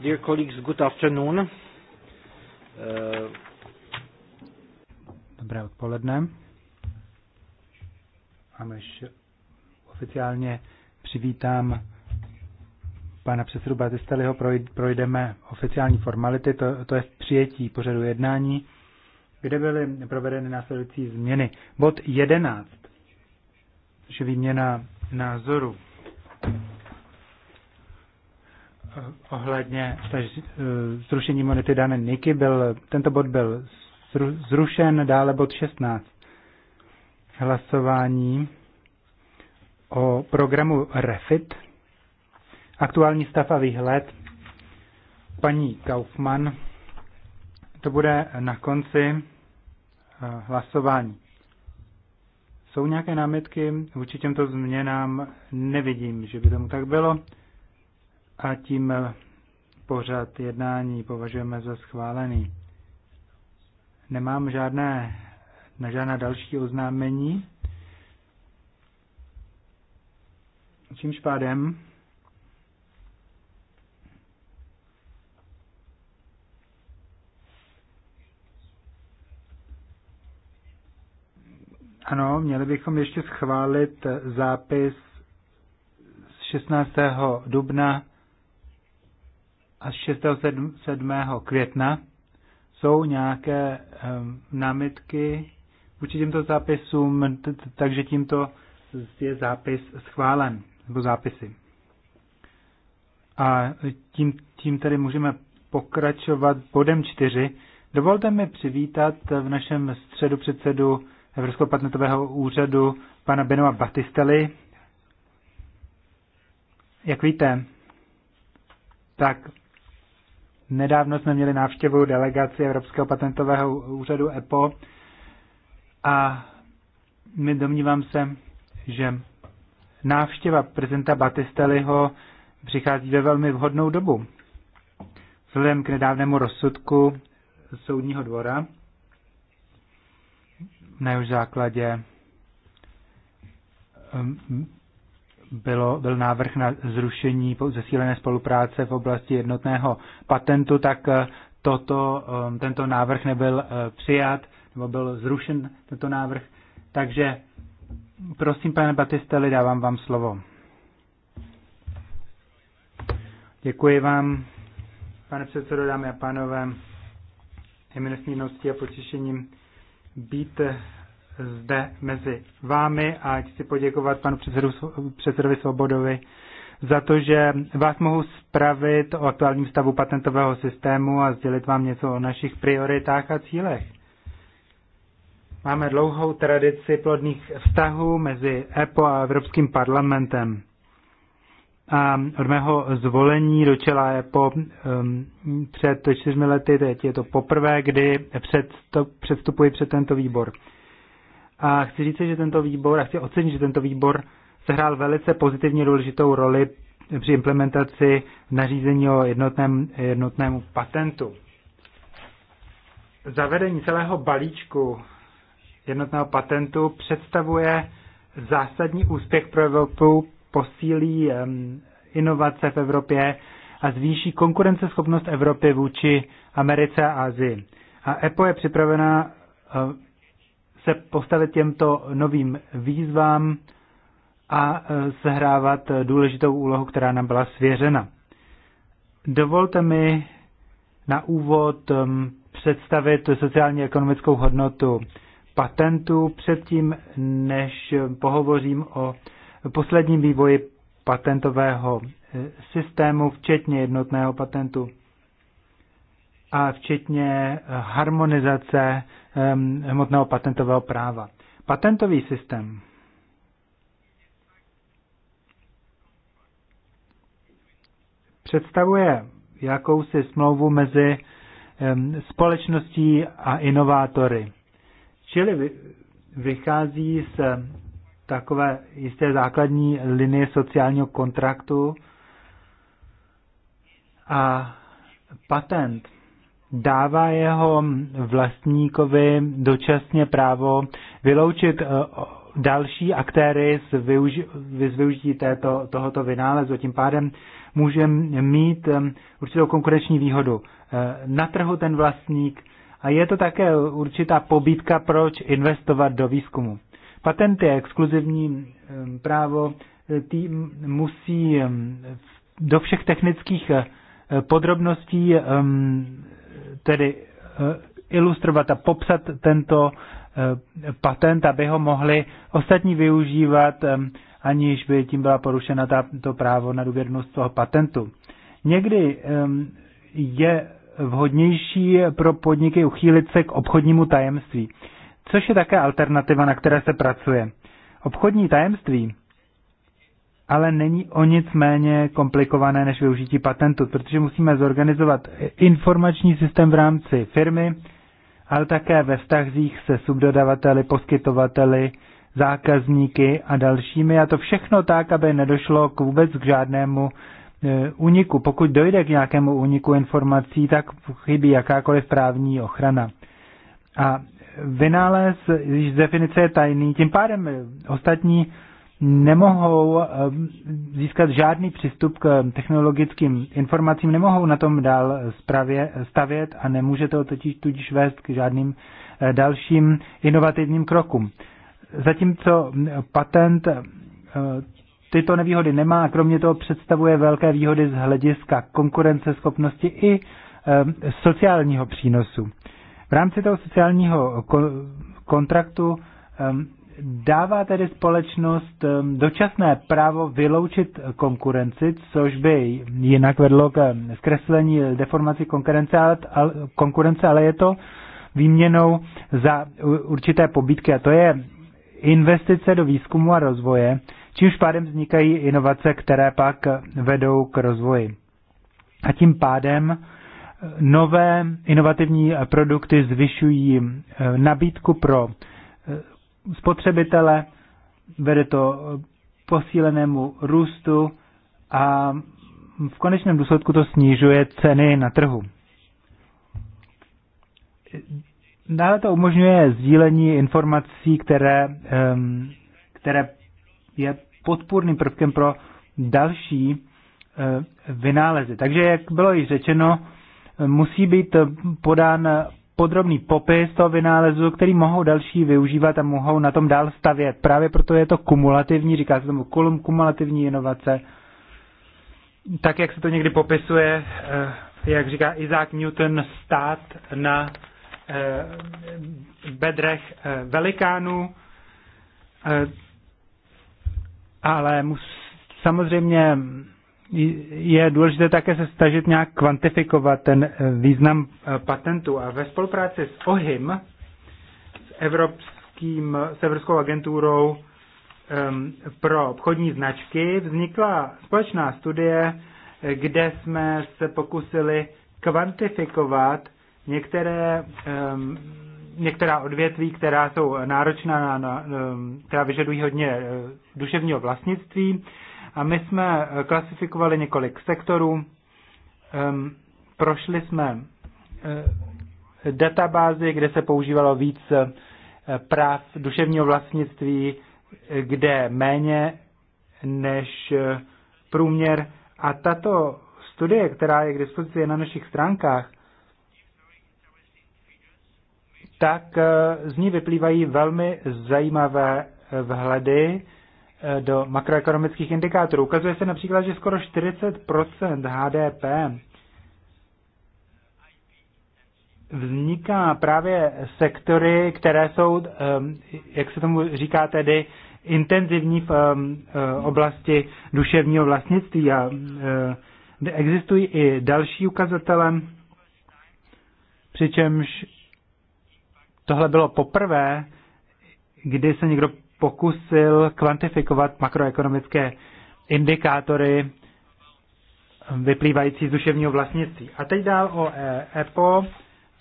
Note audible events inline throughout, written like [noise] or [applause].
Dear colleagues, good afternoon. Uh, Dobré odpoledne. A než oficiálně přivítám pana předsedu Batisteliho, projdeme oficiální formality, to, to je přijetí pořadu jednání, kde byly provedeny následující změny. Bod 11, což je výměna názoru ohledně eh, zrušení monety dané Niky byl, tento bod byl zrušen, dále bod 16. Hlasování o programu REFIT, aktuální stav a výhled. Paní Kaufmann, to bude na konci eh, hlasování. Jsou nějaké námitky vůči těmto změnám? Nevidím, že by tomu tak bylo a tím pořad jednání považujeme za schválený. Nemám žádné, na žádná další oznámení. Čímž pádem Ano, měli bychom ještě schválit zápis z 16. dubna a 6. 7. května jsou nějaké um, námitky vůči těmto zápisům, takže tímto je zápis schválen, nebo zápisy. A tím, tím tedy můžeme pokračovat bodem 4. Dovolte mi přivítat v našem středu předsedu Evropského patentového úřadu pana Benova Batisteli. Jak víte, tak Nedávno jsme měli návštěvu delegaci Evropského patentového úřadu EPO a my domnívám se, že návštěva prezidenta Batisteliho přichází ve velmi vhodnou dobu. Vzhledem k nedávnému rozsudku soudního dvora, na jehož základě ehm, bylo, byl návrh na zrušení zesílené spolupráce v oblasti jednotného patentu, tak eh, toto, eh, tento návrh nebyl eh, přijat nebo byl zrušen tento návrh. Takže prosím, pane Batisteli, dávám vám slovo. Děkuji vám, pane předsedo, dámy a pánové. Je mi a potěšením být zde mezi vámi a chci poděkovat panu předsedu, předsedovi Svobodovi za to, že vás mohu spravit o aktuálním stavu patentového systému a sdělit vám něco o našich prioritách a cílech. Máme dlouhou tradici plodných vztahů mezi EPO a Evropským parlamentem. A od mého zvolení do čela EPO um, před čtyřmi lety, teď je to poprvé, kdy předstupuji před tento výbor. A chci říct, že tento výbor, a chci ocenit, že tento výbor sehrál velice pozitivně důležitou roli při implementaci nařízení o jednotném, jednotnému patentu. Zavedení celého balíčku jednotného patentu představuje zásadní úspěch pro Evropu, posílí inovace v Evropě a zvýší konkurenceschopnost Evropy vůči Americe a Azii. A EPO je připravena se postavit těmto novým výzvám a e, sehrávat důležitou úlohu, která nám byla svěřena. Dovolte mi na úvod představit sociálně ekonomickou hodnotu patentů předtím, než pohovořím o posledním vývoji patentového e, systému, včetně jednotného patentu a včetně harmonizace hmotného patentového práva. Patentový systém představuje jakousi smlouvu mezi společností a inovátory. Čili vychází z takové jisté základní linie sociálního kontraktu a patent dává jeho vlastníkovi dočasně právo vyloučit eh, další aktéry z, využi- z využití této, tohoto vynálezu. Tím pádem může mít eh, určitou konkurenční výhodu. Eh, na trhu ten vlastník a je to také určitá pobídka, proč investovat do výzkumu. Patenty je exkluzivní právo, tým musí do všech technických podrobností tedy eh, ilustrovat a popsat tento eh, patent, aby ho mohli ostatní využívat, eh, aniž by tím byla porušena to právo na důvěrnost toho patentu. Někdy ehm, je vhodnější pro podniky uchýlit se k obchodnímu tajemství, což je také alternativa, na které se pracuje. Obchodní tajemství ale není o nic méně komplikované než využití patentu, protože musíme zorganizovat informační systém v rámci firmy, ale také ve vztahzích se subdodavateli, poskytovateli, zákazníky a dalšími. A to všechno tak, aby nedošlo k vůbec k žádnému e, úniku. Pokud dojde k nějakému úniku informací, tak chybí jakákoliv právní ochrana. A vynález, když z definice je tajný, tím pádem ostatní nemohou eh, získat žádný přístup k eh, technologickým informacím, nemohou na tom dál eh, spravě, stavět a nemůže to totiž tudíž vést k žádným dalším inovativním krokům. Zatímco hm, patent tyto nevýhody nemá a kromě toho představuje velké výhody z hlediska konkurenceschopnosti i sociálního přínosu. V rámci toho sociálního kontraktu hm, dává tedy společnost dočasné právo vyloučit konkurenci, což by jinak vedlo k zkreslení deformaci konkurence, ale je to výměnou za určité pobídky. A to je investice do výzkumu a rozvoje, čímž pádem vznikají inovace, které pak vedou k rozvoji. A tím pádem eh, nové inovativní produkty zvyšují eh, nabídku pro spotřebitele, vede to posílenému růstu a v konečném důsledku to snižuje ceny na trhu. Dále to umožňuje sdílení informací, které, které je podpůrným prvkem pro další e, vynálezy. Takže, jak bylo již řečeno, musí být podán podrobný popis toho vynálezu, který mohou další využívat a mohou na tom dál stavět. Právě proto je to kumulativní, říká se tomu kulum, kumulativní inovace. Tak, jak se to někdy popisuje, eh, jak říká Isaac Newton, stát na eh, bedrech eh, velikánů, ale mus, samozřejmě je důležité také se snažit nějak kvantifikovat ten eh, význam eh, patentu. A ve spolupráci s OHIM, s Evropským, s Evropskou agenturou ehm, pro obchodní značky, vznikla společná studie, eh, kde jsme se pokusili kvantifikovat některé, ehm, některá odvětví, která jsou náročná, na, na, ehm, která vyžadují hodně duševního vlastnictví, a my jsme eh, klasifikovali několik sektorů, ehm, prošli jsme eh, databázy, kde se používalo víc eh, práv duševního vlastnictví, kde méně než průměr. A tato studie, která je k dispozici na našich stránkách, tak z ní vyplývají velmi zajímavé vhledy Eh, do makroekonomických indikátorů. Ukazuje se například, že skoro 40% HDP vzniká právě sektory, které jsou, ehm, jak se tomu říká tedy, intenzivní v ehm, eh, oblasti duševního vlastnictví a eh, existují i další ukazatele, přičemž tohle bylo poprvé, kdy se někdo pokusil kvantifikovat makroekonomické indikátory vyplývající z duševního vlastnictví. A teď dál o EPO, e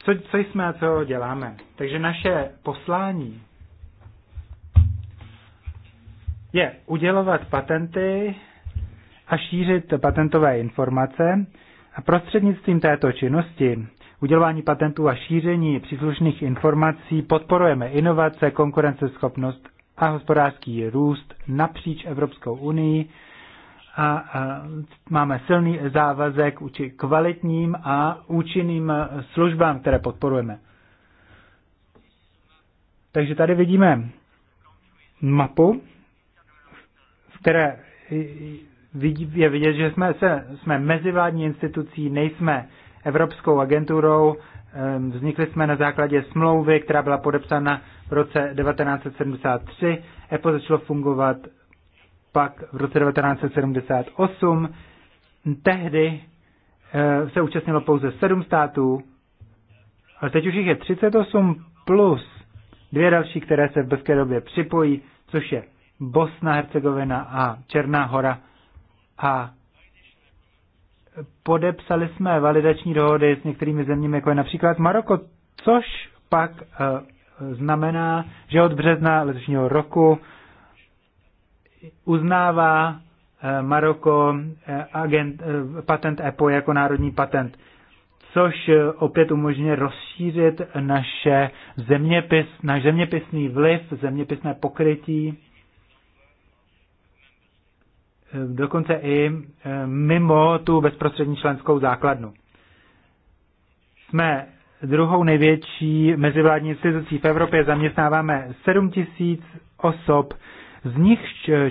co, co jsme a co děláme. Takže naše poslání je udělovat patenty a šířit patentové informace a prostřednictvím této činnosti udělování patentů a šíření příslušných informací podporujeme inovace, konkurenceschopnost a hospodářský růst napříč Evropskou unii a, a máme silný závazek uči kvalitním a účinným službám, které podporujeme. Takže tady vidíme mapu, v které je vidět, že jsme, se, jsme mezivládní institucí, nejsme Evropskou agenturou Vznikli jsme na základě smlouvy, která byla podepsána v roce 1973. EPO začalo fungovat pak v roce 1978. Tehdy eh, se účastnilo pouze sedm států, ale teď už jich je 38 plus dvě další, které se v brzké době připojí, což je Bosna, Hercegovina a Černá hora. A podepsali jsme validační dohody s některými zeměmi, jako je například Maroko, což pak eh, znamená, že od března letošního roku uznává eh, Maroko eh, agent, patent EPO jako národní patent, což opět umožňuje rozšířit naše zeměpis, naš zeměpisný vliv, zeměpisné pokrytí Eh, dokonce i eh, mimo tu bezprostřední členskou základnu. Jsme druhou největší mezivládní institucí v Evropě, zaměstnáváme 7 tisíc osob, z nich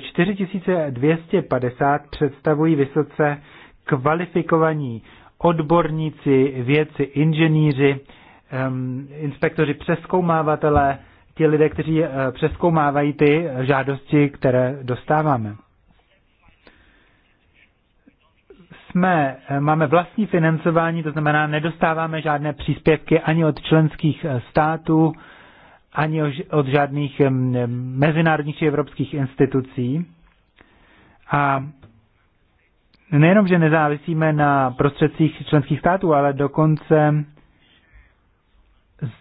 4250 eh, představují vysoce kvalifikovaní odborníci, vědci, inženýři, ehm, inspektoři, přeskoumávatelé, ti lidé, kteří přeskoumávají ty žádosti, které dostáváme. jsme, eh, máme vlastní financování, to znamená, nedostáváme žádné příspěvky ani od členských eh, států, ani od žádných mezinárodních či evropských institucí. A nejenom, že nezávisíme na prostředcích členských států, ale dokonce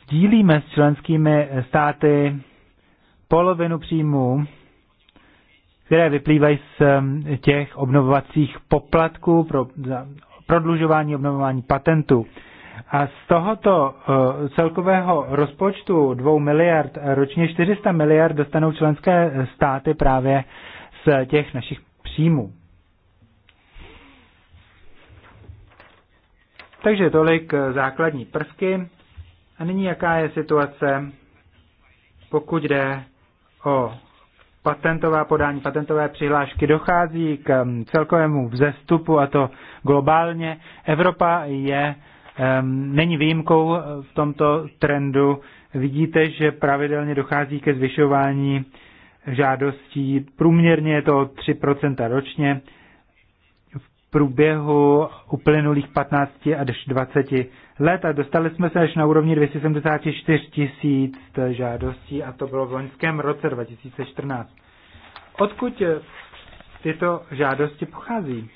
sdílíme s členskými eh, státy polovinu příjmů které vyplývají z těch obnovovacích poplatků pro prodlužování obnovování patentů. A z tohoto e, celkového rozpočtu 2 miliard e, ročně 400 miliard dostanou členské státy právě z těch našich příjmů. Takže tolik e, základní prvky. A nyní jaká je situace, pokud jde o patentová podání, patentové přihlášky, dochází k um, celkovému vzestupu a to globálně. Evropa je, um, není výjimkou uh, v tomto trendu. Vidíte, že pravidelně dochází ke zvyšování žádostí. Průměrně je to 3% ročně průběhu uplynulých 15 až 20 let a dostali jsme se až na úrovni 274 tisíc žádostí a to bylo v loňském roce 2014. Odkud tyto žádosti pochází?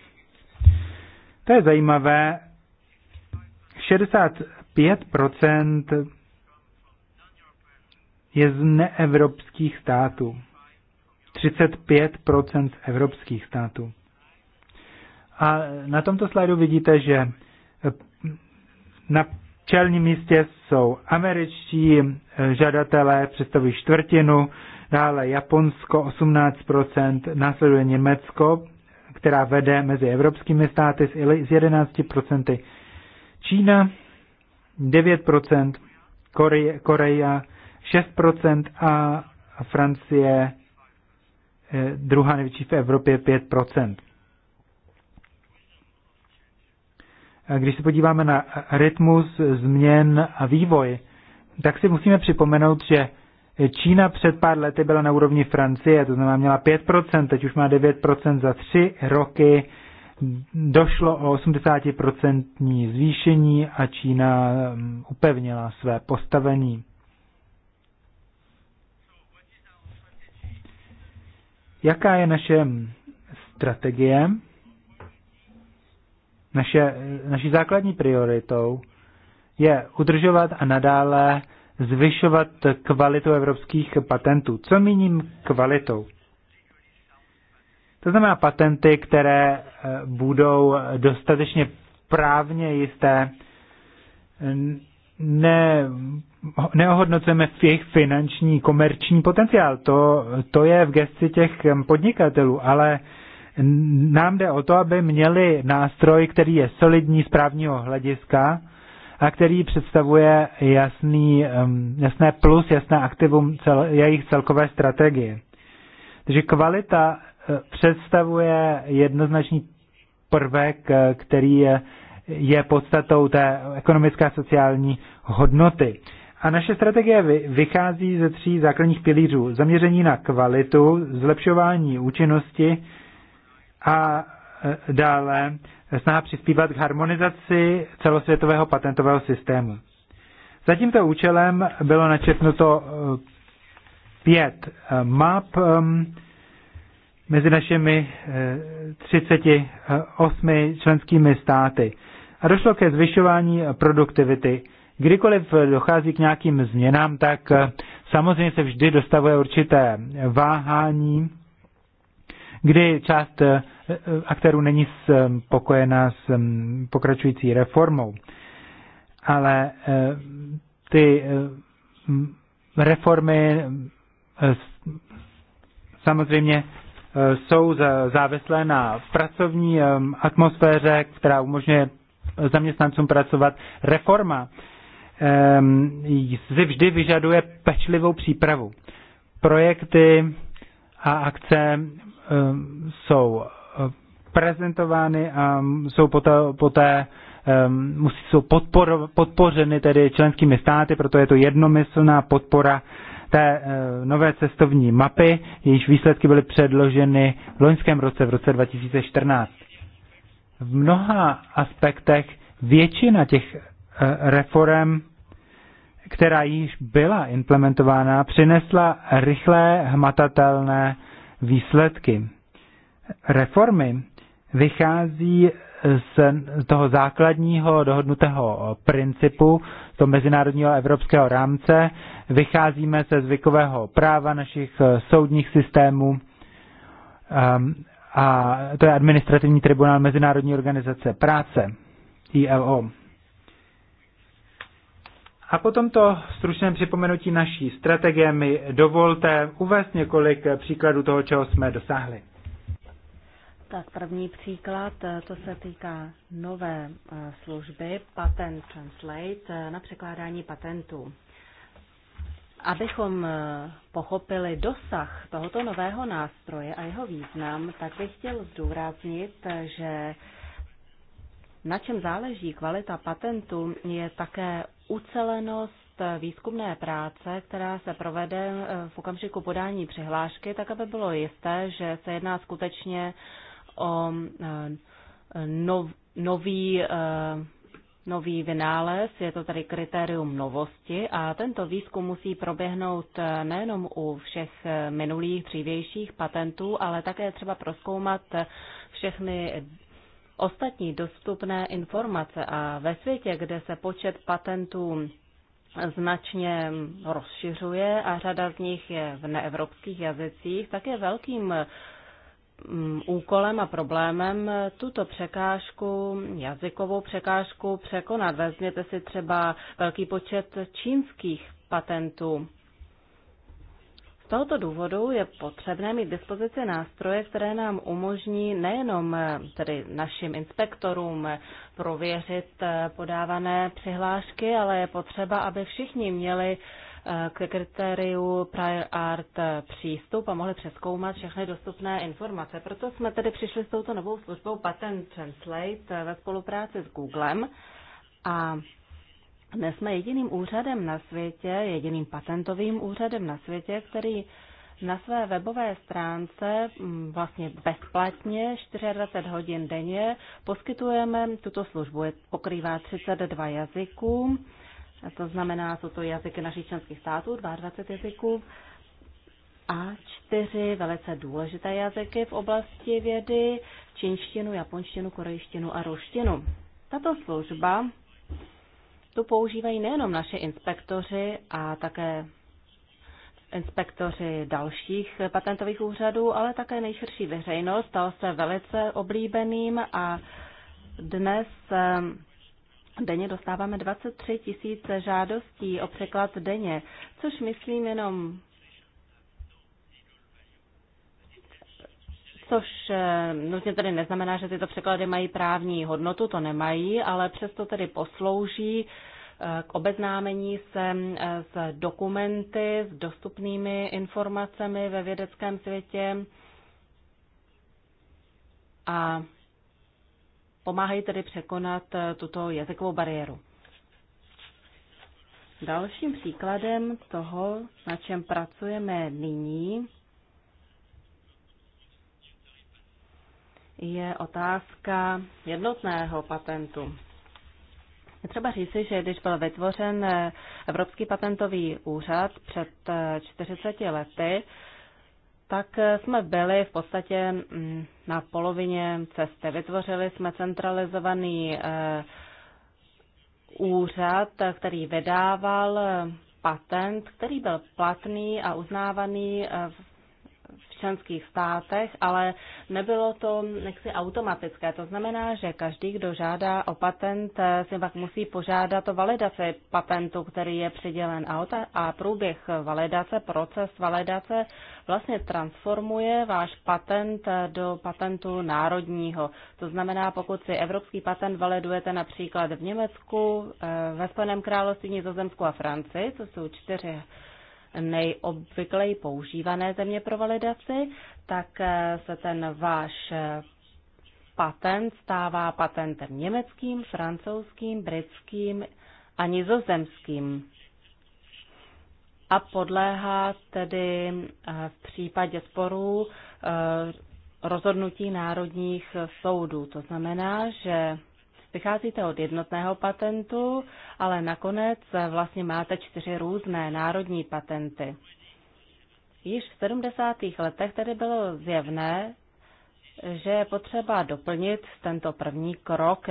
To je zajímavé. 65% je z neevropských států. 35% z evropských států. A na tomto slajdu vidíte, že na čelním místě jsou američtí eh, žadatelé, představují čtvrtinu, dále Japonsko 18%, následuje Německo, která vede mezi evropskými státy s 11%, Čína 9%, Korea, Korea 6% a Francie eh, druhá největší v Evropě 5%. když se podíváme na rytmus změn a vývoj, tak si musíme připomenout, že Čína před pár lety byla na úrovni Francie, to znamená měla 5%, teď už má 9% za tři roky, došlo o 80% zvýšení a Čína mm, upevnila své postavení. Jaká je naše mm, strategie? Naše, naší základní prioritou je udržovat a nadále zvyšovat kvalitu evropských patentů. Co míním kvalitou? To znamená patenty, které eh, budou dostatečně právně jisté, ne, neohodnocujeme jejich finanční, komerční potenciál. To, to je v gesti těch podnikatelů, ale nám jde o to, aby měli nástroj, který je solidní z právního hlediska a který představuje jasný, jasné plus, jasné aktivum cel, jejich celkové strategie. Takže kvalita eh, představuje jednoznačný prvek, eh, který je, je podstatou té ekonomické a sociální hodnoty. A naše strategie vychází ze tří základních pilířů. Zaměření na kvalitu, zlepšování účinnosti a e, dále snaha přispívat k harmonizaci celosvětového patentového systému. Za tímto účelem bylo načetnuto e, pět e, map mezi našimi 38 členskými státy. A došlo ke zvyšování produktivity. Kdykoliv dochází k nějakým změnám, tak samozřejmě se vždy dostavuje určité váhání kdy část eh, eh, aktérů není spokojená s eh, mm, pokračující reformou. Ale ty reformy samozřejmě jsou závislé na pracovní atmosféře, která umožňuje zaměstnancům pracovat. Reforma si vždy vyžaduje pečlivou přípravu. Projekty a akce Eh, jsou eh, prezentovány a jsou poté, poté eh, musí, jsou podpor, podpořeny tedy členskými státy, proto je to jednomyslná podpora té nové cestovní mapy, jejíž výsledky byly předloženy v loňském roce, v roce 2014. V mnoha aspektech většina těch reform, která již byla implementována, přinesla rychlé, hmatatelné výsledky. Reformy vychází z toho základního dohodnutého principu, z toho mezinárodního evropského rámce, vycházíme se zvykového práva našich soudních systémů ehm, a to je administrativní tribunál Mezinárodní organizace práce, ILO. A po tomto stručném připomenutí naší strategie mi dovolte uvést několik příkladů toho, čeho jsme dosáhli. Tak první příklad, eh, to se týká nové eh, služby Patent Translate eh, na překládání patentů. Abychom pochopili dosah tohoto nového nástroje a jeho význam, tak bych chtěl zdůraznit, že na čem záleží kvalita patentu, je také ucelenost výzkumné práce, která se provede eh, v okamžiku podání přihlášky, tak aby bylo jisté, že se jedná skutečně o eh, nov, nový, eh, nový vynález, je to tady kritérium novosti a tento výzkum musí proběhnout nejenom u všech minulých, dřívějších patentů, ale také třeba proskoumat všechny ostatní dostupné informace a ve světě, kde se počet patentů značně rozšiřuje a řada z nich je v neevropských jazycích, tak je velkým mm, úkolem a problémem tuto překážku, jazykovou překážku překonat. Vezměte si třeba velký počet čínských patentů tohoto důvodu je potřebné mít dispozici nástroje, které nám umožní nejenom eh, tedy našim inspektorům eh, prověřit eh, podávané přihlášky, ale je potřeba, aby všichni měli k kritériu Prior Art přístup a mohli přeskoumat všechny dostupné informace. Proto jsme tedy přišli s touto novou službou Patent Translate ve spolupráci s Googlem a dnes jsme jediným úřadem na světě, jediným patentovým úřadem na světě, který na své webové stránce mm, vlastně bezplatně 24 hodin denně poskytujeme tuto službu. Pokrývá 32 jazyků, to znamená, jsou to jazyky našich členských států, 22 jazyků a čtyři velice důležité jazyky v oblasti vědy, čínštinu, japonštinu, korejštinu a ruštinu. Tato služba tu používají nejenom naše inspektoři a také inspektoři dalších patentových úřadů, ale také nejširší veřejnost. Stal se velice oblíbeným a dnes ehm, denně dostáváme 23 tisíc žádostí o překlad denně, což myslím jenom což ehm, nutně tedy neznamená, že tyto překlady mají právní hodnotu, to nemají, ale přesto tedy poslouží k obeznámení se eh, s dokumenty, s dostupnými informacemi ve vědeckém světě a pomáhají tedy překonat eh, tuto jazykovou bariéru. Dalším příkladem toho, na čem pracujeme nyní, je otázka jednotného patentu. Třeba říci, že když byl vytvořen eh, Evropský patentový úřad před 40 eh, lety, tak eh, jsme byli v podstatě mm, na polovině cesty. Vytvořili jsme centralizovaný úřad, který vydával patent, který byl platný a uznávaný v členských státech, ale nebylo to nechci automatické. To znamená, že každý, kdo žádá o patent, si pak musí požádat o validaci patentu, který je přidělen a, a průběh validace, proces validace vlastně transformuje váš patent do patentu národního. To znamená, pokud si evropský patent validujete například v Německu, eh, ve Spojeném království, Nizozemsku a Francii, to jsou čtyři nejobvykleji používané země pro validaci, tak eh, se ten váš eh, patent stává patentem německým, francouzským, britským a nizozemským. A podléhá tedy eh, v případě sporů rozhodnutí národních soudů. To znamená, že Vycházíte od jednotného patentu, ale nakonec vlastně máte čtyři různé národní patenty. Již v 70. letech tedy bylo zjevné, že je potřeba doplnit tento první krok,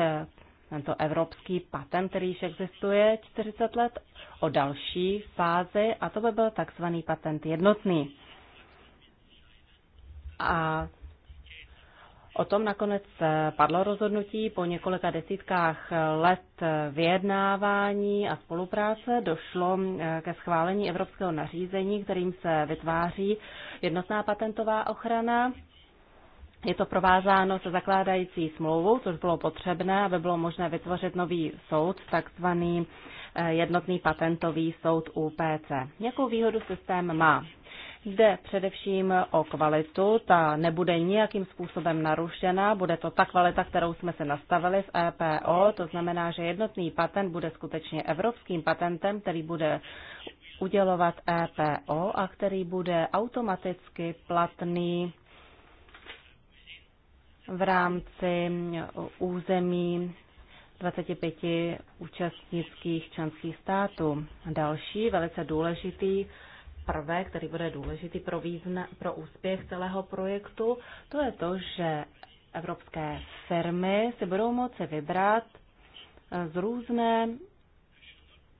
tento evropský patent, který již existuje 40 let, o další fázi, a to by byl takzvaný patent jednotný. A O tom nakonec eh, padlo rozhodnutí. Po několika desítkách let vyjednávání a spolupráce došlo eh, ke schválení evropského nařízení, kterým se vytváří jednotná patentová ochrana. Je to provázáno se zakládající smlouvou, což bylo potřebné, aby bylo možné vytvořit nový soud, takzvaný eh, jednotný patentový soud UPC. Jakou výhodu systém má? Jde především o kvalitu, ta nebude nijakým způsobem narušena, bude to ta kvalita, kterou jsme se nastavili v EPO, to znamená, že jednotný patent bude skutečně evropským patentem, který bude udělovat EPO a který bude automaticky platný v rámci území 25 účastnických členských států. Další velice důležitý prvek, který bude důležitý pro, význa, pro úspěch celého projektu, to je to, že evropské firmy si budou moci vybrat eh, z různé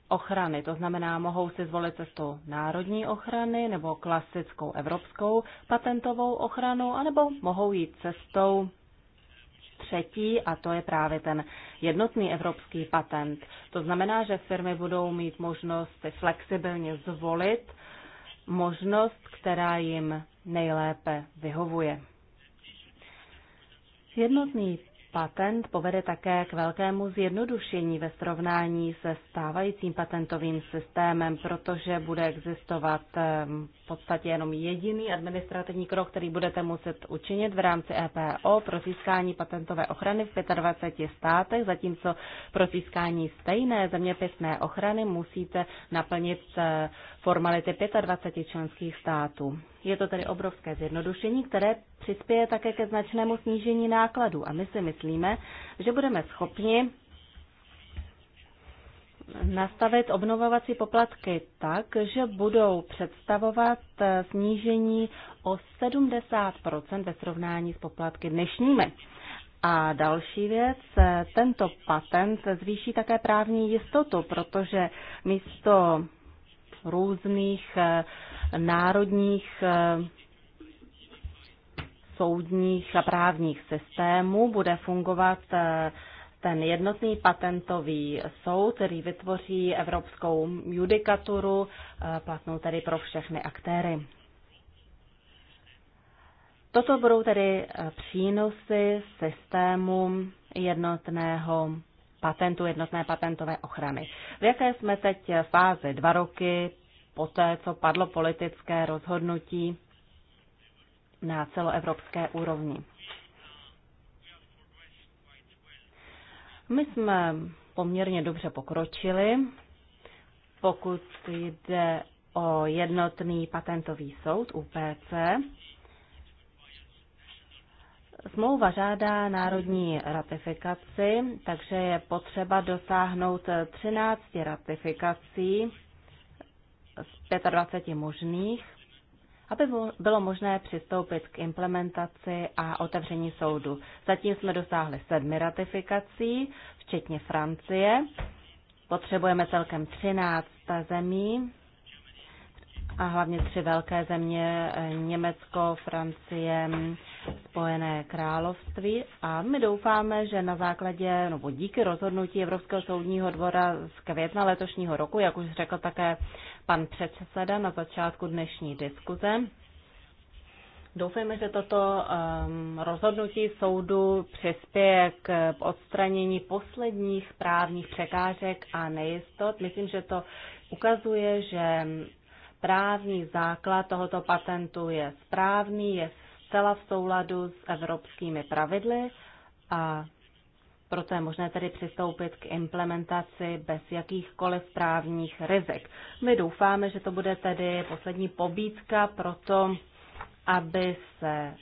ochrany. To znamená, mohou si zvolit cestou národní ochrany nebo klasickou evropskou patentovou ochranu, anebo mohou jít cestou třetí a to je právě ten jednotný evropský patent. To znamená, že firmy budou mít možnost si flexibilně zvolit možnost, která jim nejlépe vyhovuje. Jednotný patent povede také k velkému zjednodušení ve srovnání se stávajícím patentovým systémem, protože bude existovat ehm, v podstatě jenom jediný administrativní krok, který budete muset učinit v rámci EPO pro získání patentové ochrany v 25 státech, zatímco pro získání stejné zeměpisné ochrany musíte naplnit eh, formality 25 členských států. Je to tedy obrovské zjednodušení, které přispěje také ke značnému snížení nákladů a my si myslíme, že budeme schopni nastavit obnovovací poplatky tak, že budou představovat snížení o 70 ve srovnání s poplatky dnešními. A další věc, tento patent zvýší také právní jistotu, protože místo různých eh, národních eh, soudních a právních systémů bude fungovat eh, ten jednotný patentový soud, který vytvoří evropskou judikaturu, platnou tedy pro všechny aktéry. Toto budou tedy přínosy systému jednotného patentu, jednotné patentové ochrany. V jaké jsme teď fázi? Dva roky poté, co padlo politické rozhodnutí na celoevropské úrovni. My jsme poměrně dobře pokročili, pokud jde o jednotný patentový soud UPC. Smlouva žádá národní ratifikaci, takže je potřeba dosáhnout 13 ratifikací z 25 možných, aby bylo možné přistoupit k implementaci a otevření soudu. Zatím jsme dosáhli sedmi ratifikací, včetně Francie. Potřebujeme celkem 13 zemí a hlavně tři velké země, Německo, Francie, Spojené království a my doufáme, že na základě nebo díky rozhodnutí Evropského soudního dvora z května letošního roku, jak už řekl také pan předseda na začátku dnešní diskuze, Doufejme, že toto um, rozhodnutí soudu přispěje k odstranění posledních právních překážek a nejistot. Myslím, že to ukazuje, že právní základ tohoto patentu je správný, je zcela v souladu s evropskými pravidly a proto je možné tedy přistoupit k implementaci bez jakýchkoliv právních rizik. My doufáme, že to bude tedy poslední pobídka pro to, aby se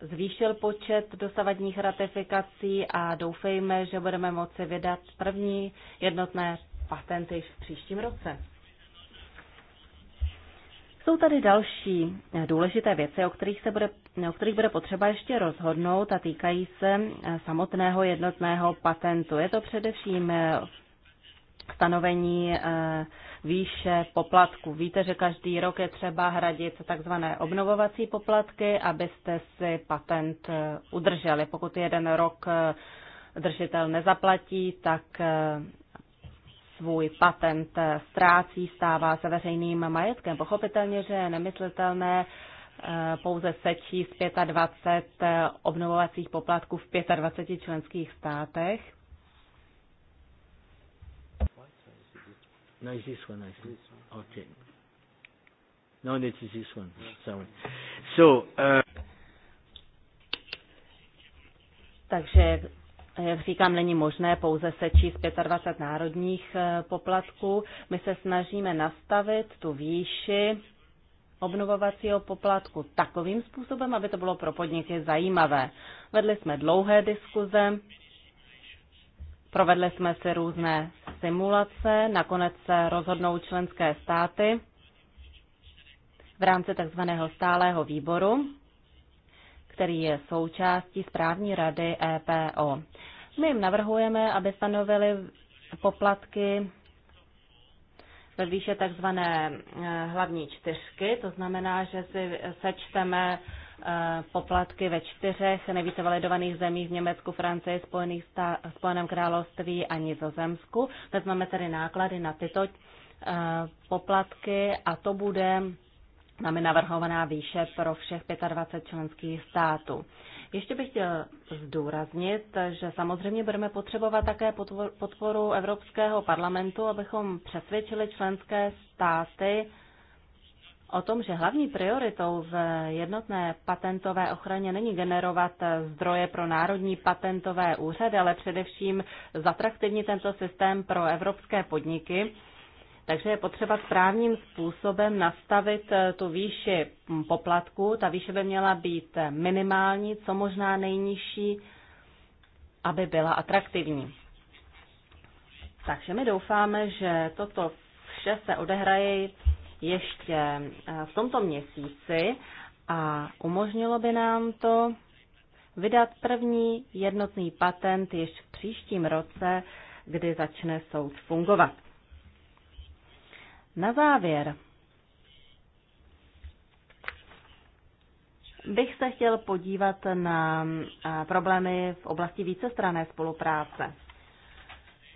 zvýšil počet dosavadních ratifikací a doufejme, že budeme moci vydat první jednotné patenty již v příštím roce. Jsou tady další eh, důležité věci, o kterých, se bude, o kterých bude potřeba ještě rozhodnout a týkají se eh, samotného jednotného patentu. Je to především eh, stanovení výše poplatku. Víte, že každý rok je třeba hradit takzvané obnovovací poplatky, abyste si patent udrželi. Pokud jeden rok držitel nezaplatí, tak svůj patent eh, ztrácí, stává se veřejným majetkem. Pochopitelně, že je nemyslitelné eh, pouze z 25 eh, obnovovacích poplatků v 25 členských státech. No, it's this one, I think. Okay. No, it's this one. Sorry. So, uh... Takže jak říkám, není možné pouze sečíst 25 národních eh, poplatků. My se snažíme nastavit tu výši obnovovacího poplatku takovým způsobem, aby to bylo pro podniky zajímavé. Vedli jsme dlouhé diskuze, provedli jsme si různé simulace, nakonec se rozhodnou členské státy v rámci takzvaného stálého výboru který je součástí správní rady EPO. My jim navrhujeme, aby stanovili poplatky ve výše takzvané eh, hlavní čtyřky, to znamená, že si sečteme eh, poplatky ve čtyřech nejvíce validovaných zemích v Německu, Francii, Spojených stá- Spojeném království a Nizozemsku. Vezmeme tedy náklady na tyto eh, poplatky a to bude Máme navrhovaná výše pro všech 25 členských států. Ještě bych chtěl zdůraznit, že samozřejmě budeme potřebovat také podporu Evropského parlamentu, abychom přesvědčili členské státy o tom, že hlavní prioritou v jednotné patentové ochraně není generovat zdroje pro národní patentové úřady, ale především zatraktivní tento systém pro evropské podniky takže je potřeba správným způsobem nastavit eh, tu výši hm, poplatku. Ta výše by měla být eh, minimální, co možná nejnižší, aby byla atraktivní. Takže my doufáme, že toto vše se odehraje ještě eh, v tomto měsíci a umožnilo by nám to vydat první jednotný patent ještě v příštím roce, kdy začne soud fungovat. Na závěr bych se chtěl podívat na problémy v oblasti vícestrané spolupráce.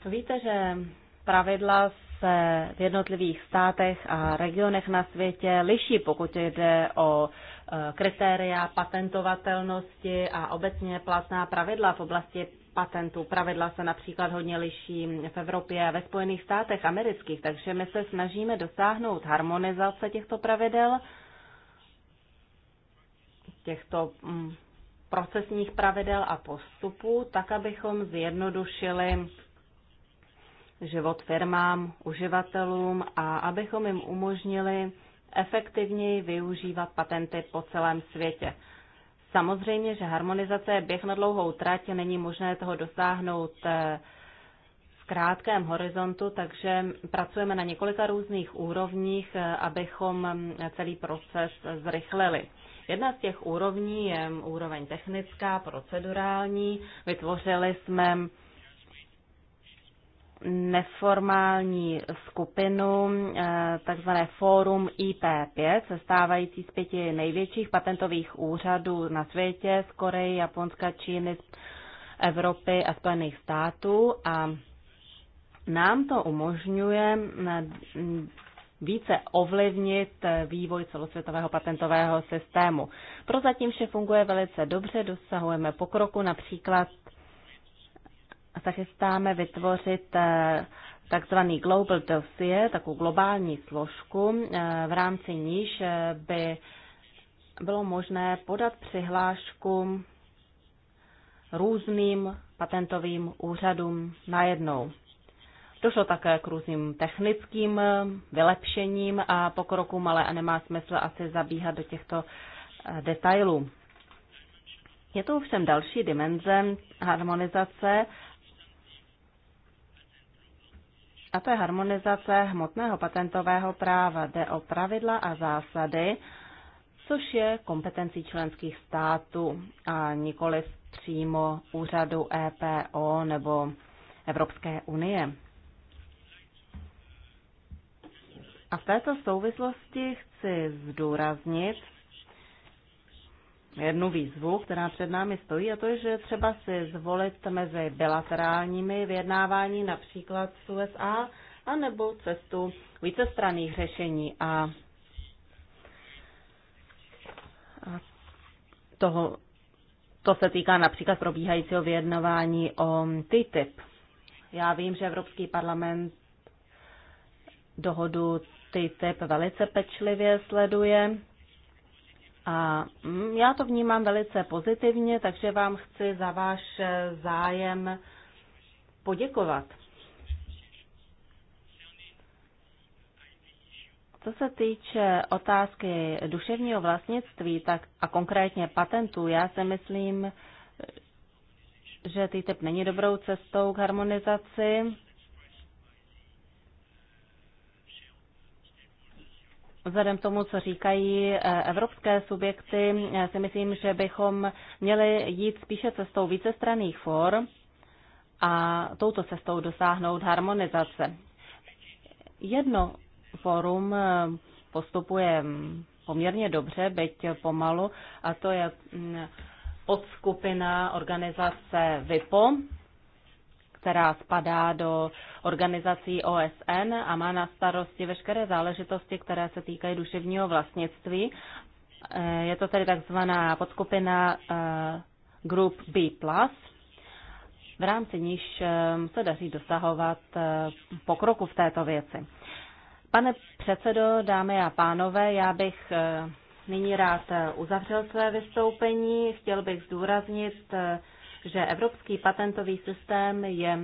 Víte, že pravidla se v jednotlivých státech a regionech na světě liší, pokud jde o e, kritéria patentovatelnosti a obecně platná pravidla v oblasti patentů. Pravidla se například hodně liší v Evropě a ve Spojených státech amerických, takže my se snažíme dosáhnout harmonizace těchto pravidel, těchto mm, procesních pravidel a postupů, tak abychom zjednodušili život firmám, uživatelům a abychom jim umožnili efektivněji využívat patenty po celém světě. Samozřejmě, že harmonizace je běh na dlouhou trať, není možné toho dosáhnout eh, v krátkém horizontu, takže pracujeme na několika různých úrovních, eh, abychom mm, celý proces zrychlili. Jedna z těch úrovní je mm, úroveň technická, procedurální. Vytvořili jsme mm, neformální skupinu, eh, takzvané Fórum IP5, sestávající z pěti největších patentových úřadů na světě, z Koreji, Japonska, Číny, Evropy a Spojených států. A nám to umožňuje eh, více ovlivnit eh, vývoj celosvětového patentového systému. Prozatím vše funguje velice dobře, dosahujeme pokroku například se chystáme vytvořit eh, takzvaný Global Dossier, takovou globální složku, eh, v rámci níž eh, by bylo možné podat přihlášku různým patentovým úřadům najednou. Došlo také k různým technickým vylepšením a pokrokům, ale nemá smysl asi zabíhat do těchto detailů. Je to ovšem další dimenze harmonizace a to je harmonizace hmotného patentového práva. Jde o pravidla a zásady, což je kompetencí členských států a nikoli přímo úřadu EPO nebo Evropské unie. A v této souvislosti chci zdůraznit, jednu výzvu, která před námi stojí, a to je, že třeba si zvolit mezi bilaterálními vyjednávání například s USA, anebo cestu vícestranných řešení. A toho, to se týká například probíhajícího vyjednávání o TTIP. Já vím, že Evropský parlament dohodu TTIP velice pečlivě sleduje a mm, já to vnímám velice pozitivně, takže vám chci za váš eh, zájem poděkovat. Co se týče otázky duševního vlastnictví tak a konkrétně patentů, já si myslím, že TTIP není dobrou cestou k harmonizaci. Vzhledem k tomu, co říkají eh, evropské subjekty, eh, si myslím, že bychom měli jít spíše cestou vícestranných for a touto cestou dosáhnout harmonizace. Jedno forum eh, postupuje mm, poměrně dobře, byť pomalu, a to je mm, podskupina organizace VIPO, která spadá do organizací OSN a má na starosti veškeré záležitosti, které se týkají duševního vlastnictví. Eh, je to tedy takzvaná podskupina eh, Group B+, v rámci níž eh, se daří dosahovat pokroku v této věci. Pane předsedo, dámy a pánové, já bych nyní rád uzavřel své vystoupení. Chtěl bych zdůraznit že evropský patentový systém je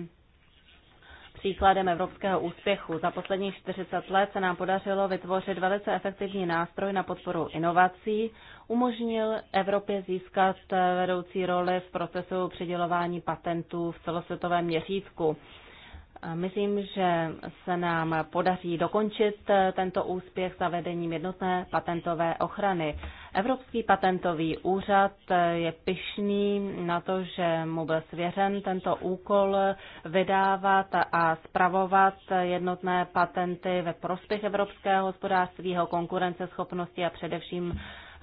příkladem evropského úspěchu. Za posledních 40 let se nám podařilo vytvořit velice efektivní nástroj na podporu inovací, umožnil Evropě získat vedoucí roli v procesu přidělování patentů v celosvětovém měřítku. Myslím, že se nám podaří dokončit tento úspěch zavedením jednotné patentové ochrany. Evropský patentový úřad je pyšný na to, že mu byl svěřen tento úkol vydávat a spravovat jednotné patenty ve prospěch evropského hospodářství, jeho konkurenceschopnosti a především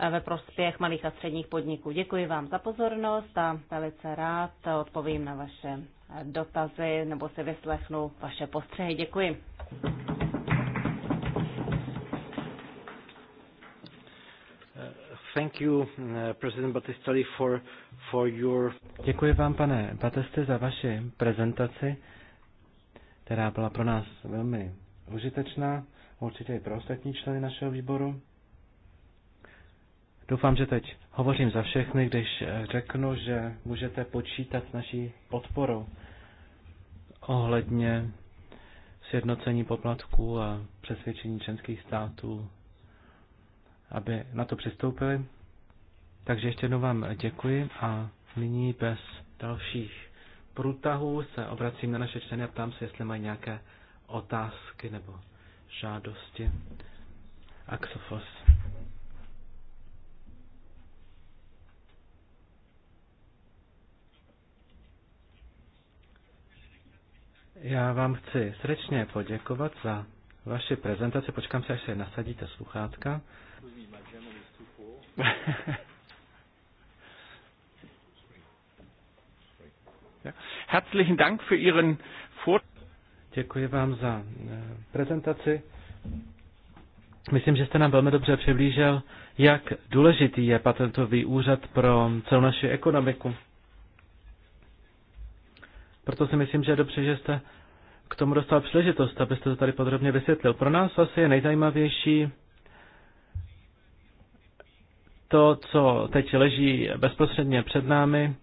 ve prospěch malých a středních podniků. Děkuji vám za pozornost a velice rád odpovím na vaše dotazy nebo si vyslechnu vaše postřehy. Děkuji. Uh, Děkuji vám, pane Bateste, za vaši prezentaci, která byla pro nás velmi užitečná, určitě i pro ostatní členy našeho výboru. Doufám, že teď hovořím za všechny, když eh, řeknu, že můžete počítat s naší podporou ohledně sjednocení poplatků a přesvědčení členských států aby na to přistoupili. Takže ještě jednou vám děkuji a nyní bez dalších průtahů se obracím na naše členy a ptám se, jestli mají nějaké otázky nebo žádosti. Axofos. Já vám chci srdečně poděkovat za vaši prezentaci. Počkám se, až se nasadíte sluchátka. [laughs] Herzlichen Dank für Ihren Vortrag. Děkuji vám za eh, prezentaci. Myslím, že jste nám velmi dobře přiblížil, jak důležitý je patentový úřad pro celou naši ekonomiku. Proto si myslím, že je dobře, že jste k tomu dostal příležitost, abyste to tady podrobně vysvětlil. Pro nás asi je nejzajímavější to, co teď leží bezprostředně před námi,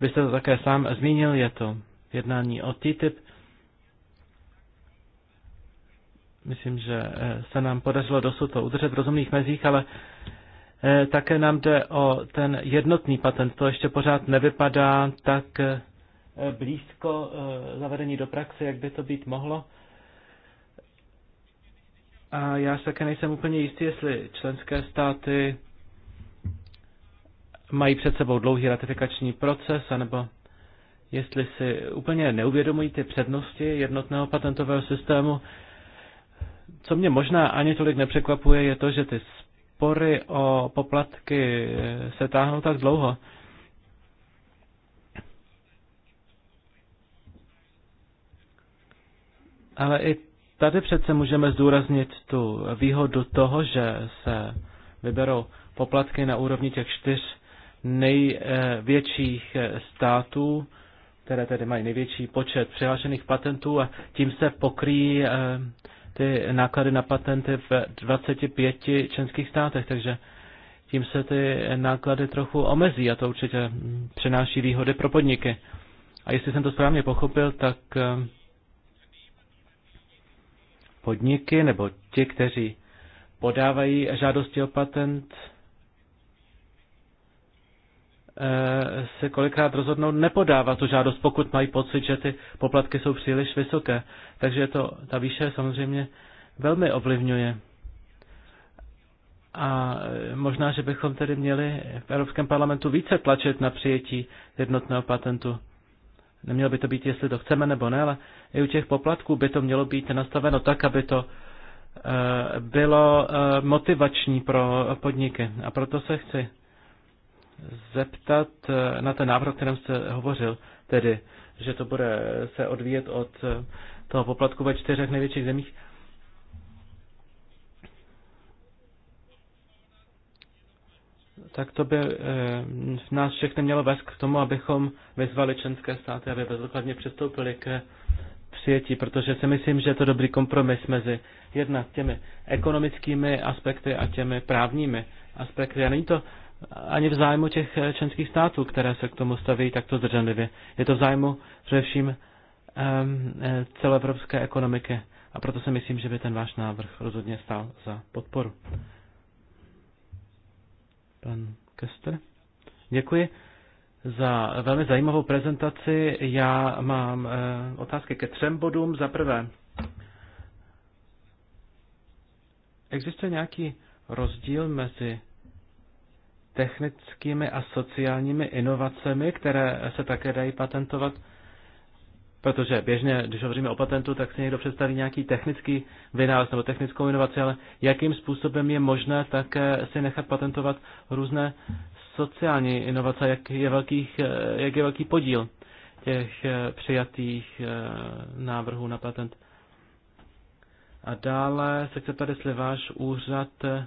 vy jste to také sám zmínil, je to jednání o TTIP. Myslím, že eh, se nám podařilo dosud to udržet v rozumných mezích, ale eh, také nám jde o ten jednotný patent. To ještě pořád nevypadá tak eh, blízko zavedení do praxe, jak by to být mohlo. A já se také nejsem úplně jistý, jestli členské státy mají před sebou dlouhý ratifikační proces, anebo jestli si úplně neuvědomují ty přednosti jednotného patentového systému. Co mě možná ani tolik nepřekvapuje, je to, že ty spory o poplatky se táhnou tak dlouho. Ale i tady přece můžeme zdůraznit tu výhodu toho, že se vyberou poplatky na úrovni těch čtyř největších eh, států, které tedy mají největší počet přihlášených patentů a tím se pokryjí eh, ty náklady na patenty v 25 členských státech, takže tím se ty náklady trochu omezí a to určitě přináší výhody pro podniky. A jestli jsem to správně pochopil, tak eh, podniky nebo ti, kteří podávají žádosti o patent, Eh, se kolikrát rozhodnou nepodávat tu žádost, pokud mají pocit, že ty poplatky jsou příliš vysoké. Takže to, ta výše samozřejmě velmi ovlivňuje. A eh, možná, že bychom tedy měli v Evropském parlamentu více tlačit na přijetí jednotného patentu. Nemělo by to být, jestli to chceme nebo ne, ale i u těch poplatků by to mělo být nastaveno tak, aby to eh, bylo motivační pro podniky. A proto se chci zeptat eh, na ten návrh, o kterém jste hovořil, tedy, že to bude se odvíjet od eh, toho poplatku ve čtyřech největších zemích. Tak to by e, nás všechny mělo vést k tomu, abychom vyzvali členské státy, aby bezokladně přistoupili k přijetí, protože si myslím, že je to dobrý kompromis mezi jednak těmi ekonomickými aspekty a těmi právními aspekty. A není to ani v zájmu těch eh, členských států, které se k tomu staví takto zdrženlivě. Je to v zájmu především ehm, eh, celoevropské ekonomiky. A proto si myslím, že by ten váš návrh rozhodně stál za podporu. Pan Kester. Děkuji za velmi zajímavou prezentaci. Já mám eh, otázky ke třem bodům. Za prvé, existuje nějaký rozdíl mezi technickými a sociálními inovacemi, které se také dají patentovat. Protože běžně, když hovoříme o patentu, tak si někdo představí nějaký technický vynález nebo technickou inovaci, ale jakým způsobem je možné také si nechat patentovat různé sociální inovace, jak je, velkých, jak je velký podíl těch eh, přijatých eh, návrhů na patent. A dále se chce tady, jestli váš úřad eh,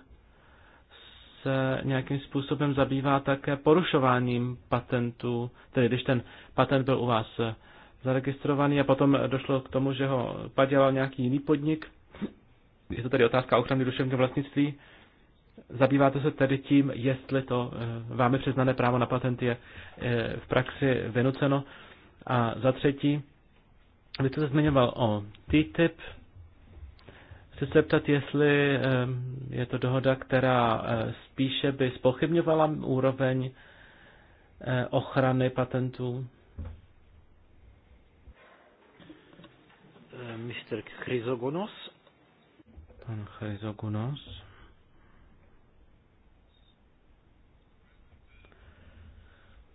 se nějakým způsobem zabývá také porušováním patentů, tedy když ten patent byl u vás eh, zaregistrovaný a potom došlo k tomu, že ho padělal nějaký jiný podnik. Je to tedy otázka ochrany duševního vlastnictví. Zabýváte se tedy tím, jestli to eh, vámi přiznané právo na patent je eh, v praxi vynuceno. A za třetí, vy jste se zmiňoval o TTIP, Chci se zeptat, jestli je to dohoda, která e, spíše by spochybňovala úroveň e, ochrany patentů. E, Mr. Chrysogonos. Pan Chrysogonos.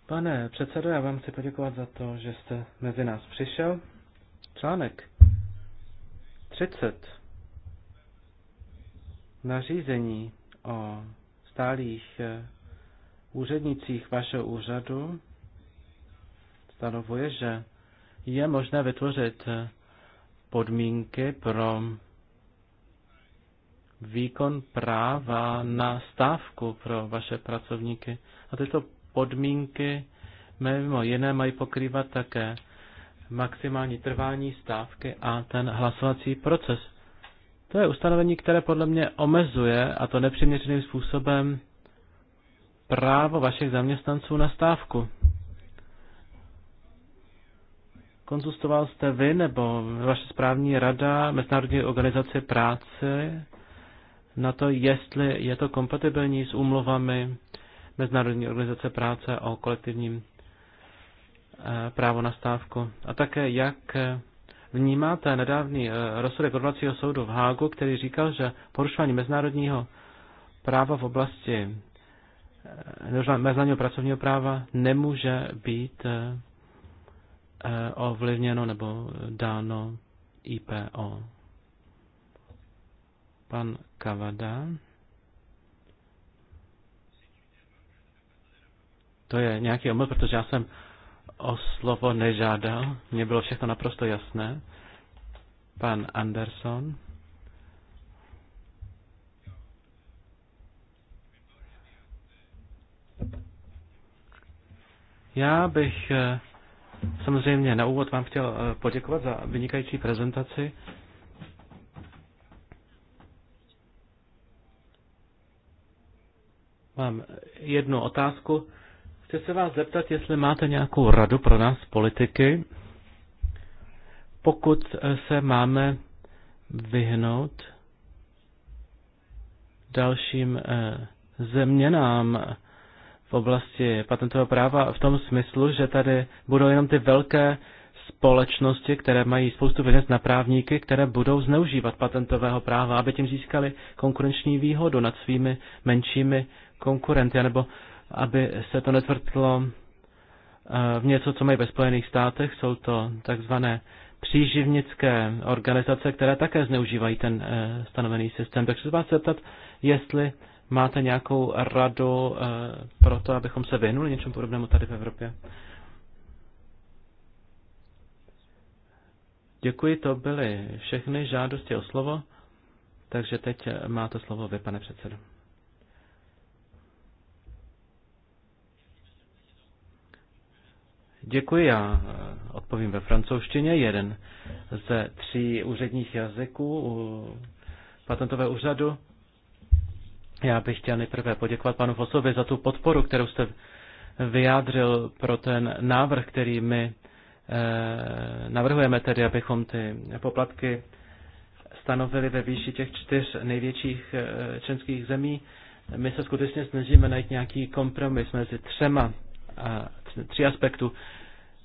Pane předsedo, já vám chci poděkovat za to, že jste mezi nás přišel. Článek 30 nařízení o stálých eh, úřednicích vašeho úřadu stanovuje, že je možné vytvořit eh, podmínky pro výkon práva na stávku pro vaše pracovníky. A tyto podmínky mimo jiné mají pokrývat také maximální trvání stávky a ten hlasovací proces. To je ustanovení, které podle mě omezuje, a to nepřiměřeným způsobem, právo vašich zaměstnanců na stávku. Konzultoval jste vy nebo vaše správní rada Mezinárodní organizace práce na to, jestli je to kompatibilní s úmluvami Mezinárodní organizace práce o kolektivním eh, právo na stávku a také jak eh, vnímáte nedávný eh, rozsudek odvolacího soudu v Hágu, který říkal, že porušování mezinárodního práva v oblasti eh, mezinárodního pracovního práva nemůže být eh, ovlivněno nebo dáno IPO. Pan Kavada. To je nějaký omyl, protože já jsem o slovo nežádal. Mně bylo všechno naprosto jasné. Pan Anderson. Já bych eh, samozřejmě na úvod vám chtěl eh, poděkovat za vynikající prezentaci. Mám jednu otázku. Chci se vás zeptat, jestli máte nějakou radu pro nás politiky, pokud se máme vyhnout dalším eh, zeměnám v oblasti patentového práva v tom smyslu, že tady budou jenom ty velké společnosti, které mají spoustu peněz na právníky, které budou zneužívat patentového práva, aby tím získali konkurenční výhodu nad svými menšími konkurenty, nebo aby se to netvrtlo eh, v něco, co mají ve Spojených státech. Jsou to takzvané příživnické organizace, které také zneužívají ten eh, stanovený systém. Takže se vás zeptat, jestli máte nějakou radu eh, pro to, abychom se vyhnuli něčemu podobnému tady v Evropě. Děkuji, to byly všechny žádosti o slovo, takže teď máte slovo vy, pane předsedo. Děkuji, já eh, odpovím ve francouzštině. Jeden ze tří úředních jazyků u patentového úřadu. Já bych chtěl nejprve poděkovat panu Fosovi za tu podporu, kterou jste vyjádřil pro ten návrh, který my eh, navrhujeme, tedy abychom ty poplatky stanovili ve výši těch čtyř největších eh, členských zemí. My se skutečně snažíme najít nějaký kompromis mezi třema a tři aspektu.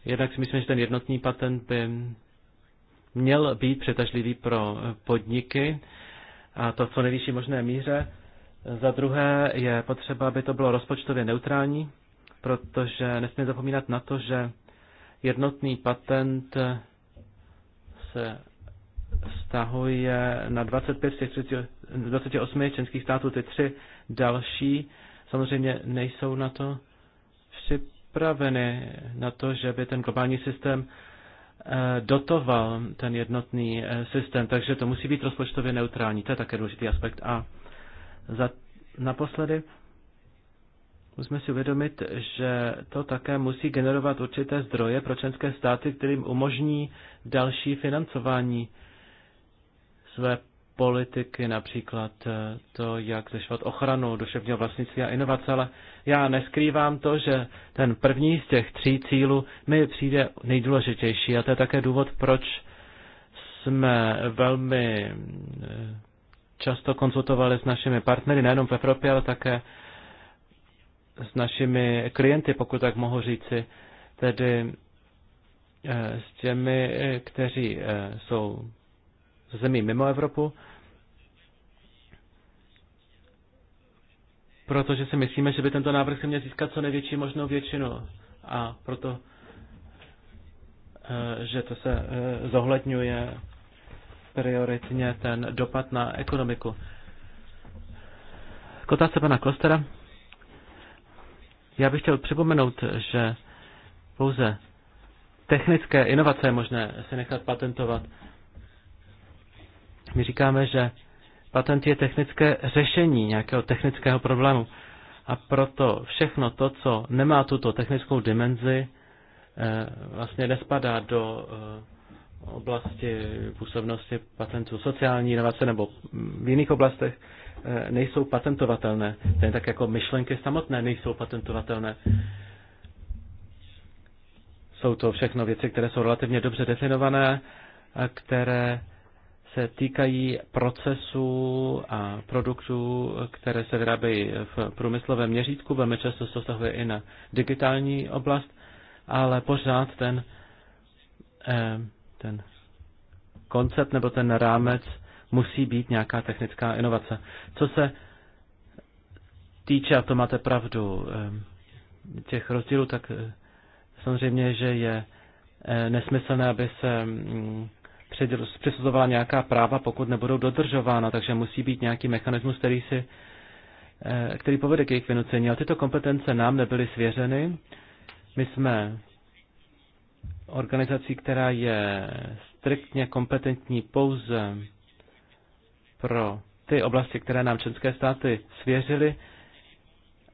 Jednak si myslím, že ten jednotný patent by měl být přitažlivý pro podniky a to v co nejvyšší možné míře. Za druhé je potřeba, aby to bylo rozpočtově neutrální, protože nesmíme zapomínat na to, že jednotný patent se vztahuje na 25 z těch 28 členských států, ty tři další samozřejmě nejsou na to při připraveny na to, že by ten globální systém eh, dotoval ten jednotný eh, systém, takže to musí být rozpočtově neutrální. To je také důležitý aspekt. A za, naposledy musíme si uvědomit, že to také musí generovat určité zdroje pro členské státy, kterým umožní další financování své politiky, například eh, to, jak zešvat ochranu duševního vlastnictví a inovace, ale já neskrývám to, že ten první z těch tří cílů mi přijde nejdůležitější a to je také důvod, proč jsme velmi eh, často konzultovali s našimi partnery, nejenom v Evropě, ale také s našimi klienty, pokud tak mohu říci, tedy eh, s těmi, kteří jsou zemí mimo Evropu protože si myslíme, že by tento návrh se měl získat co největší možnou většinu a proto, eh, že to se eh, zohledňuje prioritně ten dopad na ekonomiku. Kotá se pana Klostera. Já bych chtěl připomenout, že pouze technické inovace je možné si nechat patentovat. My říkáme, že Patent je technické řešení nějakého technického problému. A proto všechno to, co nemá tuto technickou dimenzi, eh, vlastně nespadá do eh, oblasti působnosti patentů. Sociální inovace nebo v jiných oblastech eh, nejsou patentovatelné. Ten tak jako myšlenky samotné nejsou patentovatelné. Jsou to všechno věci, které jsou relativně dobře definované a které se týkají procesů a produktů, které se vyrábějí v průmyslovém měřítku. Velmi často se to i na digitální oblast, ale pořád ten, eh, ten koncept nebo ten rámec musí být nějaká technická inovace. Co se týče, a to máte pravdu, eh, těch rozdílů, tak eh, samozřejmě, že je nesmyslné, aby se mm, přisuzovala nějaká práva, pokud nebudou dodržována, takže musí být nějaký mechanismus, který, si, eh, který povede k jejich vynucení. Ale tyto kompetence nám nebyly svěřeny. My jsme organizací, která je striktně kompetentní pouze pro ty oblasti, které nám členské státy svěřily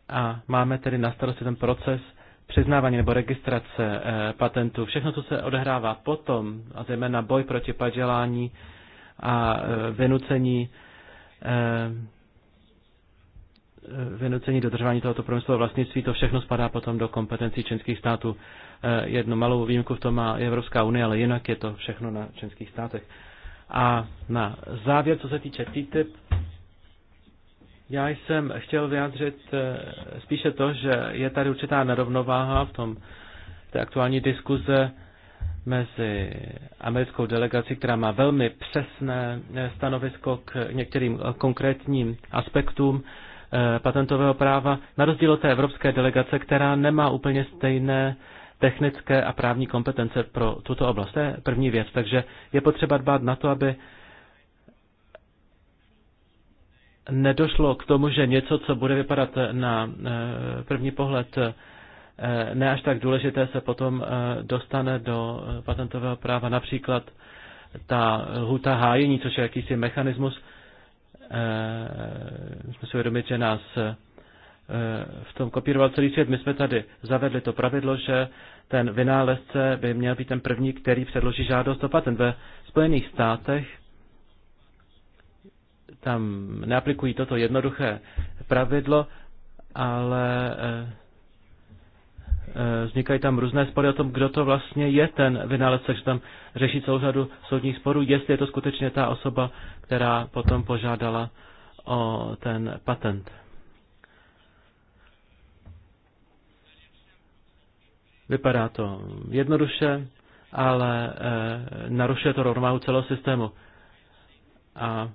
a máme tedy na starosti ten proces přiznávání nebo registrace eh, patentů, všechno, co se odehrává potom, a zejména boj proti padělání a eh, vynucení eh, vynucení dodržování tohoto průmyslového vlastnictví, to všechno spadá potom do kompetencí členských států. Jednu malou výjimku v tom má Evropská unie, ale jinak je to všechno na členských státech. A na závěr, co se týče TTIP, já jsem chtěl vyjádřit eh, spíše to, že je tady určitá nerovnováha v tom v té aktuální diskuze mezi americkou delegací, která má velmi přesné eh, stanovisko k některým eh, konkrétním aspektům patentového práva, na rozdíl od té evropské delegace, která nemá úplně stejné technické a právní kompetence pro tuto oblast. To je první věc, takže je potřeba dbát na to, aby nedošlo k tomu, že něco, co bude vypadat na eh, první pohled eh, ne až tak důležité, se potom eh, dostane do patentového práva. Například ta lhuta hájení, což je jakýsi mechanismus, musíme si uvědomit, že nás v tom kopíroval celý svět. My jsme tady zavedli to pravidlo, že ten vynálezce by měl být ten první, který předloží žádost o patent. Ve Spojených státech tam neaplikují toto jednoduché pravidlo, ale eh, eh, vznikají tam různé spory o tom, kdo to vlastně je ten vynálezce, takže tam řeší celou řadu soudních sporů, jestli je to skutečně ta osoba, která potom požádala o ten patent. Vypadá to jednoduše, ale e, narušuje to rovnováhu celého systému. A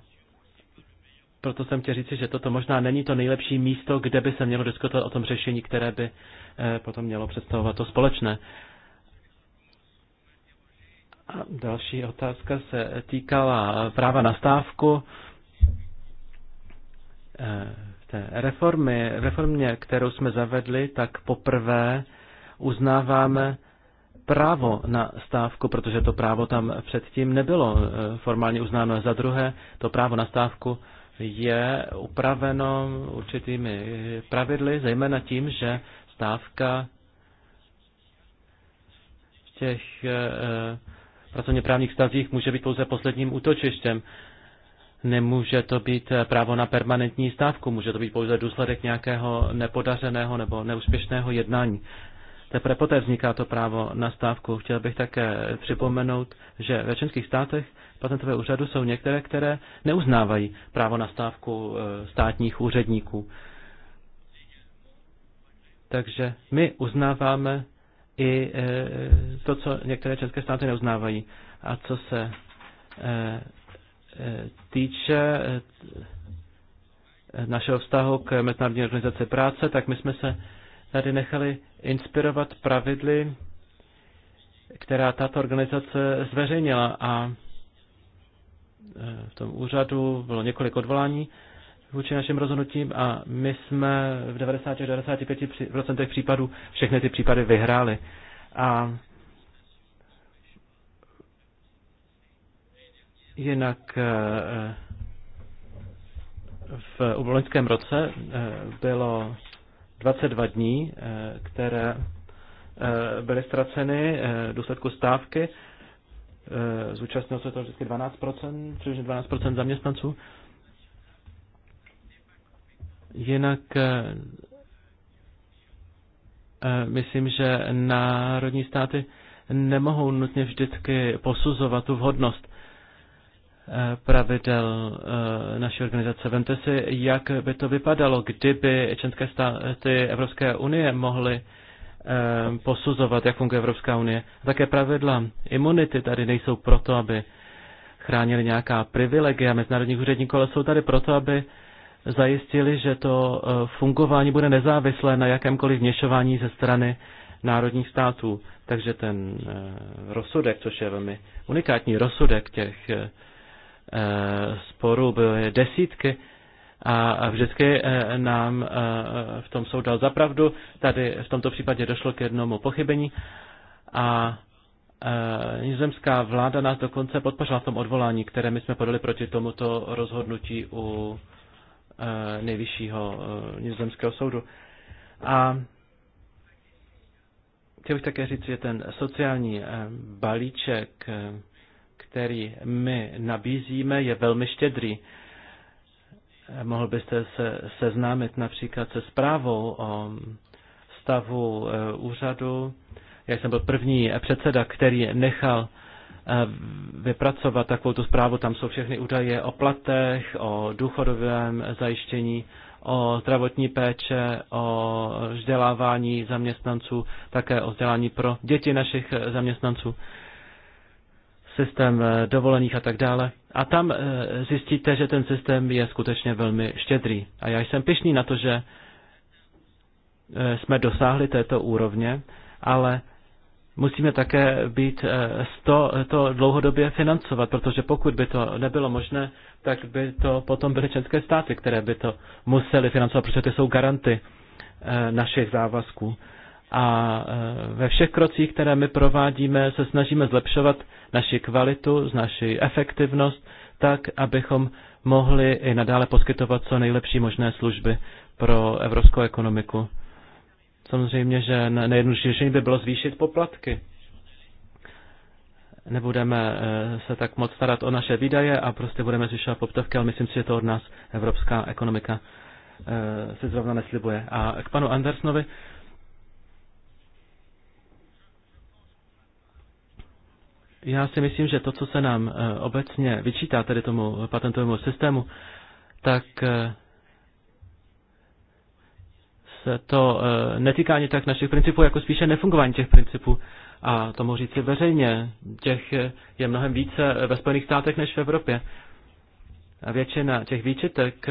proto jsem chtěl říct, že toto možná není to nejlepší místo, kde by se mělo diskutovat o tom řešení, které by eh, potom mělo představovat to společné. A další otázka se týkala práva na stávku. Eh, té reformy, reformě, kterou jsme zavedli, tak poprvé uznáváme právo na stávku, protože to právo tam předtím nebylo eh, formálně uznáno. Za druhé, to právo na stávku je upraveno určitými pravidly, zejména tím, že stávka v těch eh, pracovně právních stazích může být pouze posledním útočištěm. Nemůže to být právo na permanentní stávku, může to být pouze důsledek nějakého nepodařeného nebo neúspěšného jednání teprve poté vzniká to právo na stávku. Chtěl bych také připomenout, že ve členských státech patentové úřadu jsou některé, které neuznávají právo na stávku eh, státních úředníků. Takže my uznáváme i eh, to, co některé české státy neuznávají. A co se eh, týče našeho vztahu k Mezinárodní organizaci práce, tak my jsme se tady nechali inspirovat pravidly, která tato organizace zveřejnila a eh, v tom úřadu bylo několik odvolání vůči našim rozhodnutím a my jsme v 90-95% případů všechny ty případy vyhráli. A jinak eh, v loňském roce eh, bylo 22 dní, eh, které eh, byly ztraceny eh, v důsledku stávky. Zúčastnilo se to vždycky 12%, přibližně 12% zaměstnanců. Jinak myslím, že národní státy nemohou nutně vždycky posuzovat tu vhodnost Eh, pravidel eh, naší organizace. Vemte si, jak by to vypadalo, kdyby členské státy Evropské unie mohly eh, posuzovat, jak funguje Evropská unie. Také pravidla imunity tady nejsou proto, aby chránili nějaká privilegia mezinárodních úředníků, ale jsou tady proto, aby zajistili, že to fungování bude nezávislé na jakémkoliv vněšování ze strany národních států. Takže ten rozsudek, což je velmi unikátní rozsudek těch Eh, sporů byly desítky a vždycky eh, nám eh, v tom soud dal zapravdu. Tady v tomto případě došlo k jednomu pochybení a nizozemská vláda nás dokonce podpořila v tom odvolání, které my jsme podali proti tomuto rozhodnutí u nejvyššího nizozemského soudu. A chtěl bych také říct, že ten sociální balíček který my nabízíme, je velmi štědrý. Mohl byste se seznámit například se zprávou o stavu eh, úřadu. Já jsem byl první předseda, který nechal eh, vypracovat takovou tu zprávu. Tam jsou všechny údaje o platech, o důchodovém zajištění, o zdravotní péče, o vzdělávání zaměstnanců, také o vzdělání pro děti našich zaměstnanců systém eh, dovolených a tak dále. A tam eh, zjistíte, že ten systém je skutečně velmi štědrý. A já jsem pišný na to, že eh, jsme dosáhli této úrovně, ale musíme také být to, to dlouhodobě financovat, protože pokud by to nebylo možné, tak by to potom byly české státy, které by to museli financovat, protože ty jsou garanty našich závazků a e, ve všech krocích, které my provádíme, se snažíme zlepšovat naši kvalitu, naši efektivnost, tak, abychom mohli i nadále poskytovat co nejlepší možné služby pro evropskou ekonomiku. Samozřejmě, že nejjednodušší řešení by bylo zvýšit poplatky. Nebudeme e, se tak moc starat o naše výdaje a prostě budeme zvyšovat poptavky, ale myslím si, že to od nás evropská ekonomika se zrovna neslibuje. A k panu Andersnovi Já si myslím, že to, co se nám eh, obecně vyčítá, tedy tomu patentovému systému, tak eh, se to eh, netýká ani tak našich principů, jako spíše nefungování těch principů. A to mohu si veřejně, těch je mnohem více ve Spojených státech než v Evropě. A většina těch výčitek,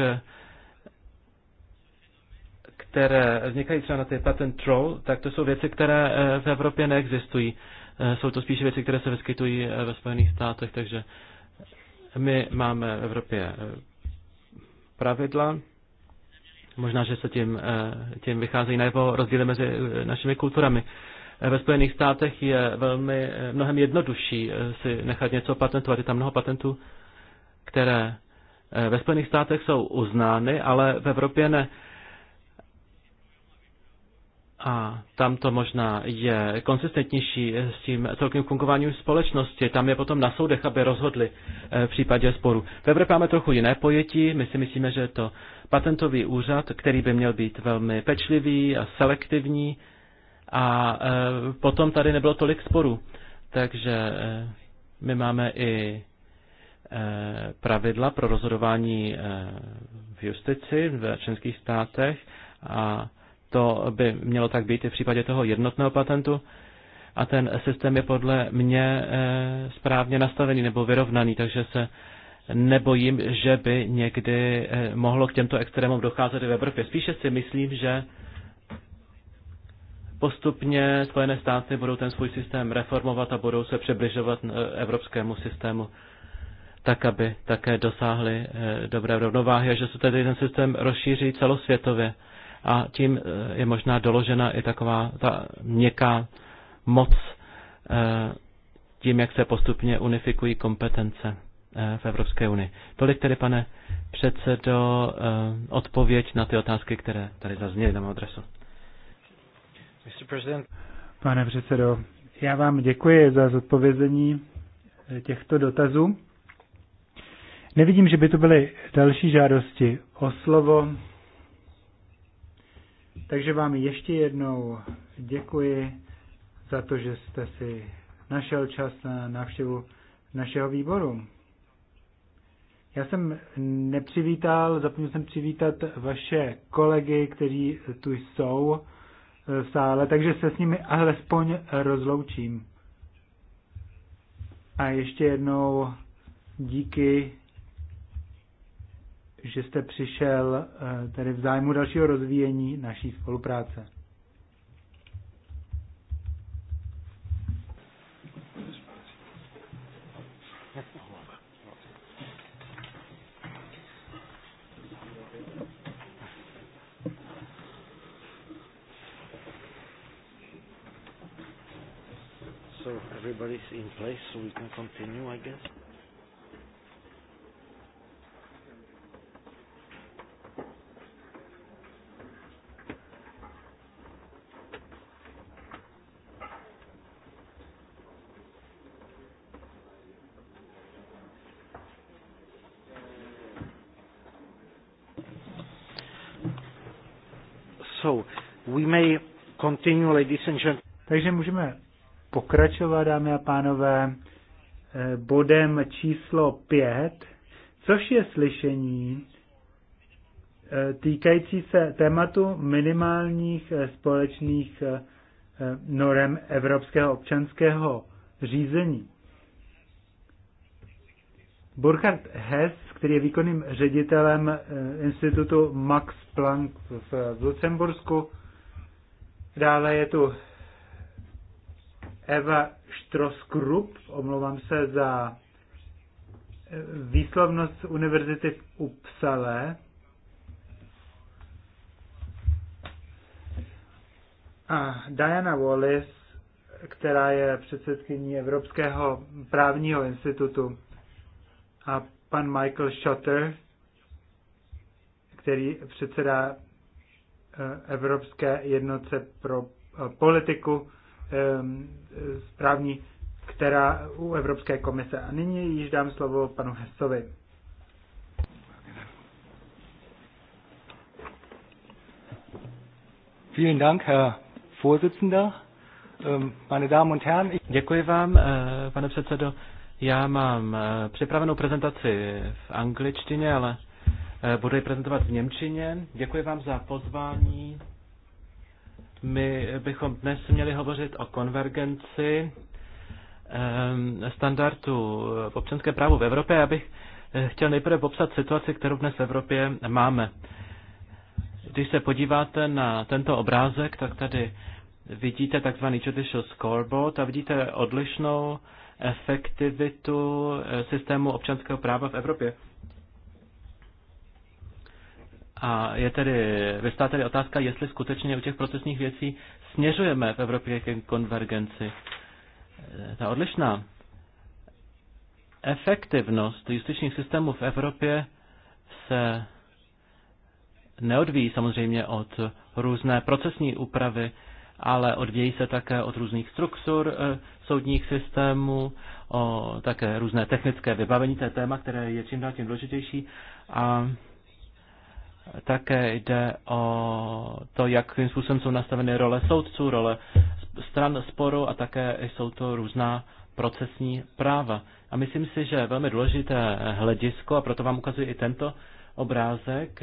které vznikají třeba na ty patent troll, tak to jsou věci, které v Evropě neexistují. Eh, jsou to spíše věci, které se vyskytují eh, ve Spojených státech, takže my máme v Evropě eh, pravidla, možná, že se tím, tím vycházejí najevo rozdíly mezi našimi kulturami. Ve Spojených státech je velmi mnohem jednodušší si nechat něco patentovat. Je tam mnoho patentů, které ve Spojených státech jsou uznány, ale v Evropě ne. A tam to možná je konsistentnější s tím celkovým fungováním společnosti. Tam je potom na soudech, aby rozhodli eh, v případě sporu. V Evropě máme trochu jiné pojetí. My si myslíme, že je to patentový úřad, který by měl být velmi pečlivý a selektivní. A eh, potom tady nebylo tolik sporů. Takže eh, my máme i pravidla pro rozhodování v justici v členských státech a to by mělo tak být i v případě toho jednotného patentu. A ten systém je podle mě eh, správně nastavený nebo vyrovnaný, takže se nebojím, že by někdy eh, mohlo k těmto extrémům docházet i v Evropě. Spíše si myslím, že postupně Spojené státy budou ten svůj systém reformovat a budou se přibližovat eh, evropskému systému tak, aby také dosáhly dobré rovnováhy a že se tedy ten systém rozšíří celosvětově a tím eh, je možná doložena i taková ta měkká moc eh, tím, jak se postupně unifikují kompetence eh, v Evropské unii. Tolik tedy, pane předsedo, odpověď na ty otázky, které tady zazněly na mou adresu. Pane předsedo, já vám děkuji za zodpovězení těchto dotazů. Nevidím, že by to byly další žádosti o slovo. Takže vám ještě jednou děkuji za to, že jste si našel čas na návštěvu našeho výboru. Já jsem nepřivítal, zapomněl jsem přivítat vaše kolegy, kteří tu jsou v sále, takže se s nimi alespoň rozloučím. A ještě jednou díky že jste přišel eh, tedy v zájmu dalšího rozvíjení naší spolupráce. So everybody's in place, so we can continue, I guess. continue, ladies and gentlemen. Takže můžeme pokračovat, dámy a pánové, eh, bodem číslo pět. což je slyšení eh, týkající se tématu minimálních eh, společných norem evropského občanského řízení. Burkhard Hess, který je výkonným ředitelem institutu Max Planck v Lucembursku, Dále je tu Eva Štroskrup, omlouvám se za výslovnost univerzity v Upsale. A Diana Wallis, která je předsedkyní Evropského právního institutu. A pan Michael Shutter, který předsedá Evropské jednotce pro eh, politiku ehm, správní, která u Evropské komise. A nyní již dám slovo panu Hesovi. Vielen Dank, Herr Vorsitzender. Ehm, meine Damen und Herren, ich... Děkuji vám, eh, pane předsedo. Já mám eh, připravenou prezentaci v angličtině, ale Eh, budu ji prezentovat v Němčině. Děkuji vám za pozvání. My bychom dnes měli hovořit o konvergenci eh, standardů v občanském právu v Evropě. Já bych eh, chtěl nejprve popsat situaci, kterou dnes v Evropě máme. Když se podíváte na tento obrázek, tak tady vidíte takzvaný judicial scoreboard a vidíte odlišnou efektivitu systému občanského práva v Evropě. A je tedy, vystává tedy otázka, jestli skutečně u těch procesních věcí směřujeme v Evropě ke konvergenci. E, ta odlišná efektivnost justičních systémů v Evropě se neodvíjí samozřejmě od různé procesní úpravy, ale odvíjí se také od různých struktur e, soudních systémů, o také různé technické vybavení, to je téma, které je čím dál tím důležitější. A také jde o to, jakým způsobem jsou nastaveny role soudců, role stran sporu a také jsou to různá procesní práva. A myslím si, že velmi důležité hledisko, a proto vám ukazuji i tento obrázek,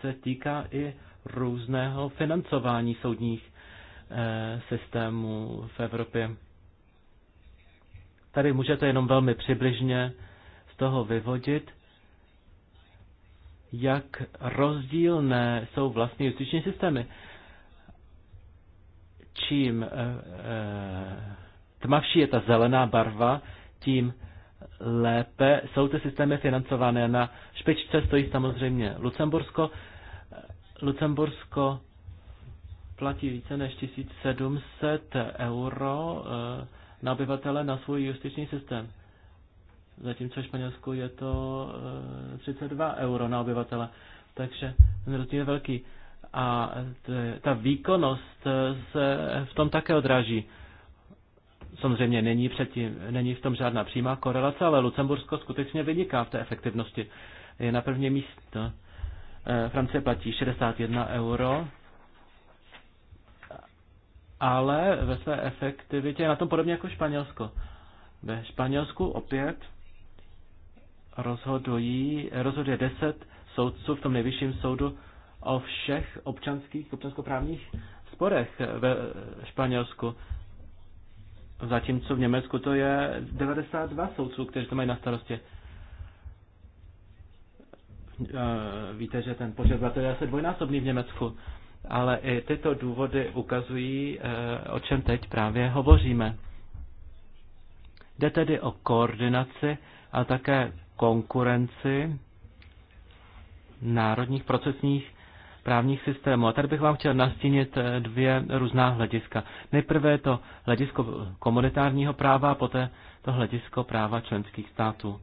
se týká i různého financování soudních eh, systémů v Evropě. Tady můžete jenom velmi přibližně z toho vyvodit, jak rozdílné jsou vlastně justiční systémy. Čím eh, eh, tmavší je ta zelená barva, tím lépe jsou ty systémy financované. Na špičce stojí samozřejmě Lucembursko. Eh, Lucembursko platí více než 1700 euro na obyvatele na svůj justiční systém zatímco v Španělsku je to 32 eh, euro na obyvatele. Takže ten rozdíl je velký. A ta výkonnost eh, se v tom také odráží. Samozřejmě není, předtím, není v tom žádná přímá korelace, ale Lucembursko skutečně vyniká v té efektivnosti. Je na první místo. Eh, Francie platí 61 euro, ale ve své efektivitě je na tom podobně jako Španělsko. Ve Španělsku opět rozhodují, rozhoduje deset soudců v tom nejvyšším soudu o všech občanských, občanskoprávních sporech ve Španělsku. Zatímco v Německu to je 92 soudců, kteří to mají na starosti. E, víte, že ten počet to je asi dvojnásobný v Německu. Ale i tyto důvody ukazují, e, o čem teď právě hovoříme. Jde tedy o koordinaci a také konkurenci národních procesních právních systémů. A tady bych vám chtěl nastínit eh, dvě různá hlediska. Nejprve je to hledisko komunitárního práva a poté to hledisko práva členských států.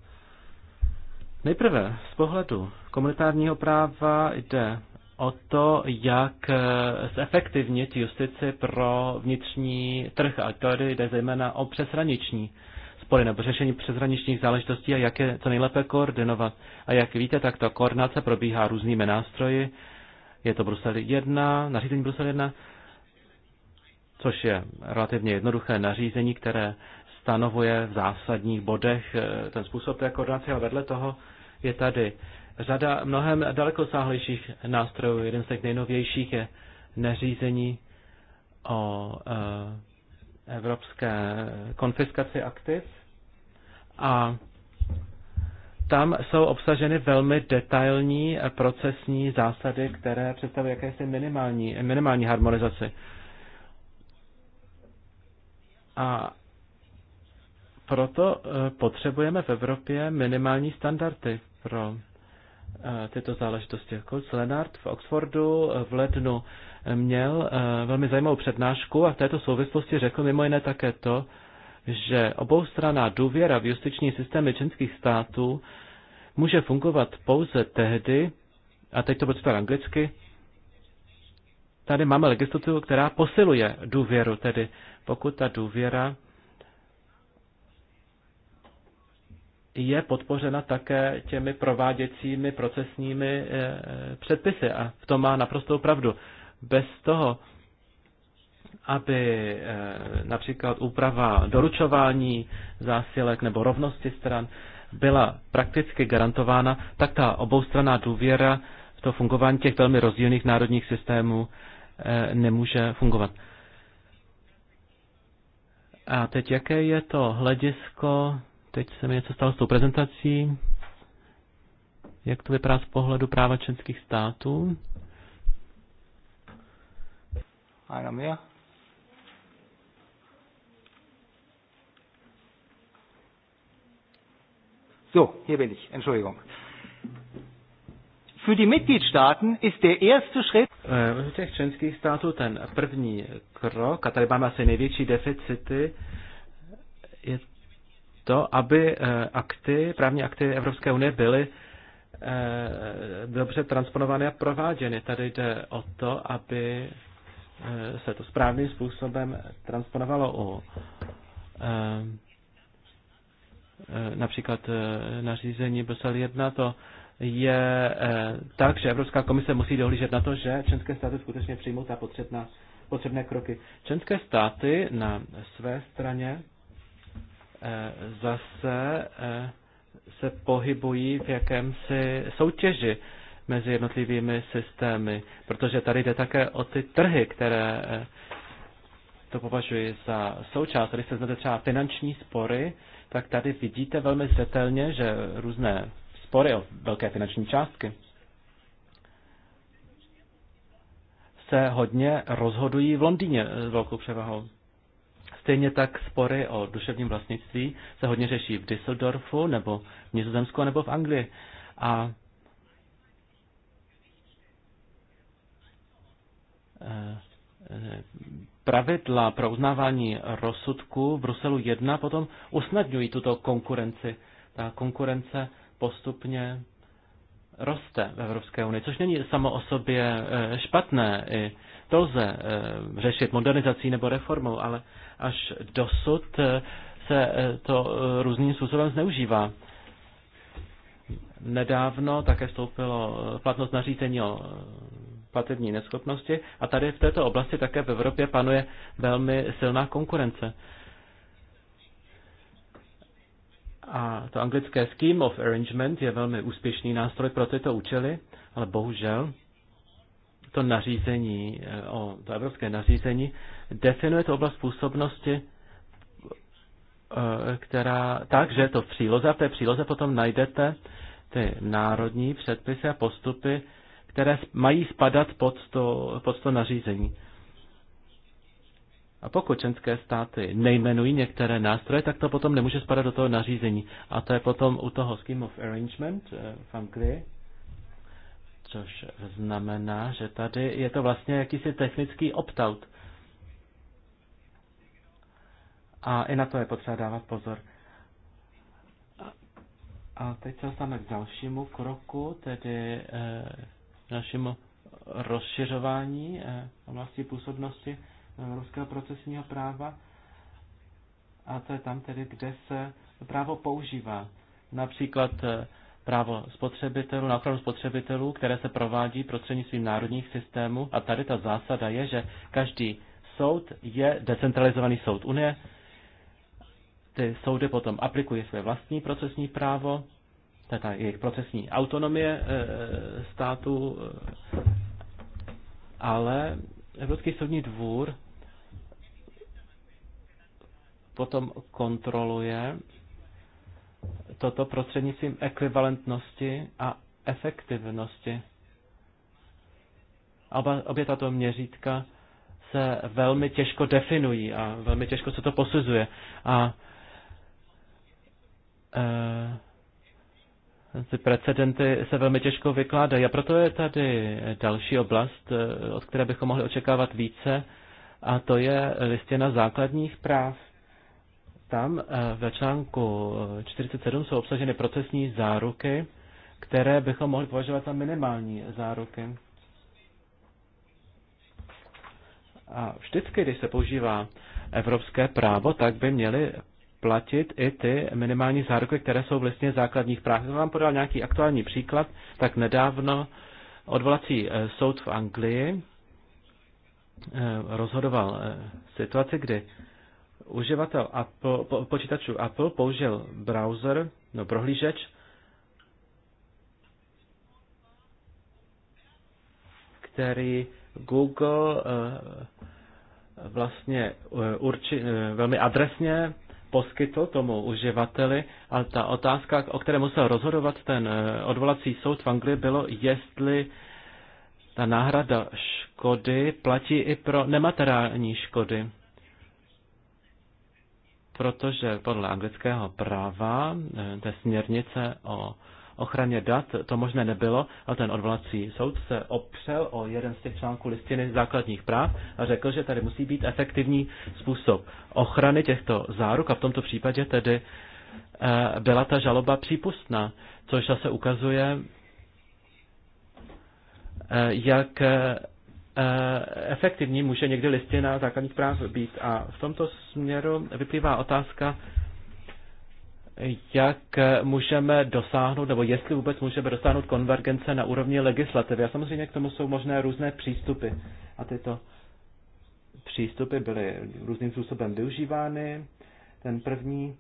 Nejprve z pohledu komunitárního práva jde o to, jak eh, zefektivnit justici pro vnitřní trh. A tady jde zejména o přeshraniční podpory nebo řešení přeshraničních záležitostí a jak je to nejlépe koordinovat. A jak víte, tak ta koordinace probíhá různými nástroji. Je to Brusel 1, nařízení Brusel 1, což je relativně jednoduché nařízení, které stanovuje v zásadních bodech eh, ten způsob té koordinace a vedle toho je tady řada mnohem dalekosáhlejších nástrojů. Jeden z těch nejnovějších je nařízení o e, evropské konfiskaci aktiv a tam jsou obsaženy velmi detailní procesní zásady, které představují jakési minimální, minimální harmonizaci. A proto eh, potřebujeme v Evropě minimální standardy pro eh, tyto záležitosti. Kurz jako Lenard v Oxfordu eh, v lednu měl velmi zajímavou přednášku a v této souvislosti řekl mimo jiné také to, že oboustraná důvěra v justiční systémy čínských států může fungovat pouze tehdy, a teď to budu anglicky, tady máme legislativu, která posiluje důvěru, tedy pokud ta důvěra je podpořena také těmi prováděcími procesními eh, předpisy. A v tom má naprostou pravdu. Bez toho aby eh, například úprava doručování zásilek nebo rovnosti stran byla prakticky garantována, tak ta oboustranná důvěra v to fungování těch velmi rozdílných národních systémů eh, nemůže fungovat. A teď jaké je to hledisko, teď se mi něco stalo s tou prezentací, jak to vypadá z pohledu práva členských států? Ano, já. So, hier bin ich. Entschuldigung. Für die Mitgliedstaaten ist der erste Schritt eh, u těch členských států ten první krok, a tady máme asi největší deficity, je to, aby eh, akty, právní akty Evropské unie byly eh, dobře transponovány a prováděny. Tady jde o to, aby se to správným způsobem transponovalo u Eh, například eh, nařízení Brusel 1, to je eh, tak, že Evropská komise musí dohlížet na to, že členské státy skutečně přijmou ta potřebná, potřebné kroky. Členské státy na své straně zase se pohybují v jakémsi soutěži mezi jednotlivými systémy, protože tady jde také o ty trhy, které to považuji za součást. Tady se znáte třeba finanční spory, tak tady vidíte velmi zřetelně, že různé spory o velké finanční částky se hodně rozhodují v Londýně s velkou převahou. Stejně tak spory o duševním vlastnictví se hodně řeší v Düsseldorfu nebo v Nizozemsku nebo v Anglii. A eh, pravidla pro uznávání rozsudku v Bruselu 1 potom usnadňují tuto konkurenci. Ta konkurence postupně roste v Evropské unii, což není samo o sobě eh, špatné. I to lze eh, řešit modernizací nebo reformou, ale až dosud eh, se to různým způsobem zneužívá. Nedávno také vstoupilo platnost nařízení o platební neschopnosti a tady v této oblasti také v Evropě panuje velmi silná konkurence. A to anglické Scheme of Arrangement je velmi úspěšný nástroj pro tyto účely, ale bohužel to nařízení, eh, o, to evropské nařízení, definuje tu oblast působnosti eh, která, tak, že to v příloze a v té příloze potom najdete ty národní předpisy a postupy které mají spadat pod to, pod to nařízení. A pokud členské státy nejmenují některé nástroje, tak to potom nemůže spadat do toho nařízení. A to je potom u toho Scheme of Arrangement eh, v Anglii, což znamená, že tady je to vlastně jakýsi technický opt-out. A i na to je potřeba dávat pozor. A teď se dostaneme k dalšímu kroku, tedy eh, dalšímu rozšiřování eh, oblasti působnosti eh, ruského procesního práva. A to je tam tedy, kde se právo používá. Například eh, právo spotřebitelů, na ochranu spotřebitelů, které se provádí prostřednictvím národních systémů. A tady ta zásada je, že každý soud je decentralizovaný soud Unie. Ty soudy potom aplikují své vlastní procesní právo teda jejich procesní autonomie eh, státu, eh, ale Evropský soudní dvůr potom kontroluje toto prostřednictvím ekvivalentnosti a efektivnosti. Oba, obě tato měřítka se velmi těžko definují a velmi těžko se to posuzuje. A e, ty precedenty se velmi těžko vykládají. A proto je tady další oblast, eh, od které bychom mohli očekávat více, a to je listina základních práv. Tam eh, ve článku 47 eh, jsou obsaženy procesní záruky, které bychom mohli považovat za minimální záruky. A vždycky, když se používá evropské právo, tak by měly platit i ty minimální záruky, které jsou v listině základních práv. Já vám podal nějaký aktuální příklad, tak nedávno odvolací eh, soud v Anglii eh, rozhodoval eh, situaci, kdy uživatel Apple, po, počítačů Apple použil browser, no prohlížeč, který Google vlastně urči, velmi adresně poskytl tomu uživateli a ta otázka, o které musel rozhodovat ten eh, odvolací soud v Anglii, bylo, jestli ta náhrada škody platí i pro nemateriální škody. Protože podle anglického práva eh, té směrnice o ochraně dat to možné nebylo a ten odvolací soud se opřel o jeden z těch článků listiny základních práv a řekl, že tady musí být efektivní způsob ochrany těchto záruk a v tomto případě tedy eh, byla ta žaloba přípustná, což se ukazuje, eh, jak eh, efektivní může někdy listina základních práv být. A v tomto směru vyplývá otázka, jak můžeme dosáhnout, nebo jestli vůbec můžeme dosáhnout konvergence na úrovni legislativy. A samozřejmě k tomu jsou možné různé přístupy. A tyto přístupy byly různým způsobem využívány. Ten první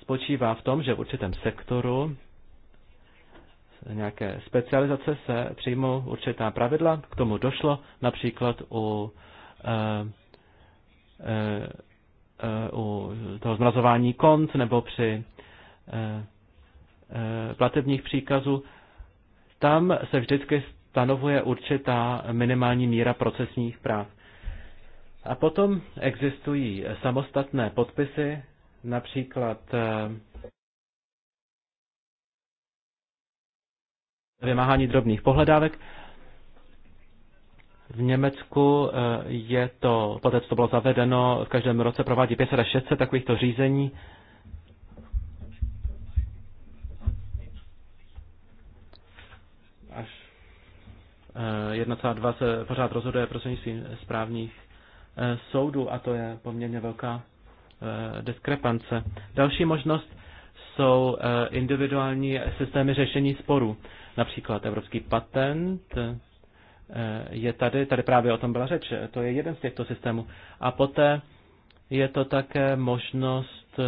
spočívá v tom, že v určitém sektoru nějaké specializace se přijmou určitá pravidla. K tomu došlo například u, e, e, u toho zmrazování kont nebo při Eh, eh, platebních příkazů, tam se vždycky stanovuje určitá minimální míra procesních práv. A potom existují samostatné podpisy, například eh, vymáhání drobných pohledávek. V Německu je to, poté co to bylo zavedeno, v každém roce provádí 500 až 600 takovýchto řízení 1,2 eh, se pořád rozhoduje prostřednictvím eh, správních eh, soudů a to je poměrně velká diskrepance. Další možnost jsou individuální systémy řešení sporů, například evropský patent, je tady, tady právě o tom byla řeč, to je jeden z těchto systémů. A poté je to také možnost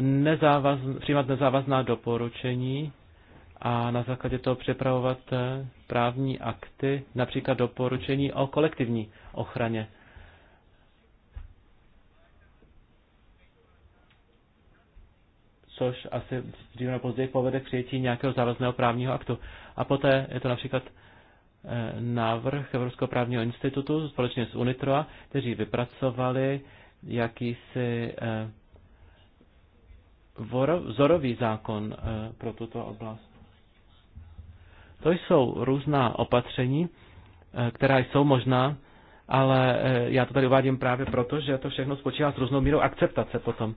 nezávaz, přijímat nezávazná doporučení a na základě toho připravovat eh, právní akty, například doporučení o kolektivní ochraně. což asi dříve nebo později povede k přijetí nějakého závazného právního aktu. A poté je to například eh, návrh Evropského právního institutu společně s UNITROA, kteří vypracovali jakýsi eh, vzorový zákon pro tuto oblast. To jsou různá opatření, eh, která jsou možná, ale eh, já to tady uvádím právě proto, že to všechno spočívá s různou mírou akceptace potom.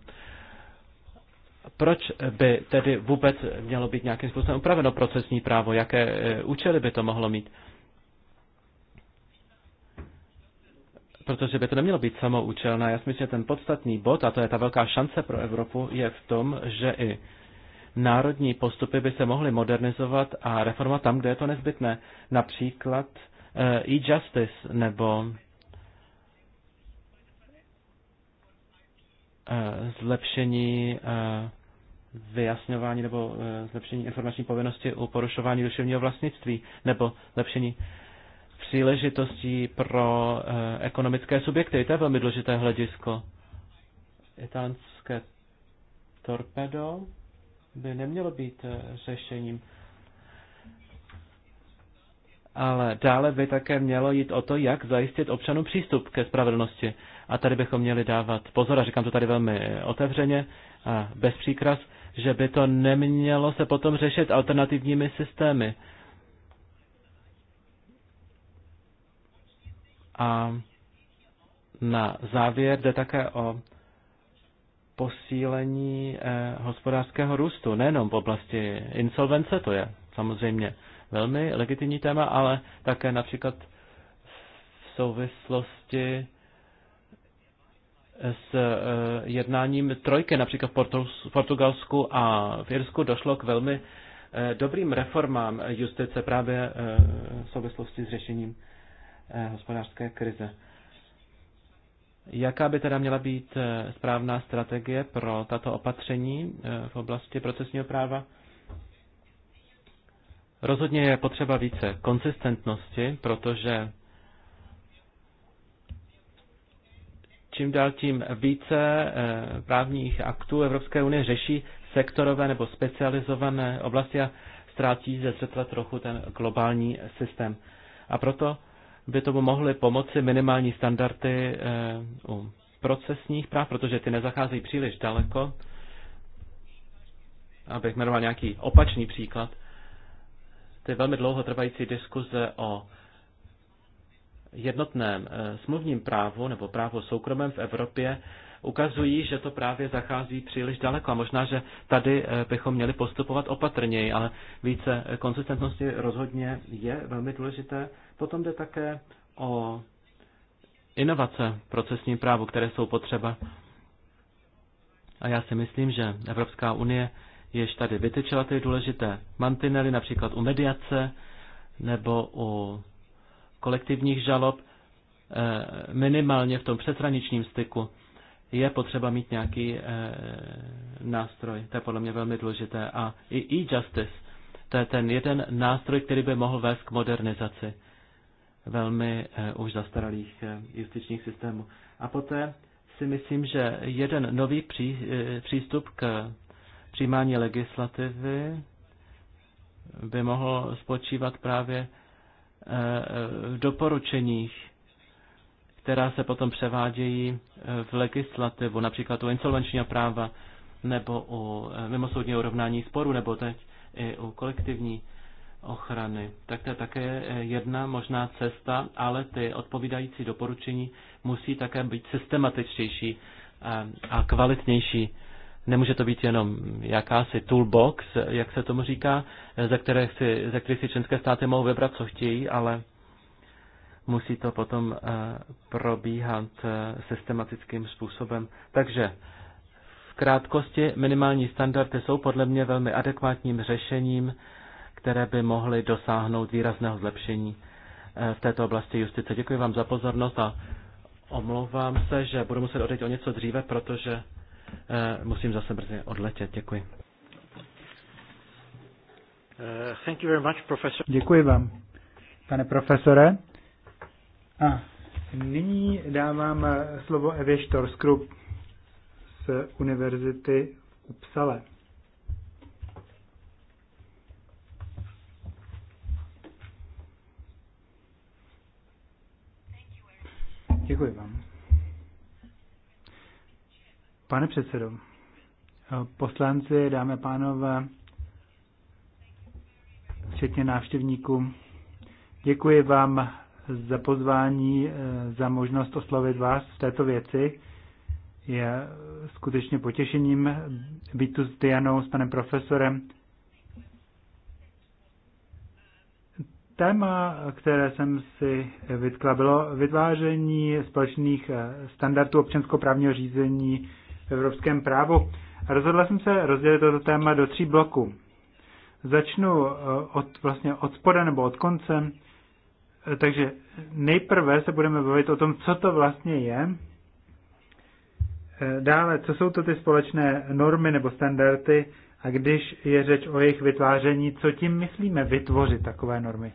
Proč by tedy vůbec mělo být nějakým způsobem upraveno procesní právo? Jaké eh, účely by to mohlo mít? protože by to nemělo být samoučelné. Já si myslím, že ten podstatný bod, a to je ta velká šance pro Evropu, je v tom, že i národní postupy by se mohly modernizovat a reformovat tam, kde je to nezbytné. Například eh, e-justice nebo eh, zlepšení eh, vyjasňování nebo zlepšení informační povinnosti u porušování duševního vlastnictví nebo zlepšení příležitostí pro ekonomické subjekty. To je velmi důležité hledisko. Italské torpedo by nemělo být eh, řešením. Ale dále by také mělo jít o to, jak zajistit občanům přístup ke spravedlnosti. A tady bychom měli dávat pozor, a říkám to tady velmi eh, otevřeně a bez příkraz, že by to nemělo se potom řešit alternativními systémy. A na závěr jde také o posílení eh, hospodářského růstu, nejenom v oblasti insolvence, to je samozřejmě velmi legitimní téma, ale také například v souvislosti s eh, jednáním trojky, například v Portugalsku a v Irsku došlo k velmi eh, dobrým reformám justice právě v souvislosti s řešením hospodářské krize. Jaká by teda měla být eh, správná strategie pro tato opatření eh, v oblasti procesního práva? Rozhodně je potřeba více konsistentnosti, protože čím dál tím více eh, právních aktů Evropské unie řeší sektorové nebo specializované oblasti a ztrácí ze světla trochu ten globální systém. A proto by tomu mohly pomoci minimální standardy eh, u procesních práv, protože ty nezacházejí příliš daleko. Abych jmenoval nějaký opačný příklad, ty velmi dlouho trvající diskuze o jednotném eh, smluvním právu nebo právu soukromém v Evropě ukazují, že to právě zachází příliš daleko a možná, že tady eh, bychom měli postupovat opatrněji, ale více eh, konzistentnosti rozhodně je velmi důležité. Potom jde také o inovace procesní právu, které jsou potřeba. A já si myslím, že Evropská unie jež tady vytyčila ty důležité mantinely, například u mediace nebo u kolektivních žalob, eh, minimálně v tom přeshraničním styku je potřeba mít nějaký e, nástroj. To je podle mě velmi důležité. A i e-justice, to je ten jeden nástroj, který by mohl vést k modernizaci velmi e, už zastaralých e, justičních systémů. A poté si myslím, že jeden nový pří, e, přístup k přijímání legislativy by mohl spočívat právě v doporučeních která se potom převádějí e, v legislativu, například u insolvenčního práva nebo u e, mimosoudního urovnání sporu, nebo teď i u kolektivní ochrany. Tak to je také e, jedna možná cesta, ale ty odpovídající doporučení musí také být systematičtější a kvalitnější. Nemůže to být jenom jakási toolbox, jak se tomu říká, ze které si, si členské státy mohou vybrat, co chtějí, ale musí to potom eh, probíhat eh, systematickým způsobem. Takže v krátkosti minimální standardy jsou podle mě velmi adekvátním řešením, které by mohly dosáhnout výrazného zlepšení eh, v této oblasti justice. Děkuji vám za pozornost a omlouvám se, že budu muset odejít o něco dříve, protože musím zase brzy odletět. Děkuji. Děkuji vám, pane profesore. A nyní dávám eh, slovo Evě Štorskrup z Univerzity v Upsale. Děkuji vám. Pane předsedo, eh, poslanci, dámy a pánové, včetně návštěvníků, děkuji vám za pozvání, eh, za možnost oslovit vás v této věci. Je skutečně potěšením být tu s Dianou, s panem profesorem. Téma, které jsem si vytkla, bylo vytváření společných eh, standardů občanskoprávního řízení v evropském právu. A rozhodla jsem se rozdělit toto téma do tří bloků. Začnu eh, od, vlastně od spoda nebo od konce takže nejprve se budeme bavit o tom, co to vlastně je. Eh, dále, co jsou to ty společné normy nebo standardy a když je řeč o jejich vytváření, co tím myslíme vytvořit takové normy?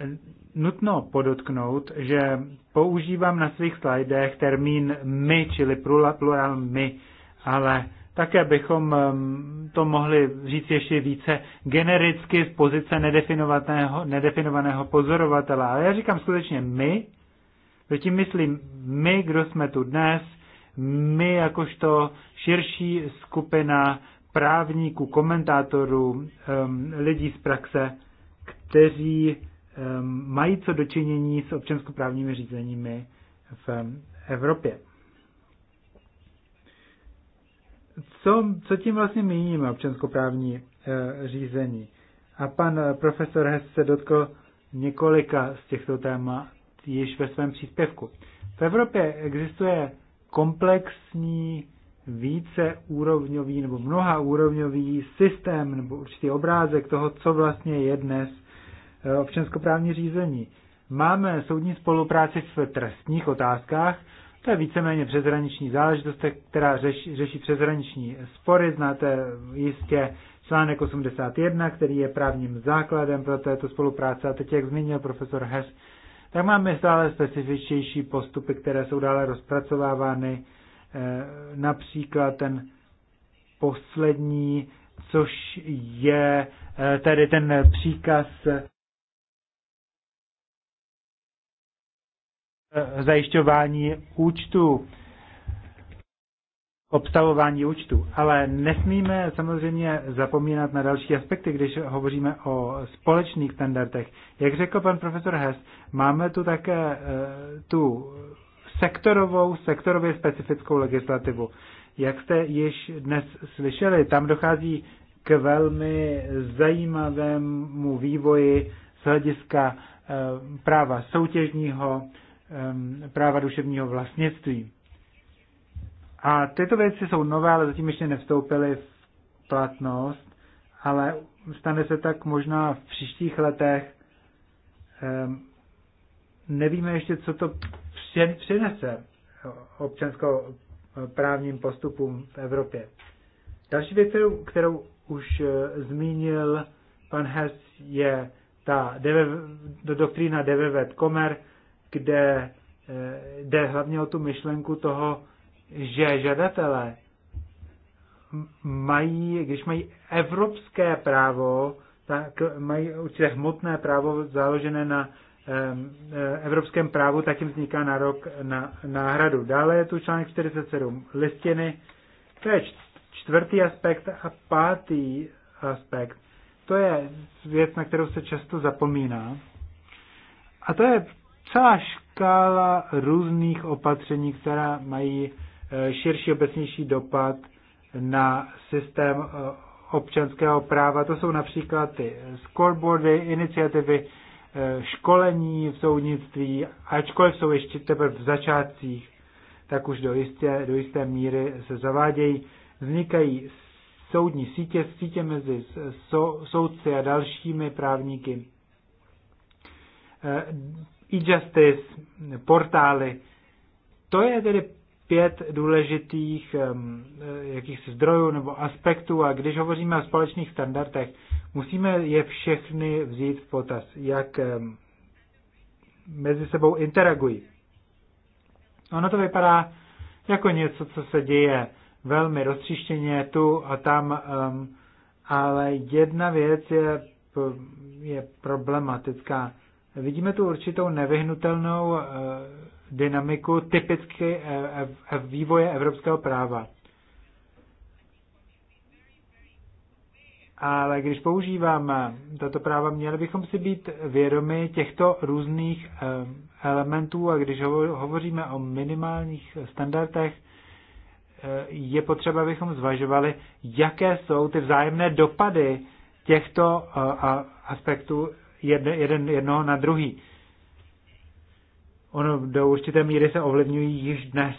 Eh, nutno podotknout, že používám na svých slajdech termín my, čili plural my, ale také bychom to mohli říct ještě více genericky z pozice nedefinovaného, nedefinovaného pozorovatele. Ale já říkám skutečně my, zatím myslím my, kdo jsme tu dnes, my jakožto širší skupina právníků, komentátorů, lidí z praxe, kteří mají co dočinění s občanskoprávními řízeními v Evropě. co, co tím vlastně míníme občanskoprávní e, řízení? A pan eh, profesor Hess se dotkl několika z těchto témat již ve svém příspěvku. V Evropě existuje komplexní víceúrovňový nebo mnohaúrovňový systém nebo určitý obrázek toho, co vlastně je dnes eh, občanskoprávní řízení. Máme soudní spolupráci v trestních otázkách, to je víceméně přezraniční záležitost, která řeší, řeší přezraniční spory. Znáte jistě článek 81, který je právním základem pro této spolupráce. A teď, jak zmínil profesor Hess, tak máme stále specifičtější postupy, které jsou dále rozpracovávány. E, například ten poslední, což je e, tedy ten příkaz Eh, zajišťování účtu, obstavování účtu. Ale nesmíme samozřejmě zapomínat na další aspekty, když hovoříme o společných standardech. Jak řekl pan profesor Hess, máme tu také eh, tu sektorovou, sektorově specifickou legislativu. Jak jste již dnes slyšeli, tam dochází k velmi zajímavému vývoji z hlediska eh, práva soutěžního, Um, práva duševního vlastnictví. A tyto věci jsou nové, ale zatím ještě nevstoupily v platnost, ale stane se tak možná v příštích letech. Um, nevíme ještě, co to přinese právním postupům v Evropě. Další věc, kterou, kterou už eh, zmínil pan Hess, je ta doktrína Devevet Komer, kde eh, jde hlavně o tu myšlenku toho, že žadatelé mají, když mají evropské právo, tak mají určitě hmotné právo založené na eh, evropském právu, tak jim vzniká nárok na náhradu. Dále je tu článek 47 listiny, to je čtvrtý aspekt a pátý aspekt. To je věc, na kterou se často zapomíná. A to je celá škála různých opatření, která mají e, širší, obecnější dopad na systém e, občanského práva. To jsou například ty scoreboardy, iniciativy, e, školení v soudnictví, ačkoliv jsou ještě teprve v začátcích, tak už do jisté, do jisté míry se zavádějí. Vznikají soudní sítě, sítě mezi soudci a dalšími právníky e-justice, portály. To je tedy pět důležitých um, eh, jakýchsi zdrojů nebo aspektů a když hovoříme o společných standardech, musíme je všechny vzít v potaz, jak um, mezi sebou interagují. Ono to vypadá jako něco, co se děje velmi roztříštěně tu a tam, um, ale jedna věc je, je problematická. Vidíme tu určitou nevyhnutelnou eh, dynamiku typicky eh, eh, vývoje evropského práva. Ale když používáme tato práva, měli bychom si být vědomi těchto různých elementů a když hovoříme o minimálních standardech, je potřeba, abychom zvažovali, jaké jsou ty vzájemné dopady těchto aspektů jedno, jeden, jednoho na druhý. Ono do určité míry se ovlivňují již dnes.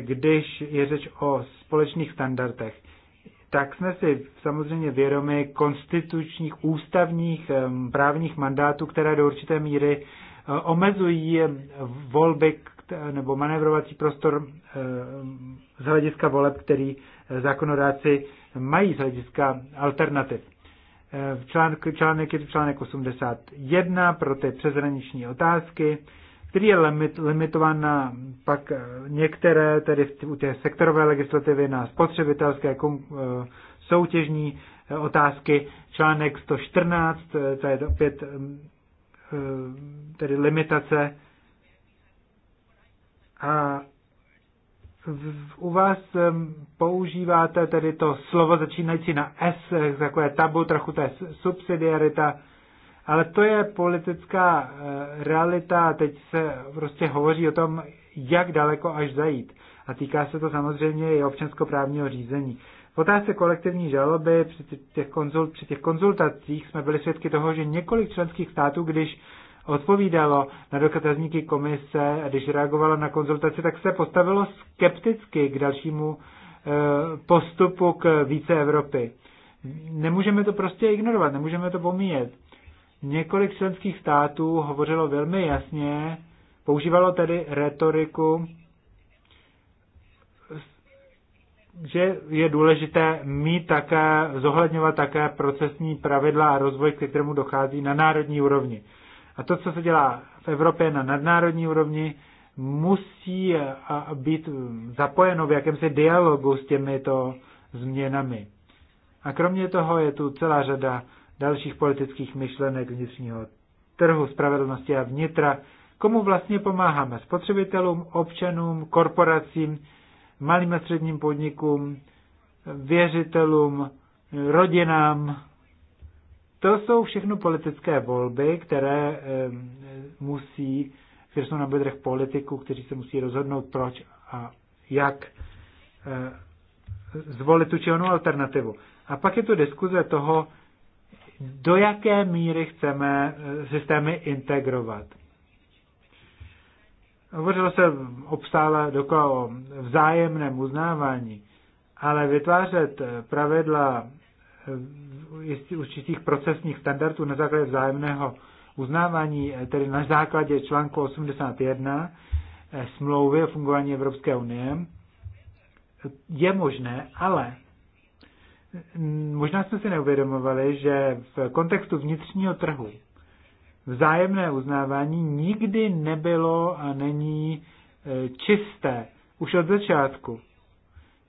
Když je řeč o společných standardech, tak jsme si samozřejmě vědomi konstitučních, ústavních právních mandátů, které do určité míry eh, omezují volby nebo manévrovací prostor z hlediska voleb, který eh, zákonodáci mají z hlediska alternativ v eh, článek je to článek 81 pro ty přezraniční otázky, který je limit, limitován na pak eh, některé, tedy u té sektorové legislativy na spotřebitelské kom, eh, soutěžní otázky. Článek 114, to je opět tedy limitace. A u vás používáte tedy to slovo začínající na S, takové tabu, trochu to je subsidiarita, ale to je politická e, realita a teď se prostě hovoří o tom, jak daleko až zajít. A týká se to samozřejmě i občanskoprávního řízení. V otázce kolektivní žaloby při těch, konzult, při těch konzultacích jsme byli svědky toho, že několik členských států, když odpovídalo na dokazníky komise, když reagovalo na konzultaci, tak se postavilo skepticky k dalšímu e, postupu k více Evropy. Nemůžeme to prostě ignorovat, nemůžeme to pomíjet. Několik členských států hovořilo velmi jasně, používalo tedy retoriku, že je důležité mít také, zohledňovat také procesní pravidla a rozvoj, ke kterému dochází na národní úrovni. A to, co se dělá v Evropě na nadnárodní úrovni, musí eh, být eh, zapojeno v jakémsi dialogu s těmito změnami. A kromě toho je tu celá řada dalších politických myšlenek vnitřního trhu, spravedlnosti a vnitra. Komu vlastně pomáháme? Spotřebitelům, občanům, korporacím, malým a středním podnikům, věřitelům, rodinám, to jsou všechno politické volby, které musí, které jsou na bedrech politiků, kteří se musí rozhodnout, proč a jak eh, zvolit tu či onu alternativu. A pak je tu diskuze toho, do jaké míry chceme eh, systémy integrovat. Hovořilo se obstále dokola o vzájemném uznávání, ale vytvářet eh, pravidla Eh, určitých procesních standardů na základě vzájemného uznávání, eh, tedy na základě článku 81 eh, smlouvy o fungování Evropské unie, je možné, ale mm, možná jsme si neuvědomovali, že v kontextu vnitřního trhu vzájemné uznávání nikdy nebylo a není čisté už od začátku.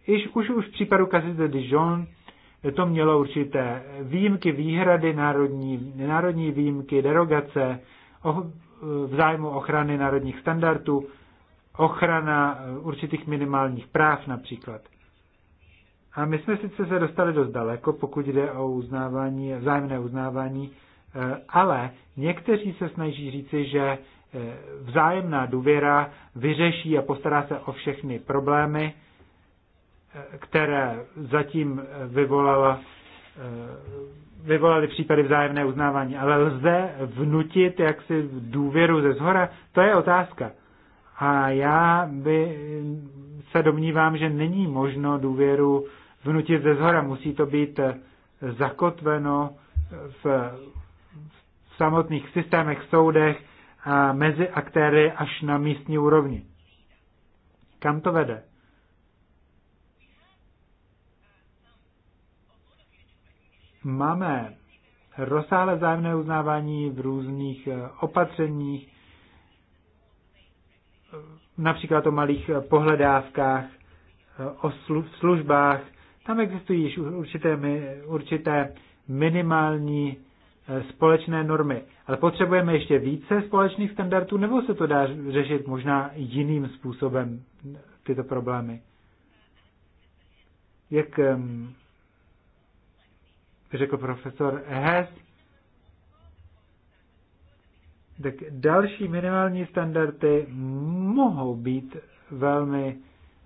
Iž, už, už v případu Kazice de Dijon to mělo určité výjimky, výhrady, národní, národní výjimky, derogace, o, v zájmu ochrany národních standardů, ochrana eh, určitých minimálních práv například. A my jsme sice se dostali dost daleko, pokud jde o uznávání, vzájemné uznávání, eh, ale někteří se snaží říci, že eh, vzájemná důvěra vyřeší a postará se o všechny problémy, které zatím vyvolala, eh, vyvolaly případy vzájemné uznávání. Ale lze vnutit jaksi důvěru ze zhora? To je otázka. A já by se domnívám, že není možno důvěru vnutit ze zhora. Musí to být eh, zakotveno v, v samotných systémech, soudech a mezi aktéry až na místní úrovni. Kam to vede? máme rozsáhlé vzájemné uznávání v různých eh, opatřeních, eh, například o malých eh, pohledávkách, o službách. Tam existují již určité, určité minimální společné normy. Ale potřebujeme ještě více společných standardů, nebo se to dá řešit možná jiným způsobem tyto problémy? Jak ehm, řekl profesor Hess, tak další minimální standardy mohou být velmi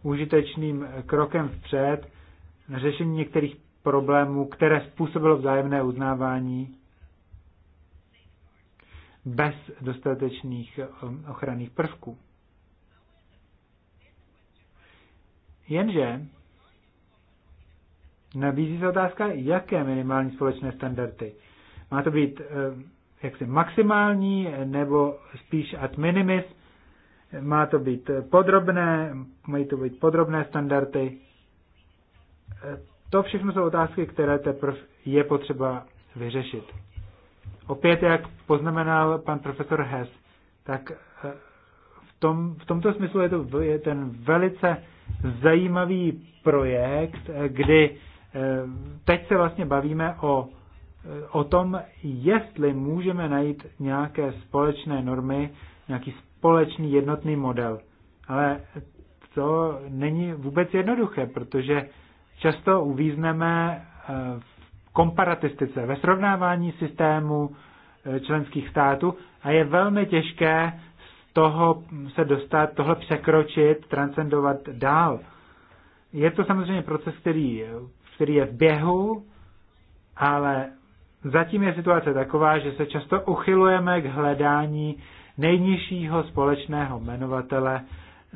užitečným krokem vpřed na řešení některých problémů, které způsobilo vzájemné uznávání bez dostatečných um, ochranných prvků. Jenže nabízí se otázka, jaké minimální společné standardy. Má to být eh, jaksi maximální nebo spíš ad minimis, má to být podrobné, mají to být podrobné standardy. Eh, to všechno jsou otázky, které teprve je potřeba vyřešit. Opět, jak poznamenal pan profesor Hess, tak eh, v, tom, v tomto smyslu je to je ten velice zajímavý projekt, kdy Eh, teď se vlastně bavíme o, eh, o tom, jestli můžeme najít nějaké společné normy, nějaký společný jednotný model. Ale to není vůbec jednoduché, protože často uvízneme eh, v komparatistice, ve srovnávání systému členských států a je velmi těžké z toho se dostat, tohle překročit, transcendovat dál. Je to samozřejmě proces, který který je v běhu, ale zatím je situace taková, že se často uchylujeme k hledání nejnižšího společného jmenovatele,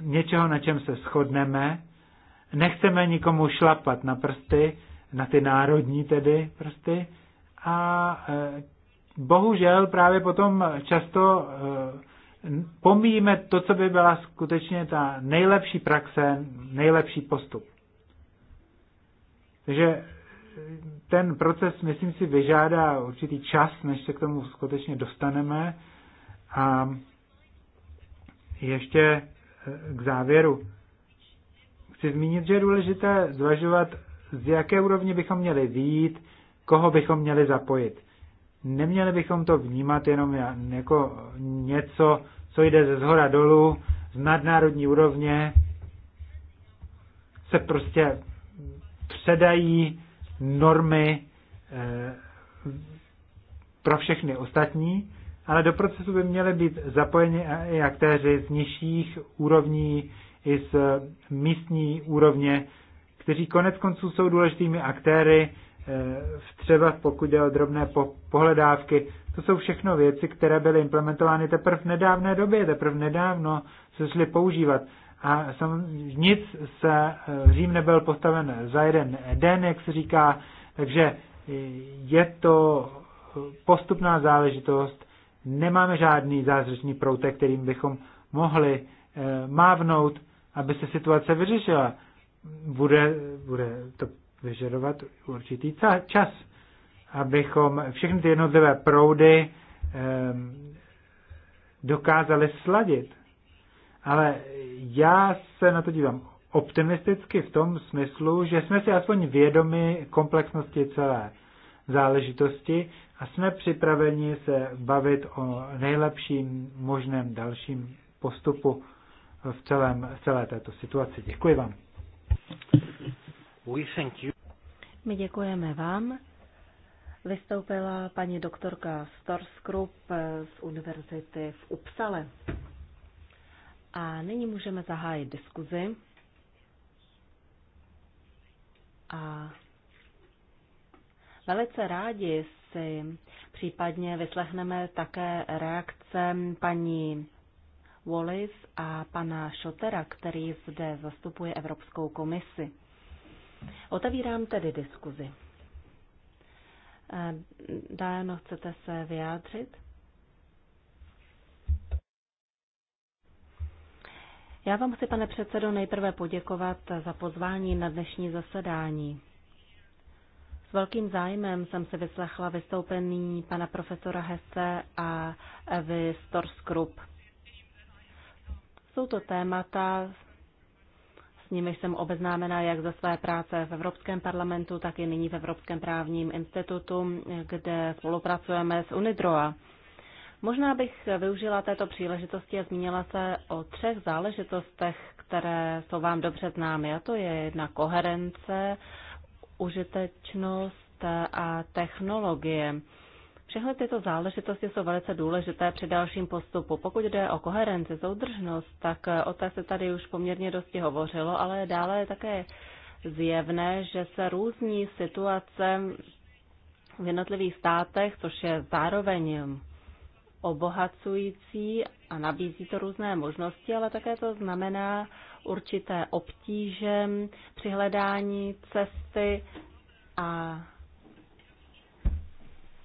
něčeho, na čem se shodneme. Nechceme nikomu šlapat na prsty, na ty národní tedy prsty. A e, bohužel právě potom často e, pomíjíme to, co by byla skutečně ta nejlepší praxe, nejlepší postup. Takže ten proces, myslím si, vyžádá určitý čas, než se k tomu skutečně dostaneme. A ještě eh, k závěru. Chci zmínit, že je důležité zvažovat, z jaké úrovně bychom měli výjít, koho bychom měli zapojit. Neměli bychom to vnímat jenom jako něco, co jde ze zhora dolů, z nadnárodní úrovně, se prostě předají normy eh, pro všechny ostatní, ale do procesu by měly být zapojeni i aktéři z nižších úrovní i z místní úrovně, kteří konec konců jsou důležitými aktéry, eh, třeba pokud jde o drobné pohledávky. To jsou všechno věci, které byly implementovány teprve v nedávné době, teprve nedávno se šly používat. A nic se eh, Řím nebyl postaven za jeden den, jak se říká, takže eh, je to eh, postupná záležitost. Nemáme žádný zázračný proutek, kterým bychom mohli mávnout, aby se situace vyřešila. Bude, bude to vyžadovat určitý čas, abychom všechny ty jednotlivé proudy dokázali sladit ale já se na to dívám optimisticky v tom smyslu, že jsme si aspoň vědomi komplexnosti celé záležitosti a jsme připraveni se bavit o nejlepším možném dalším postupu v, celém, v celé této situaci. Děkuji vám. We thank you. My děkujeme vám. Vystoupila paní doktorka Storskrup z Univerzity v Upsale. A nyní můžeme zahájit diskuzi. A velice rádi si případně vyslechneme také reakce paní Wallis a pana Šotera, který zde zastupuje Evropskou komisi. Otevírám tedy diskuzi. Eh, Dáno, chcete se vyjádřit? Já vám chci, pane předsedo, nejprve poděkovat za pozvání na dnešní zasedání. S velkým zájmem jsem se vyslechla vystoupení pana profesora Hesse a Evy Storskrup. Jsou to témata, s nimiž jsem obeznámena jak ze své práce v Evropském parlamentu, tak i nyní v Evropském právním institutu, kde spolupracujeme s UNIDROA. Možná bych využila této příležitosti a zmínila se o třech záležitostech, které jsou vám dobře známy. A to je jedna koherence, užitečnost a technologie. Všechny tyto záležitosti jsou velice důležité při dalším postupu. Pokud jde o koherenci, soudržnost, tak o té se tady už poměrně dosti hovořilo, ale dále je také zjevné, že se různí situace v jednotlivých státech, což je zároveň obohacující a nabízí to různé možnosti, ale také to znamená určité obtíže při hledání cesty a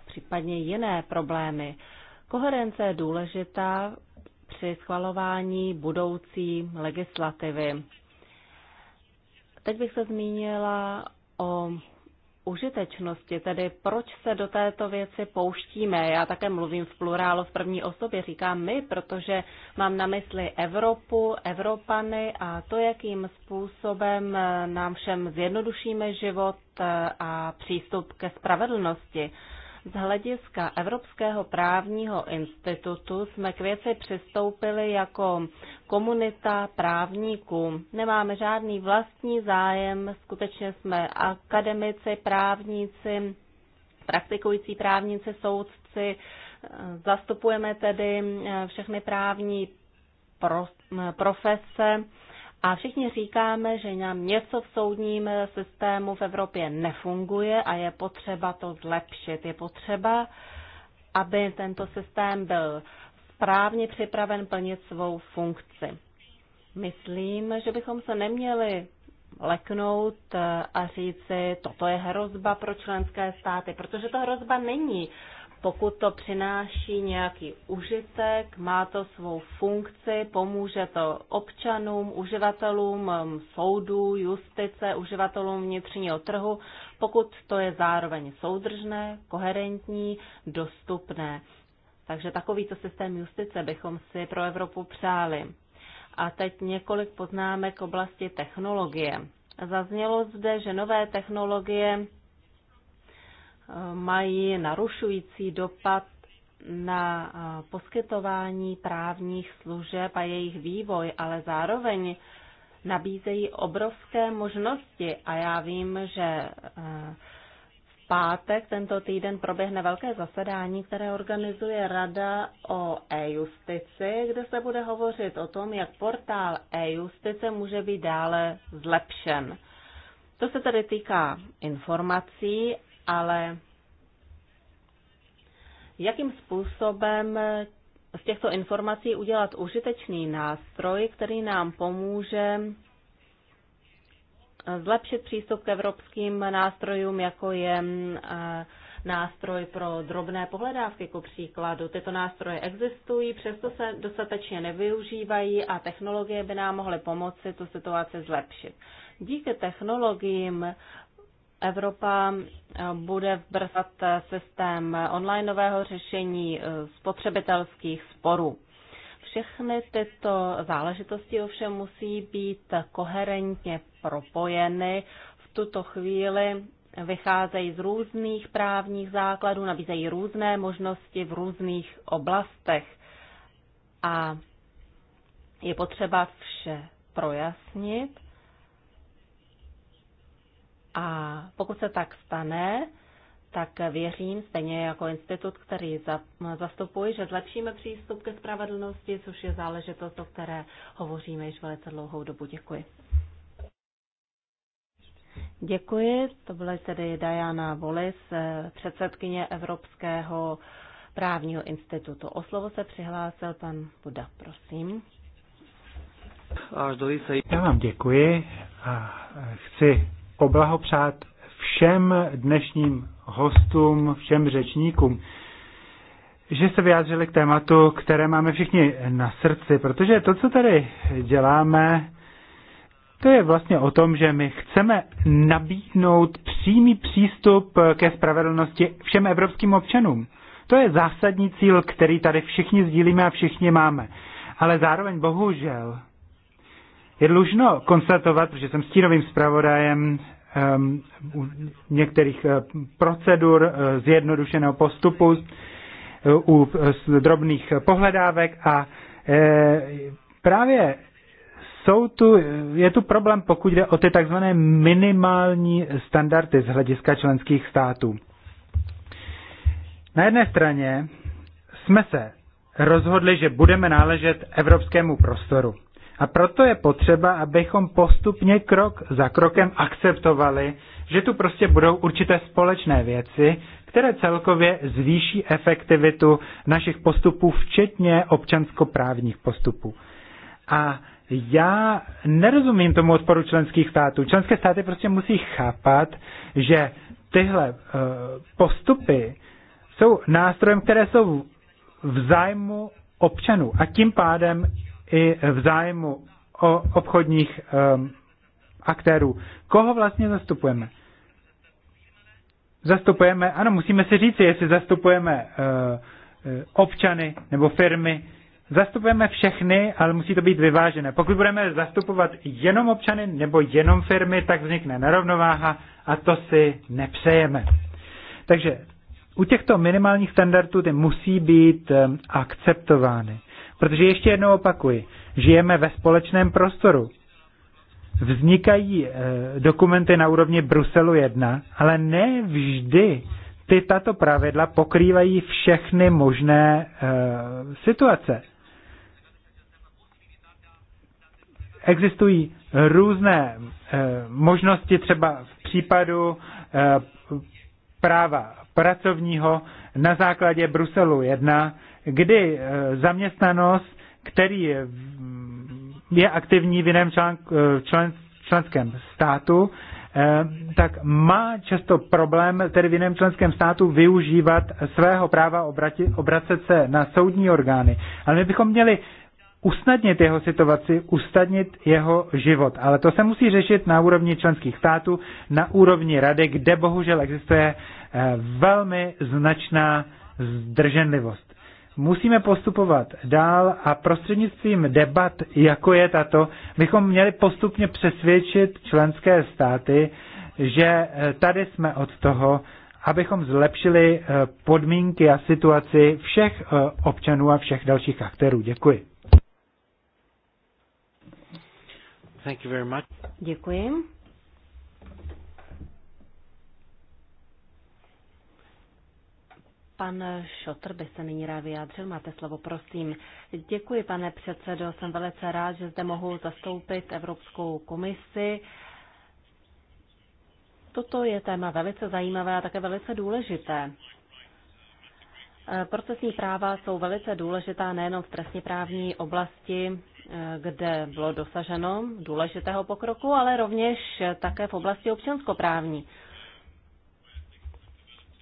případně jiné problémy. Koherence je důležitá při schvalování budoucí legislativy. Teď bych se zmínila o užitečnosti, tedy proč se do této věci pouštíme. Já také mluvím v plurálu v první osobě, říkám my, protože mám na mysli Evropu, Evropany a to, jakým způsobem nám všem zjednodušíme život a přístup ke spravedlnosti. Z hlediska Evropského právního institutu jsme k věci přistoupili jako komunita právníků. Nemáme žádný vlastní zájem, skutečně jsme akademici, právníci, praktikující právníci, soudci, zastupujeme tedy všechny právní profese a všichni říkáme, že nám něco v soudním systému v Evropě nefunguje a je potřeba to zlepšit. Je potřeba, aby tento systém byl správně připraven plnit svou funkci. Myslím, že bychom se neměli leknout a říci, toto je hrozba pro členské státy, protože to hrozba není pokud to přináší nějaký užitek, má to svou funkci, pomůže to občanům, uživatelům um, soudu, justice, uživatelům vnitřního trhu, pokud to je zároveň soudržné, koherentní, dostupné. Takže takovýto systém justice bychom si pro Evropu přáli. A teď několik poznámek oblasti technologie. Zaznělo zde, že nové technologie mají narušující dopad na poskytování právních služeb a jejich vývoj, ale zároveň nabízejí obrovské možnosti. A já vím, že v pátek tento týden proběhne velké zasedání, které organizuje Rada o e-justici, kde se bude hovořit o tom, jak portál e-justice může být dále zlepšen. To se tedy týká informací ale jakým způsobem z těchto informací udělat užitečný nástroj, který nám pomůže zlepšit přístup k evropským nástrojům, jako je eh, nástroj pro drobné pohledávky, ku příkladu. Tyto nástroje existují, přesto se dostatečně nevyužívají a technologie by nám mohly pomoci tu situaci zlepšit. Díky technologiím Evropa eh, bude vbrzat eh, systém onlineového řešení eh, spotřebitelských sporů. Všechny tyto záležitosti ovšem musí být koherentně propojeny. V tuto chvíli vycházejí z různých právních základů, nabízejí různé možnosti v různých oblastech a je potřeba vše projasnit a pokud se tak stane, tak věřím, stejně jako institut, který za, zastupuji, že zlepšíme přístup ke spravedlnosti, což je záležitost, o které hovoříme již velice dlouhou dobu. Děkuji. Děkuji. To byla tedy Diana Volis, eh, předsedkyně Evropského právního institutu. O slovo se přihlásil pan Buda, prosím. Já vám děkuji a chci poblahopřát všem dnešním hostům, všem řečníkům, že se vyjádřili k tématu, které máme všichni na srdci, protože to, co tady děláme, to je vlastně o tom, že my chceme nabídnout přímý přístup ke spravedlnosti všem evropským občanům. To je zásadní cíl, který tady všichni sdílíme a všichni máme. Ale zároveň bohužel je dlužno konstatovat, protože jsem stínovým zpravodajem um, některých eh, procedur eh, zjednodušeného postupu eh, u drobných pohledávek a právě jsou tu, je tu problém, pokud jde o ty takzvané minimální standardy z hlediska členských států. Na jedné straně jsme se rozhodli, že budeme náležet evropskému prostoru. A proto je potřeba, abychom postupně krok za krokem akceptovali, že tu prostě budou určité společné věci, které celkově zvýší efektivitu našich postupů, včetně občanskoprávních postupů. A já nerozumím tomu odporu členských států. Členské státy prostě musí chápat, že tyhle eh, postupy jsou nástrojem, které jsou v zájmu občanů a tím pádem i v zájmu o obchodních um, aktérů. Koho vlastně zastupujeme? Zastupujeme, ano, musíme si říct, jestli zastupujeme uh, občany nebo firmy. Zastupujeme všechny, ale musí to být vyvážené. Pokud budeme zastupovat jenom občany nebo jenom firmy, tak vznikne nerovnováha a to si nepřejeme. Takže u těchto minimálních standardů ty musí být akceptovány. Protože ještě jednou opakuji, žijeme ve společném prostoru. Vznikají e, dokumenty na úrovni Bruselu 1, ale ne vždy ty tato pravidla pokrývají všechny možné e, situace. Existují různé e, možnosti třeba v případu e, práva pracovního na základě Bruselu 1 kdy eh, zaměstnanost, který je aktivní v jiném eh, člen, členském státu, eh, tak má často problém tedy v jiném členském státu využívat svého práva obrati, obracet se na soudní orgány. Ale my bychom měli usnadnit jeho situaci, usnadnit jeho život. Ale to se musí řešit na úrovni členských států, na úrovni rady, kde bohužel existuje velmi značná zdrženlivost musíme postupovat dál a prostřednictvím debat, jako je tato, bychom měli postupně přesvědčit členské státy, že eh, tady jsme od toho, abychom zlepšili eh, podmínky a situaci všech eh, občanů a všech dalších aktérů. Děkuji. Thank you very much. Děkuji. Pan Šotr by se nyní rád vyjádřil. Máte slovo, prosím. Děkuji, pane předsedo. Jsem velice rád, že zde mohu zastoupit Evropskou komisi. Toto je téma velice zajímavé a také velice důležité. Procesní práva jsou velice důležitá nejenom v trestně právní oblasti, kde bylo dosaženo důležitého pokroku, ale rovněž také v oblasti občanskoprávní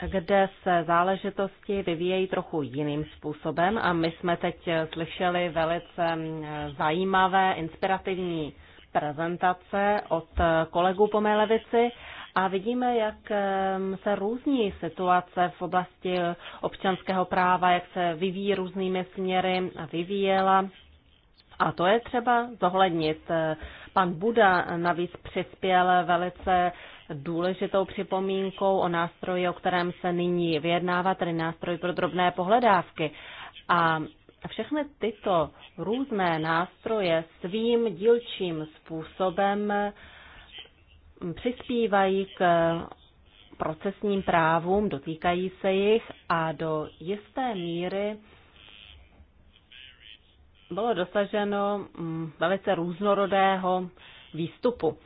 kde se záležitosti vyvíjejí trochu jiným způsobem a my jsme teď slyšeli velice mm, zajímavé, inspirativní prezentace od kolegů po mé levici a vidíme, jak mm, se různí situace v oblasti občanského práva, jak se vyvíjí různými směry a vyvíjela. A to je třeba zohlednit. Pan Buda navíc přispěl velice důležitou připomínkou o nástroji, o kterém se nyní vyjednává, tedy nástroj pro drobné pohledávky. A všechny tyto různé nástroje svým dílčím způsobem přispívají k procesním právům, dotýkají se jich a do jisté míry bylo dosaženo mm, velice různorodého výstupu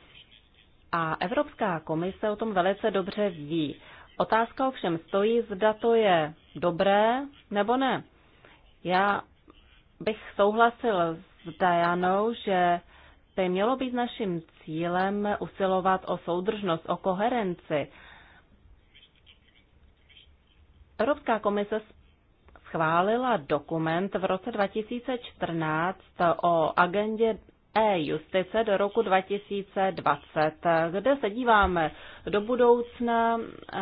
a Evropská komise o tom velice dobře ví. Otázka ovšem stojí, zda to je dobré nebo ne. Já bych souhlasil s Dianou, že by mělo být naším cílem usilovat o soudržnost, o koherenci. Evropská komise schválila dokument v roce 2014 o agendě e-justice do roku 2020, kde se díváme do budoucna eh,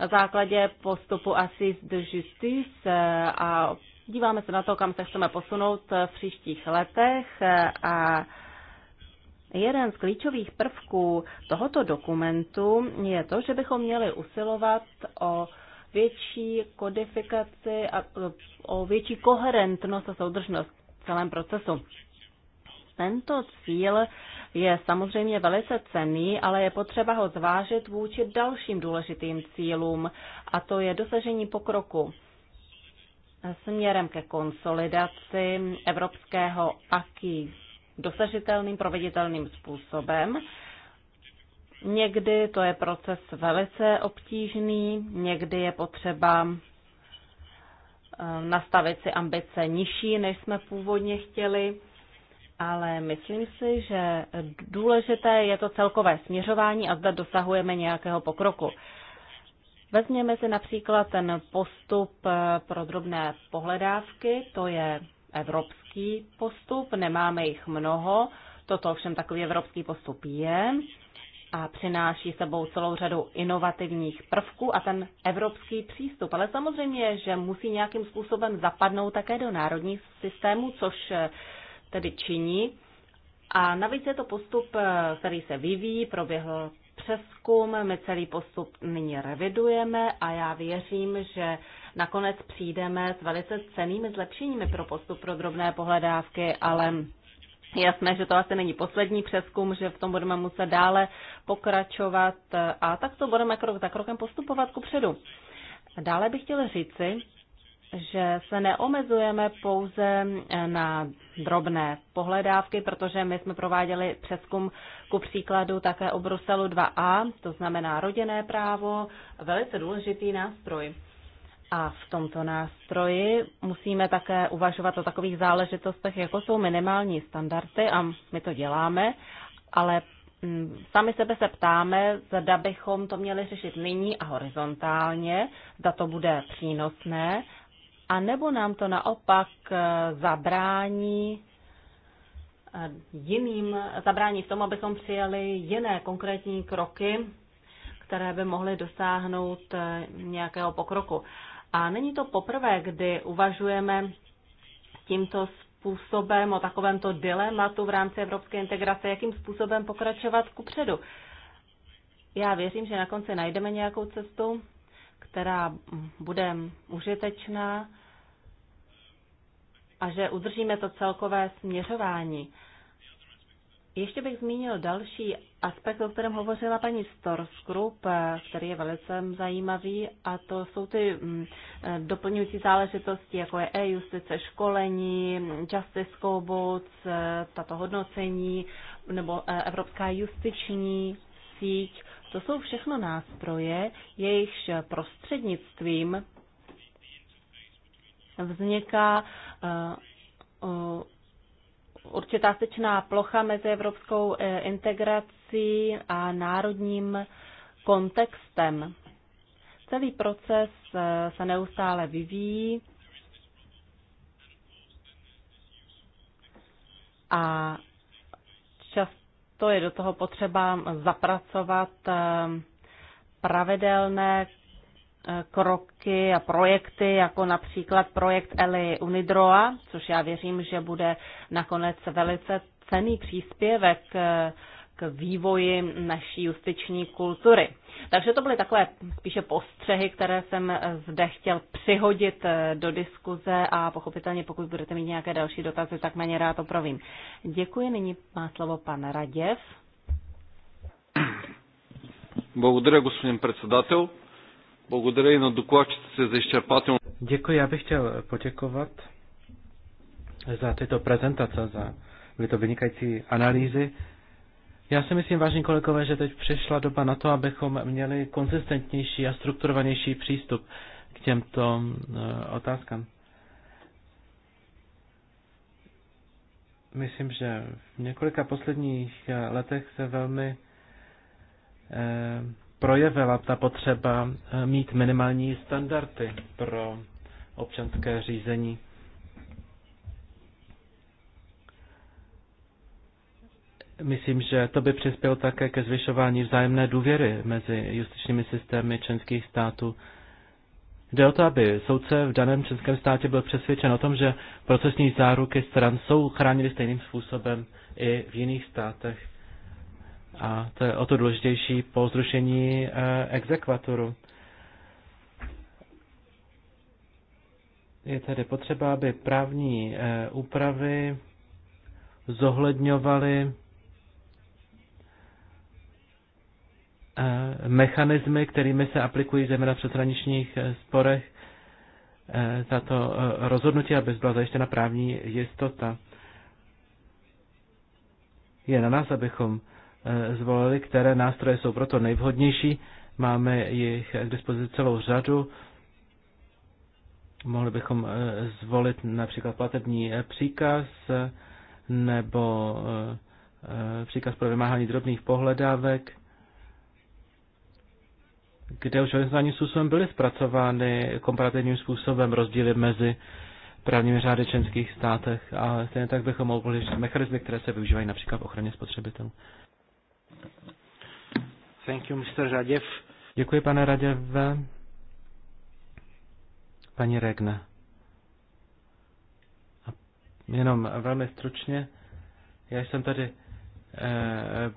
na základě postupu Assist de Justice eh, a díváme se na to, kam se chceme posunout v příštích letech a Jeden z klíčových prvků tohoto dokumentu je to, že bychom měli usilovat o větší kodifikaci a o větší koherentnost a soudržnost v celém procesu. Tento cíl je samozřejmě velice cenný, ale je potřeba ho zvážit vůči dalším důležitým cílům, a to je dosažení pokroku směrem ke konsolidaci evropského AKI dosažitelným, proveditelným způsobem. Někdy to je proces velice obtížný, někdy je potřeba eh, nastavit si ambice nižší, než jsme původně chtěli ale myslím si, že důležité je to celkové směřování a zda dosahujeme nějakého pokroku. Vezměme si například ten postup eh, pro drobné pohledávky, to je evropský postup, nemáme jich mnoho, toto ovšem takový evropský postup je a přináší sebou celou řadu inovativních prvků a ten evropský přístup. Ale samozřejmě, že musí nějakým způsobem zapadnout také do národních systémů, což eh, tedy činí. A navíc je to postup, eh, který se vyvíjí, proběhl přeskum, my celý postup nyní revidujeme a já věřím, že nakonec přijdeme s velice cenými zlepšeními pro postup pro drobné pohledávky, ale jasné, že to asi není poslední přeskum, že v tom budeme muset dále pokračovat a tak to budeme krok za krokem postupovat ku předu. Dále bych chtěl říci, že se neomezujeme pouze eh, na drobné pohledávky, protože my jsme prováděli přeskum ku příkladu také o Bruselu 2a, to znamená rodinné právo, velice důležitý nástroj. A v tomto nástroji musíme také uvažovat o takových záležitostech, jako jsou minimální standardy, a my to děláme, ale mm, sami sebe se ptáme, zda bychom to měli řešit nyní a horizontálně, zda to bude přínosné, a nebo nám to naopak eh, zabrání eh, jiným, zabrání v tom, abychom přijali jiné konkrétní kroky, které by mohly dosáhnout eh, nějakého pokroku. A není to poprvé, kdy uvažujeme tímto způsobem o takovémto dilematu v rámci evropské integrace, jakým způsobem pokračovat kupředu. Já věřím, že na konci najdeme nějakou cestu, která bude užitečná a že udržíme to celkové směřování. Ještě bych zmínil další aspekt, o kterém hovořila paní Storskrup, který je velice zajímavý, a to jsou ty mm, doplňující záležitosti, jako je e-justice, školení, justice cobots, tato hodnocení, nebo e, evropská justiční síť. To jsou všechno nástroje, jejichž prostřednictvím vzniká Eh, určitá styčná plocha mezi evropskou eh, integrací a národním kontextem. Celý proces eh, se neustále vyvíjí a často je do toho potřeba zapracovat pravidelné kroky a projekty, jako například projekt Eli Unidroa, což já věřím, že bude nakonec velice cený příspěvek eh, k vývoji naší justiční kultury. Takže to byly takové spíše postřehy, které jsem eh, zde chtěl přihodit eh, do diskuze a pochopitelně pokud budete mít nějaké další dotazy, tak méně rád to provím. Děkuji, nyní má slovo pan Raděv. Благодаря, господин председател. Děkuji, já bych chtěl poděkovat za tyto prezentace, za tyto vynikající analýzy. Já si myslím, vážení kolegové, že teď přišla doba na to, abychom měli konzistentnější a strukturovanější přístup k těmto eh, otázkám. Myslím, že v několika posledních eh, letech se velmi eh, projevila ta potřeba eh, mít minimální standardy pro občanské řízení. Myslím, že to by přispělo také ke zvyšování vzájemné důvěry mezi justičními systémy členských států. Jde o to, aby soudce v daném českém státě byl přesvědčen o tom, že procesní záruky stran jsou chráněny stejným způsobem i v jiných státech. A to je o to důležitější po zrušení eh, exekvatoru. Je tedy potřeba, aby právní eh, úpravy zohledňovaly eh, mechanismy, kterými se aplikují zejména v přeshraničních sporech eh, rozhodnutí, aby byla zajištěna právní jistota. Je na nás, abychom zvolili, které nástroje jsou proto nejvhodnější. Máme jich k dispozici celou řadu. Mohli bychom eh, zvolit například platební eh, příkaz eh, nebo příkaz pro vymáhání drobných pohledávek, kde už horizontálním způsobem byly zpracovány komparativním způsobem rozdíly mezi právními řády členských státech a stejně tak bychom mohli mechanizmy, které se využívají například v ochraně spotřebitelů. Thank you, Mr. Raděv. Děkuji, pane Raděv. Paní Regna. Jenom velmi stručně. Já jsem tady eh,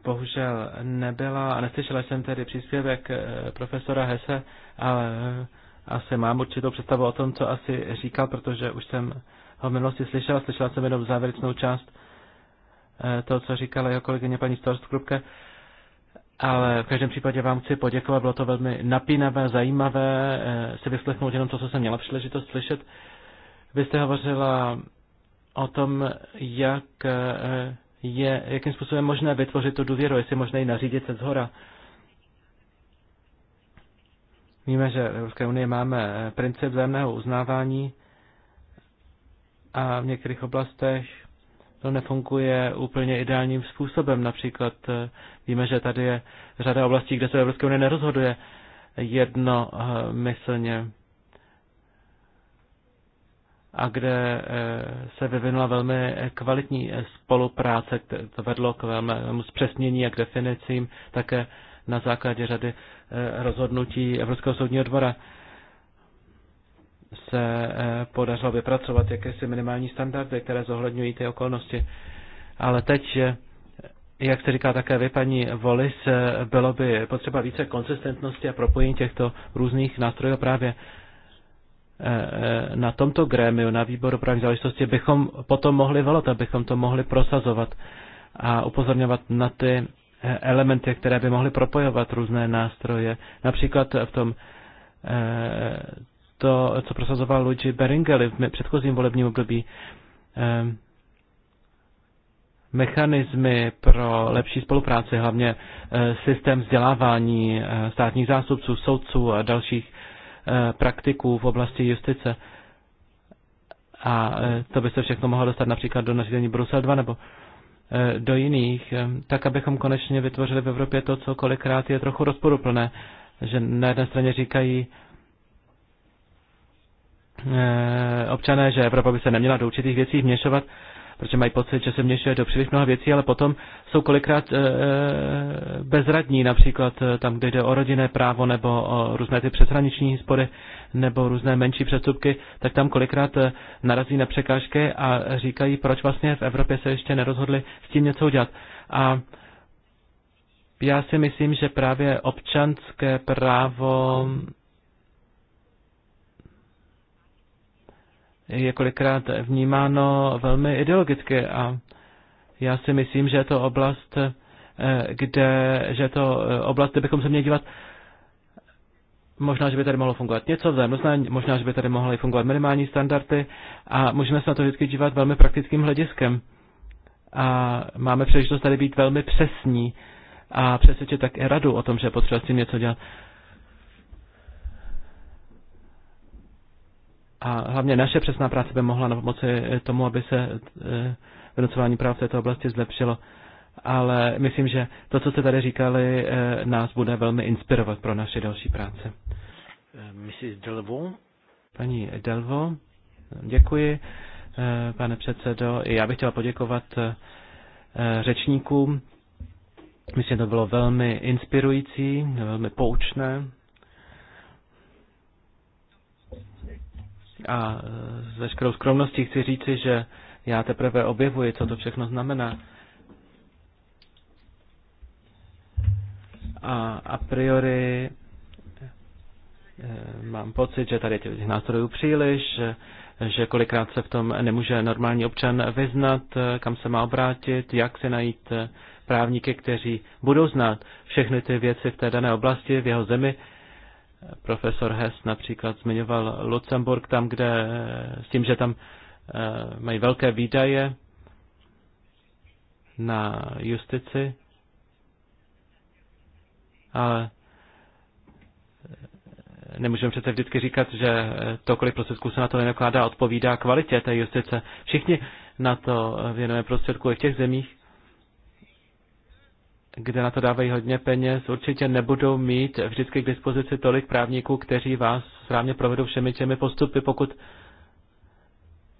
bohužel nebyla a neslyšela jsem tedy příspěvek eh, profesora Hese, ale eh, asi mám určitou představu o tom, co asi říkal, protože už jsem ho v minulosti slyšela, slyšela jsem jenom závěrečnou část toho, co říkala jeho kolegyně paní Storstkrupke. Krupke ale v každém případě vám chci poděkovat, bylo to velmi napínavé, zajímavé eh, si vyslechnout jenom to, co jsem měla příležitost slyšet. Vy jste hovořila o tom, jak eh, je, jakým způsobem možné vytvořit tu důvěru, jestli je možné ji nařídit se zhora. Víme, že v Evropské unii máme eh, princip vzájemného uznávání a v některých oblastech to nefunguje úplně ideálním způsobem. Například eh, víme, že tady je řada oblastí, kde se Evropská unie nerozhoduje jednomyslně a kde eh, se vyvinula velmi eh, kvalitní spolupráce, to vedlo k velmi zpřesnění a k definicím, také na základě řady rozhodnutí Evropského soudního dvora se eh, podařilo vypracovat jakési minimální standardy, které zohledňují ty okolnosti. Ale teď, eh, jak se říká také vy, paní Volis, eh, bylo by potřeba více konsistentnosti a propojení těchto různých nástrojů právě na tomto grémiu, na výboru právní záležitosti, bychom potom mohli velet, abychom to mohli prosazovat a upozorňovat na ty elementy, které by mohly propojovat různé nástroje. Například v tom to, co prosazoval Luigi Berengeli v předchozím volebním období. Ehm, mechanismy pro lepší spolupráci, hlavně eh, systém vzdělávání eh, státních zástupců, soudců a dalších eh, praktiků v oblasti justice. A to by se všechno mohlo dostat například do nařízení Brusel 2 nebo do jiných, tak abychom konečně vytvořili v Evropě to, co kolikrát je trochu rozporuplné, že na jedné straně říkají, Eh, občané, že Evropa by se neměla do určitých věcí vměšovat, protože mají pocit, že se vměšuje do příliš mnoha věcí, ale potom jsou kolikrát e, bezradní, například tam, kde jde o rodinné právo nebo o různé ty přeshraniční spory nebo různé menší přestupky, tak tam kolikrát narazí na překážky a říkají, proč vlastně v Evropě se ještě nerozhodli s tím něco udělat. A já si myslím, že právě občanské právo je kolikrát vnímáno velmi ideologicky a já si myslím, že je to oblast, eh, kde, že je to eh, oblast, kde bychom se měli dívat možná, že by tady mohlo fungovat něco vzájemné, možná, že by tady mohly fungovat minimální standardy a můžeme se na to vždycky dívat velmi praktickým hlediskem. A máme příležitost tady být velmi přesní a přesvědčit tak i radu o tom, že je potřeba s tím něco dělat. A hlavně naše přesná práce by mohla na pomoci tomu, aby se e, vynocování práv v této oblasti zlepšilo. Ale myslím, že to, co jste tady říkali, e, nás bude velmi inspirovat pro naše další práce. E, Mrs. Delvo. Paní Delvo, děkuji, pane předsedo. Já bych chtěla poděkovat řečníkům. Myslím, že to bylo velmi inspirující, velmi poučné. A e, s veškerou skromností chci říci, že já teprve objevuji, co to všechno znamená. A a priori e, mám pocit, že tady těch nástrojů příliš, že kolikrát se v tom nemůže normální občan vyznat, e, kam se má obrátit, jak se najít právníky, kteří budou znát všechny ty věci v té dané oblasti, v jeho zemi, Profesor Hess například zmiňoval Lucemburg tam, kde s tím, že tam eh, mají velké výdaje na justici, ale eh, nemůžeme přece vždycky říkat, že to, kolik prostředků se na to nenakládá, odpovídá kvalitě té justice. Všichni na to eh, věnujeme prostředků i v těch zemích, kde na to dávají hodně peněz, určitě nebudou mít vždycky k dispozici tolik právníků, kteří vás správně provedou všemi těmi postupy, pokud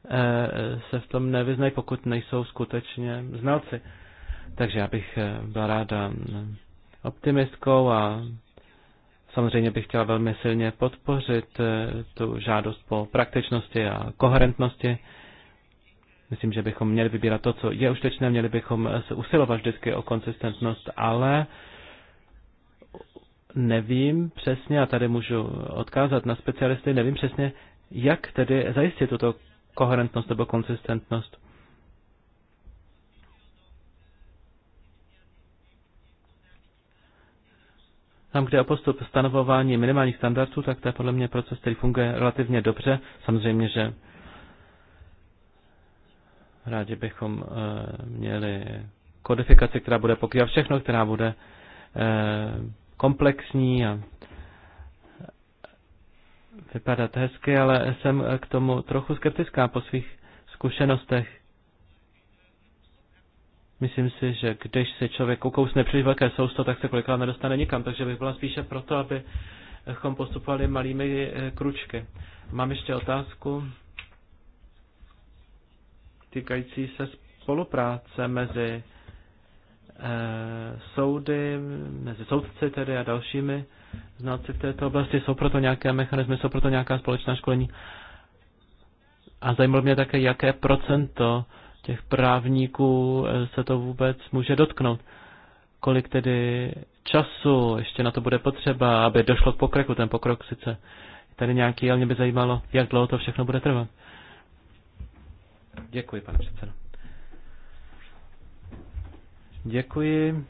eh, se v tom nevyznají, pokud nejsou skutečně znalci. Takže já bych eh, byla ráda eh, optimistkou a samozřejmě bych chtěla velmi silně podpořit tu žádost po praktičnosti a koherentnosti Myslím, že bychom měli vybírat to, co je užitečné, měli bychom se usilovat vždycky o konsistentnost, ale nevím přesně, a tady můžu odkázat na specialisty, nevím přesně, jak tedy zajistit tuto koherentnost nebo konsistentnost. Tam, kde je postup stanovování minimálních standardů, tak to je podle mě proces, který funguje relativně dobře. Samozřejmě, že Rádi bychom eh, měli kodifikaci, která bude pokrývat všechno, která bude eh, komplexní a vypadat hezky, ale jsem k tomu trochu skeptická po svých zkušenostech. Myslím si, že když se člověk ukousne příliš velké sousto, tak se kolikrát nedostane nikam, takže bych byla spíše proto, abychom postupovali malými eh, kručky. Mám ještě otázku týkající se spolupráce mezi eh, soudy, mezi soudci tedy a dalšími znalci v této oblasti. Jsou proto nějaké mechanismy, jsou proto nějaká společná školení. A zajímalo mě také, jaké procento těch právníků eh, se to vůbec může dotknout. Kolik tedy času ještě na to bude potřeba, aby došlo k pokroku. Ten pokrok sice tady nějaký, ale mě by zajímalo, jak dlouho to všechno bude trvat. Děkuji, pane předsedo. Děkuji.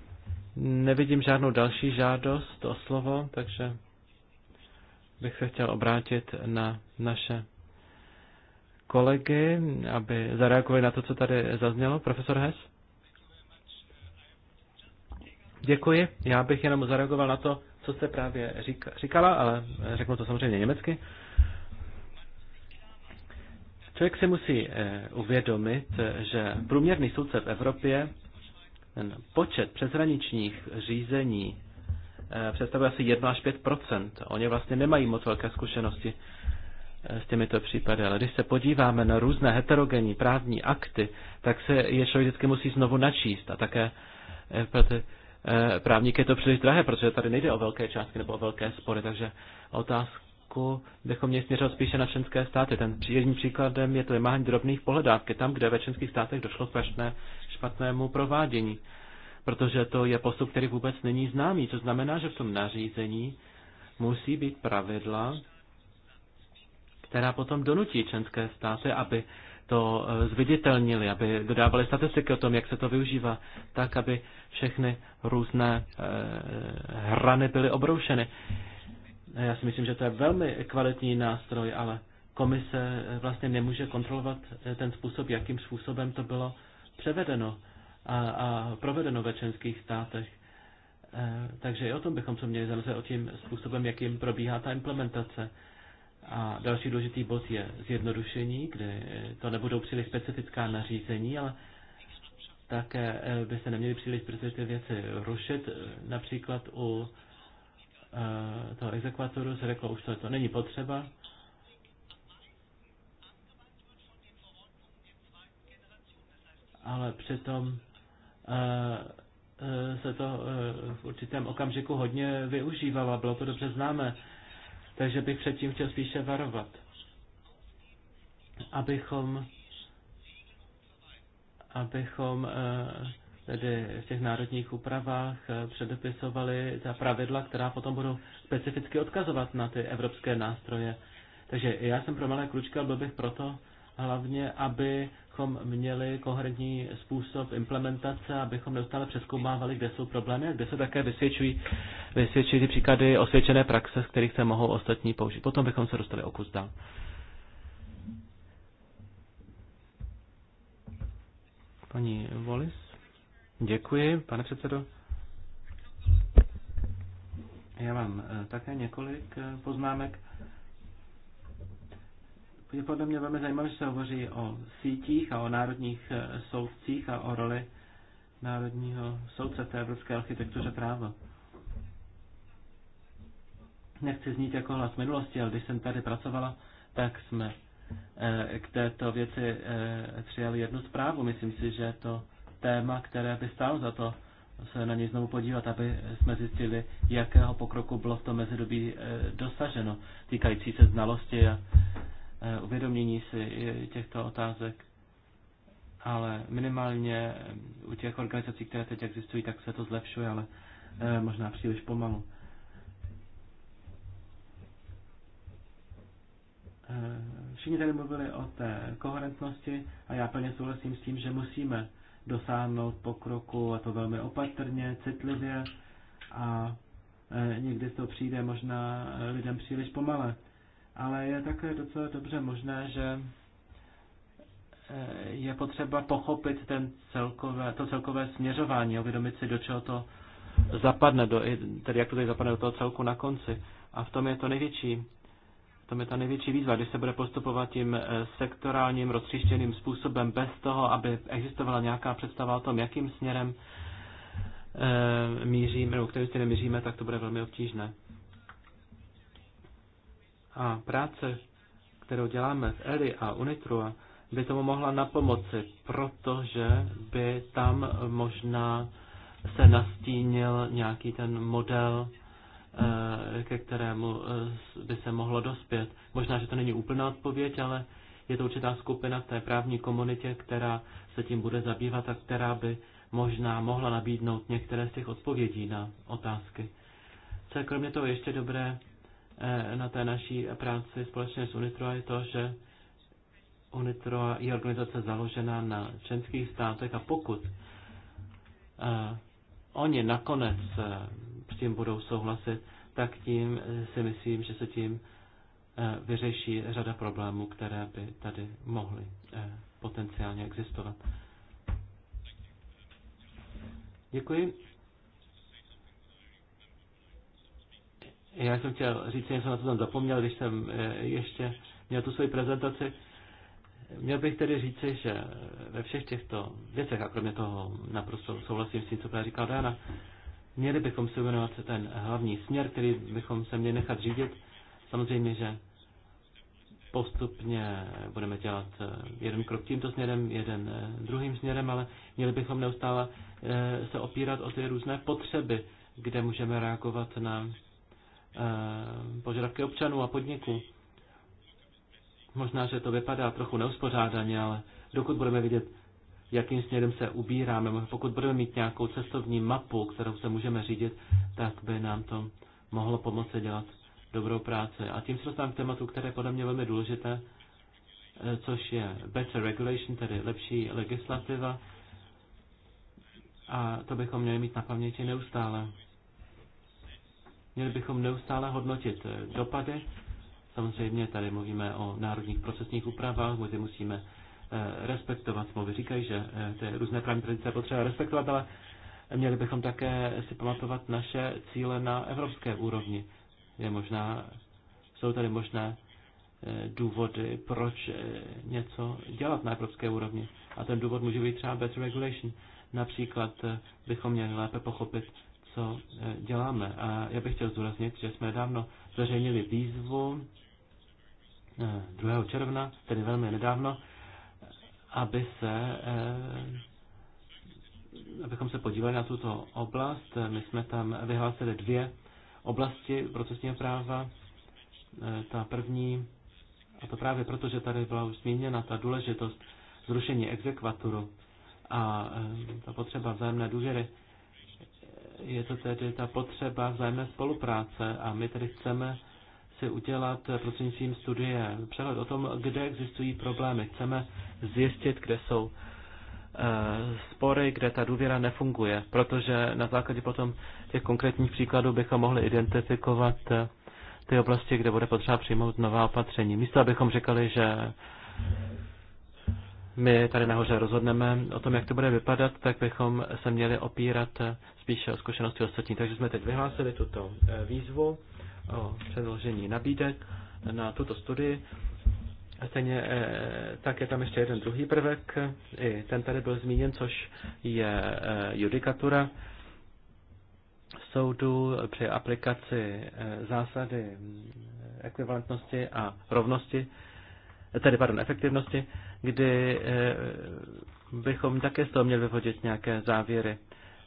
Nevidím žádnou další žádost o slovo, takže bych se chtěl obrátit na naše kolegy, aby zareagovali na to, co tady zaznělo. Profesor Hess? Děkuji. Já bych jenom zareagoval na to, co jste právě říkala, ale řeknu to samozřejmě německy. Uh, Člověk si musí eh, uvědomit, že průměrný soudce v Evropě ten počet přeshraničních řízení eh, představuje asi 1 až 5 Oni vlastně nemají moc velké zkušenosti eh, s těmito případy, ale když se podíváme na různé heterogenní právní akty, tak se je člověk vždycky musí znovu načíst a také pro ty právníky je to příliš drahé, protože tady nejde o velké částky nebo o velké spory, takže otázka tlaku bychom měli směřovat spíše na členské státy. Ten jedním příkladem je to vymáhání drobných pohledávky tam, kde ve členských státech došlo k špatnému provádění. Protože to je postup, který vůbec není známý, co znamená, že v tom nařízení musí být pravidla, která potom donutí členské státy, aby to e, zviditelnili, aby dodávali statistiky o tom, jak se to využívá, tak, aby všechny různé e, e, hrany byly obroušeny. Já si myslím, že to je velmi kvalitní nástroj, ale komise eh, vlastně nemůže kontrolovat eh, ten způsob, jakým způsobem to bylo převedeno a, a provedeno ve členských státech. E, takže i o tom bychom se měli zamyslet, o tím způsobem, jakým probíhá ta implementace. A další důležitý bod je zjednodušení, kdy to nebudou příliš specifická nařízení, ale také by se neměly příliš specifické věci rušit, například u toho exekvatoru se řeklo, už to, to není potřeba. Ale přitom e, e, se to e, v určitém okamžiku hodně využívalo, bylo to dobře známé. Takže bych předtím chtěl spíše varovat, abychom abychom tedy v těch národních úpravách eh, předepisovali ta pravidla, která potom budou specificky odkazovat na ty evropské nástroje. Takže já jsem pro malé klučky, ale byl bych proto hlavně, abychom měli koherentní způsob implementace, abychom neustále přeskoumávali, kde jsou problémy a kde se také vysvědčují, vysvědčují ty příklady osvědčené praxe, z kterých se mohou ostatní použít. Potom bychom se dostali o kus dál. Paní Volis? Děkuji, pane předsedo. Já mám eh, také několik eh, poznámek. Je podle mě velmi zajímavé, že se hovoří o sítích a o národních eh, soudcích a o roli národního soudce v té evropské architektuře práva. Nechci znít jako hlas minulosti, ale když jsem tady pracovala, tak jsme k této věci přijali jednu zprávu. Myslím si, že to téma, které by stálo za to se na něj znovu podívat, aby jsme zjistili, jakého pokroku bylo v tom mezidobí eh, dosaženo, týkající se znalosti a eh, uvědomění si těchto otázek. Ale minimálně eh, u těch organizací, které teď existují, tak se to zlepšuje, ale možná příliš pomalu. Všichni tady mluvili o té koherentnosti a já plně souhlasím s tím, že musíme dosáhnout pokroku, a to velmi opatrně, citlivě a e, někdy to přijde možná lidem příliš pomale. Ale je také docela dobře možné, že e, je potřeba pochopit ten celkové, to celkové směřování, uvědomit si, do čeho to zapadne, do, tedy jak to tady zapadne do toho celku na konci. A v tom je to největší tom je ta největší výzva, když se bude postupovat tím eh, sektorálním, roztříštěným způsobem bez toho, aby existovala nějaká představa o tom, jakým směrem e, eh, míříme, nebo kterým směrem míříme, tak to bude velmi obtížné. A práce, kterou děláme v ELI a UNITRUA, by tomu mohla napomoci, protože by tam možná se nastínil nějaký ten model Eh, ke kterému eh, by se mohlo dospět. Možná, že to není úplná odpověď, ale je to určitá skupina v té právní komunitě, která se tím bude zabývat a která by možná mohla nabídnout některé z těch odpovědí na otázky. Co je kromě toho ještě dobré eh, na té naší práci společně s UNITROA je to, že UNITROA je organizace založená na členských státech a pokud oni nakonec eh, s tím budou souhlasit, tak tím eh, si myslím, že se tím eh, vyřeší řada problémů, které by tady mohly potenciálně existovat. Děkuji. Já jsem chtěl říct jsem na to tam zapomněl, když jsem ještě měl tu svoji prezentaci. Měl bych tedy říci, že ve všech těchto věcech, a kromě toho naprosto souhlasím s tím, co právě říkal Dana, měli bychom si uvědomovat ten hlavní směr, který bychom se měli nechat řídit. Samozřejmě, že postupně budeme dělat eh, jeden krok tímto směrem, jeden eh, druhým směrem, ale měli bychom neustále eh, se opírat o ty různé potřeby, kde můžeme reagovat na požadavky občanů a podniků. Možná, že to vypadá trochu neuspořádaně, ale dokud budeme vidět, jakým směrem se ubíráme, pokud budeme mít nějakou cestovní mapu, kterou se můžeme řídit, tak by nám to mohlo pomoci dělat dobrou práci. A tím se dostávám k tématu, které je podle mě velmi důležité, eh, což je better regulation, tedy lepší legislativa. A to bychom měli mít na paměti neustále. Měli bychom neustále hodnotit eh, dopady Samozřejmě tady mluvíme o národních procesních úpravách, kde musíme eh, respektovat. Smlouvy říkají, že eh, ty různé právní tradice potřeba respektovat, ale měli bychom také si pamatovat naše cíle na evropské úrovni. Je možná, jsou tady možné eh, důvody, proč něco dělat na evropské úrovni. A ten důvod může být třeba better regulation. Například bychom měli lépe pochopit, co děláme. A já bych chtěl zdůraznit, že jsme dávno zveřejnili výzvu 2. června, tedy velmi nedávno, aby se, eh, abychom se podívali na tuto oblast. My jsme tam vyhlásili dvě oblasti procesního práva. Eh, ta první, a to právě proto, že tady byla už zmíněna ta důležitost zrušení exekvaturu a eh, ta potřeba vzájemné důvěry, je to tedy ta potřeba vzájemné spolupráce a my tedy chceme chci udělat eh, prostřednictvím studie přehled o tom, kde existují problémy. Chceme zjistit, kde jsou eh, spory, kde ta důvěra nefunguje, protože na základě potom těch konkrétních příkladů bychom mohli identifikovat eh, ty oblasti, kde bude potřeba přijmout nová opatření. Místo, abychom řekli, že my tady nahoře rozhodneme o tom, jak to bude vypadat, tak bychom se měli opírat spíše o zkušenosti ostatní. Takže jsme teď vyhlásili tuto výzvu o předložení nabídek na tuto studii. Stejně eh, tak je tam ještě jeden druhý prvek, i ten tady byl zmíněn, což je eh, judikatura soudu při aplikaci eh, zásady ekvivalentnosti a rovnosti, tedy pardon, efektivnosti, kdy bychom také z toho měli vyvodit nějaké závěry.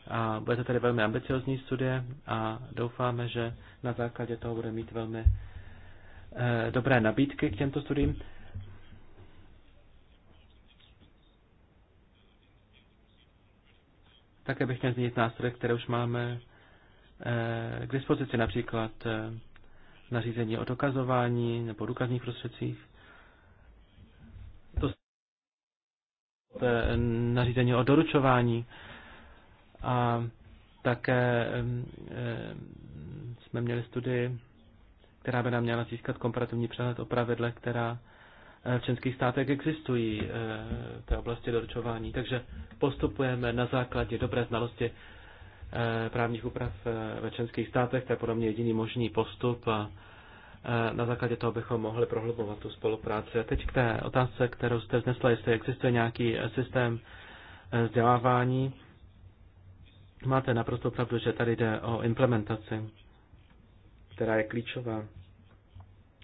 A bude to tedy velmi ambiciozní studie a doufáme, že na základě toho bude mít velmi eh, dobré nabídky k těmto studiím. Také bych měl zmínit nástroje, které už máme eh, k dispozici, například eh, nařízení o dokazování nebo důkazních prostředcích. To nařízení o doručování. Eh, a také jsme měli studii, která by nám měla získat komparativní přehled o pravidlech, která eh, v členských státech existují eh, v té oblasti doručování. Takže postupujeme na základě dobré znalosti eh, právních úprav ve členských státech, to je podobně jediný možný postup a na základě toho bychom mohli prohlubovat tu spolupráci. A teď k té otázce, kterou jste vznesla, jestli existuje nějaký systém vzdělávání. Máte naprosto pravdu, že tady jde o implementaci, která je klíčová.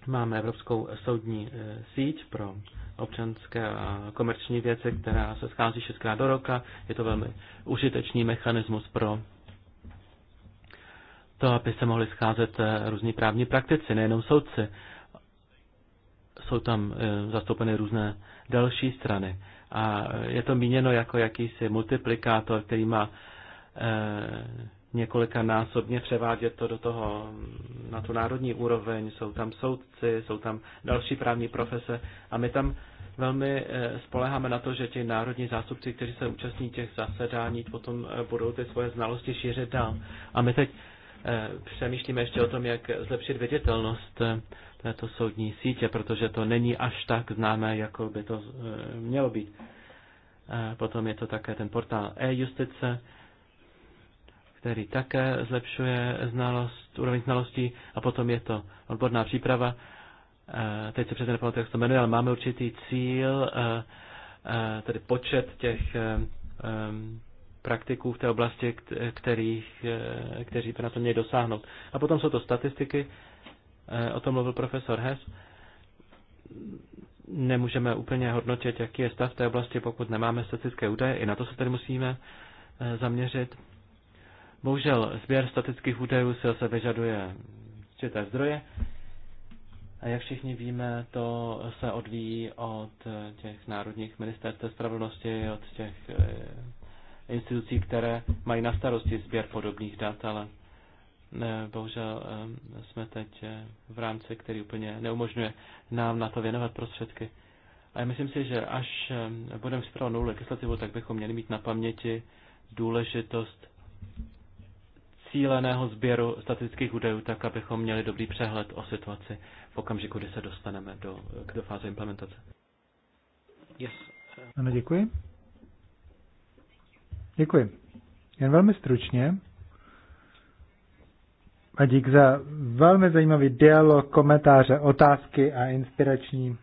Máme Evropskou soudní eh, síť pro občanské a komerční věci, která se schází šestkrát do roka. Je to velmi užitečný mechanismus pro to, aby se mohli scházet eh, různí právní praktici, nejenom soudci. Jsou tam eh, zastoupeny různé další strany. A je to míněno jako jakýsi multiplikátor, který má Eh, několika násobně převádět to do toho, na tu národní úroveň, jsou tam soudci, jsou tam další právní profese a my tam velmi eh, spoleháme na to, že ti národní zástupci, kteří se účastní těch zasedání, potom eh, budou ty svoje znalosti šířit dál. A my teď přemýšlíme ještě o tom, jak zlepšit viditelnost této soudní sítě, protože to není až tak známé, jako by to mělo být. Potom je to také ten portál e-justice, který také zlepšuje znalost, úroveň znalostí a potom je to odborná příprava. Eh, teď se přesně nepamatuji, jak se to jmenuje, ale máme určitý cíl, eh, eh, tedy počet těch praktiků v té oblasti, kterých, kteří by na to měli dosáhnout. A potom jsou to statistiky, o tom mluvil profesor Hess. Nemůžeme úplně hodnotit, jaký je stav té oblasti, pokud nemáme statistické údaje. I na to se tedy musíme zaměřit. Bohužel sběr statických údajů si se vyžaduje určité zdroje. A jak všichni víme, to se odvíjí od těch národních ministerstv spravedlnosti, od těch eh, institucí, které mají na starosti sběr podobných dat, ale eh, bohužel eh, jsme teď v rámci, který úplně neumožňuje nám na to věnovat prostředky. A já myslím si, že až budeme připravovat novou legislativu, tak bychom měli mít na paměti důležitost cíleného sběru statistických údajů, tak abychom měli dobrý přehled o situaci v okamžiku, kdy se dostaneme do, do fáze implementace. Yes. Ano, děkuji. Děkuji. Jen velmi stručně. A dík za velmi zajímavý dialog, komentáře, otázky a inspirační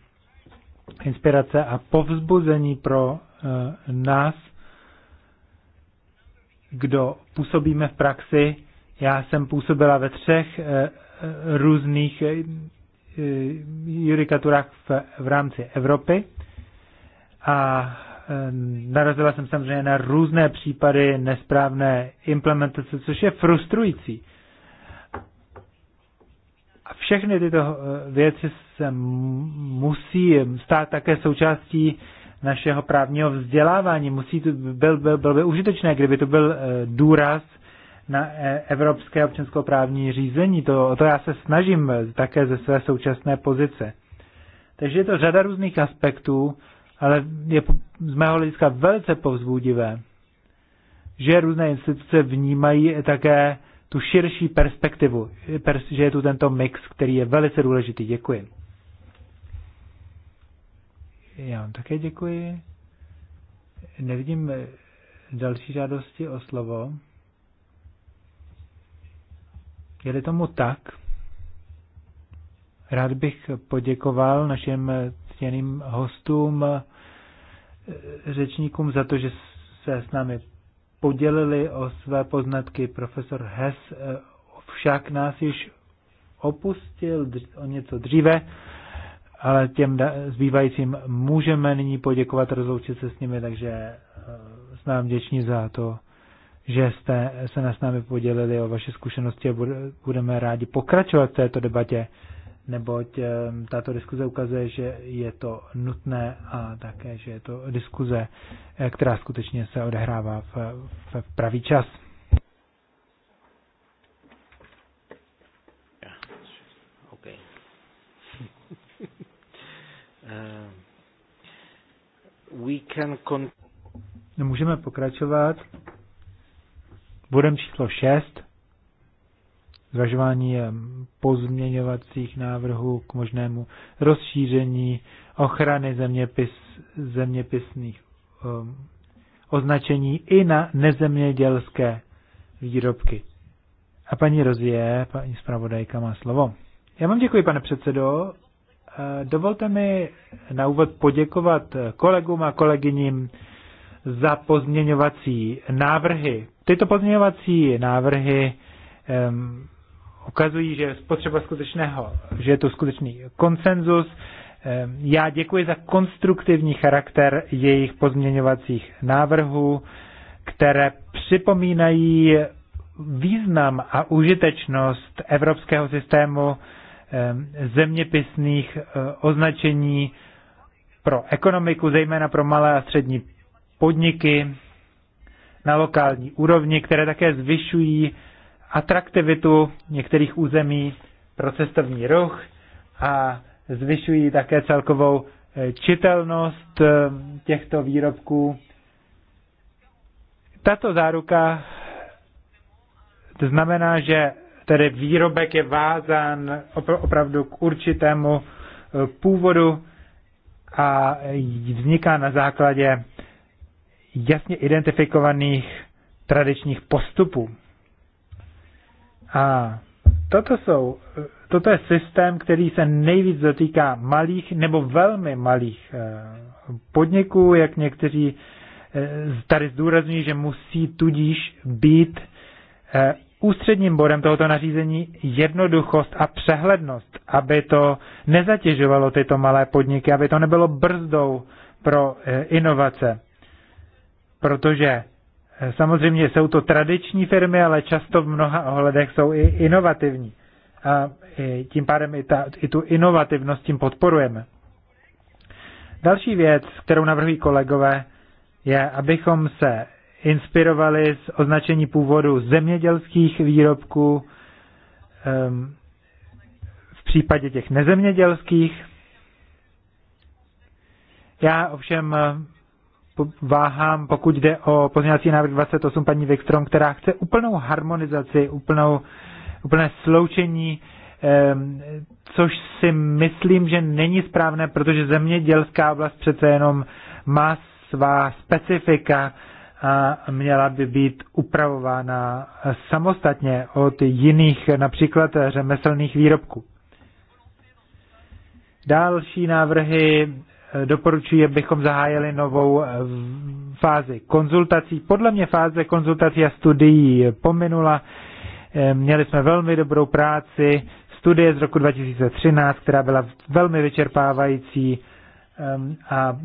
inspirace a povzbuzení pro uh, nás kdo působíme v praxi. Já jsem působila ve třech eh, eh, různých eh, judikaturách v, v rámci Evropy a narazila jsem samozřejmě na různé případy nesprávné implementace, což je frustrující. A všechny tyto věci se musí stát také součástí našeho právního vzdělávání. Musí to, byl, byl, byl by užitečné, kdyby to byl eh, důraz na eh, evropské občanskou právní řízení. To, to já se snažím eh, také ze své současné pozice. Takže je to řada různých aspektů, ale je z mého hlediska velice povzbudivé, že různé instituce vnímají také tu širší perspektivu, že je tu tento mix, který je velice důležitý. Děkuji. Já vám také děkuji. Nevidím další žádosti o slovo. je tomu tak, rád bych poděkoval našim ctěným hostům, řečníkům za to, že se s námi podělili o své poznatky. Profesor Hess eh, však nás již opustil o něco dříve ale těm zbývajícím můžeme nyní poděkovat, rozloučit se s nimi, takže eh, jsme vám vděční za to, že jste se na s námi podělili o vaše zkušenosti a budeme rádi pokračovat v této debatě, neboť eh, tato diskuze ukazuje, že je to nutné a také, že je to diskuze, eh, která skutečně se odehrává v, v pravý čas. Eh, we can con- Můžeme pokračovat bodem číslo 6. Zvažování pozměňovacích návrhů k možnému rozšíření ochrany zeměpis, zeměpisných um, označení i na nezemědělské výrobky. A paní Rozie, paní zpravodajka, má slovo. Já vám děkuji, pane předsedo. Dovolte mi na úvod poděkovat kolegům a kolegyním za pozměňovací návrhy. Tyto pozměňovací návrhy um, ukazují, že je spotřeba skutečného, že je to skutečný konsenzus. Um, já děkuji za konstruktivní charakter jejich pozměňovacích návrhů, které připomínají význam a užitečnost evropského systému zeměpisných eh, označení pro ekonomiku, zejména pro malé a střední podniky na lokální úrovni, které také zvyšují atraktivitu některých území pro cestovní ruch a zvyšují také celkovou eh, čitelnost eh, těchto výrobků. Tato záruka to znamená, že tedy výrobek je vázán opravdu k určitému eh, původu a vzniká na základě jasně identifikovaných tradičních postupů. A toto, jsou, eh, toto je systém, který se nejvíc dotýká malých nebo velmi malých eh, podniků, jak někteří tady zdůrazňují, že musí tudíž být ústředním bodem tohoto nařízení jednoduchost a přehlednost, aby to nezatěžovalo tyto malé podniky, aby to nebylo brzdou pro eh, inovace. Protože eh, samozřejmě jsou to tradiční firmy, ale často v mnoha ohledech jsou i inovativní. A tím pádem i, ta, i tu inovativnost tím podporujeme. Další věc, kterou navrhují kolegové, je, abychom se inspirovali z označení původu zemědělských výrobků v případě těch nezemědělských. Já ovšem eh, váhám, pokud jde o pozměňovací návrh 28 paní Vikstrom, která chce úplnou harmonizaci, úplnou, úplné sloučení, což si myslím, že není správné, protože zemědělská oblast přece jenom má svá specifika, a měla by být upravována samostatně od jiných, například řemeslných výrobků. Další návrhy eh, doporučuji, abychom zahájili novou eh, fázi konzultací. Podle mě fáze konzultací a studií pominula. Eh, měli jsme velmi dobrou práci, studie z roku 2013, která byla velmi vyčerpávající ehm, a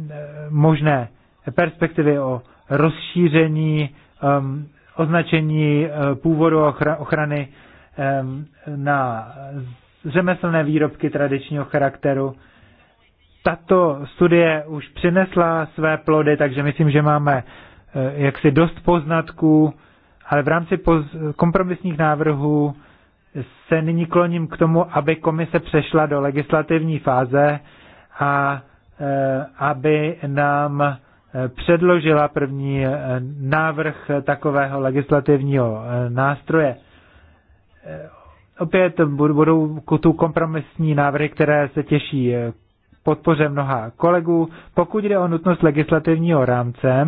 možné perspektivy o rozšíření um, označení eh, původu ochrany na řemeslné výrobky tradičního charakteru. Tato studie už přinesla své plody, takže myslím, že máme eh, jaksi dost poznatků, ale v rámci kompromisních návrhů se nyní kloním k tomu, aby komise přešla do legislativní fáze a eh, aby nám předložila první eh, návrh takového legislativního eh, nástroje. Eh, opět budou tu kompromisní návrhy, které se těší podpoře mnoha kolegů. Pokud jde o nutnost legislativního rámce,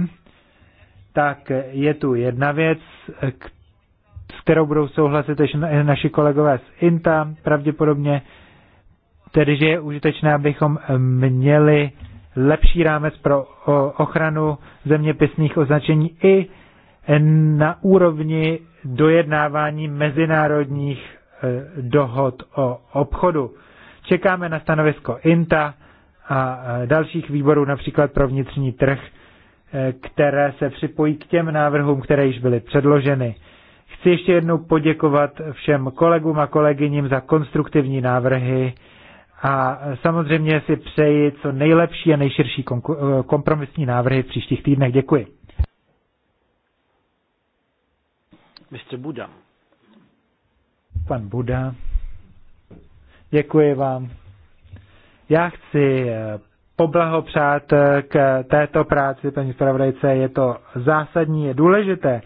tak je tu jedna věc, s kterou budou souhlasit i naši kolegové z INTA pravděpodobně, tedy že je užitečné, abychom měli lepší rámec pro ochranu zeměpisných označení i na úrovni dojednávání mezinárodních e, dohod o obchodu. Čekáme na stanovisko INTA a e, dalších výborů, například pro vnitřní trh, e, které se připojí k těm návrhům, které již byly předloženy. Chci ještě jednou poděkovat všem kolegům a kolegyním za konstruktivní návrhy a samozřejmě si přeji co nejlepší a nejširší eh, kompromisní návrhy v příštích týdnech. Děkuji. Mr. Buda. Pan Buda. Děkuji vám. Já chci eh, poblahopřát eh, k této práci, paní zpravodajce. Je to zásadní, je důležité,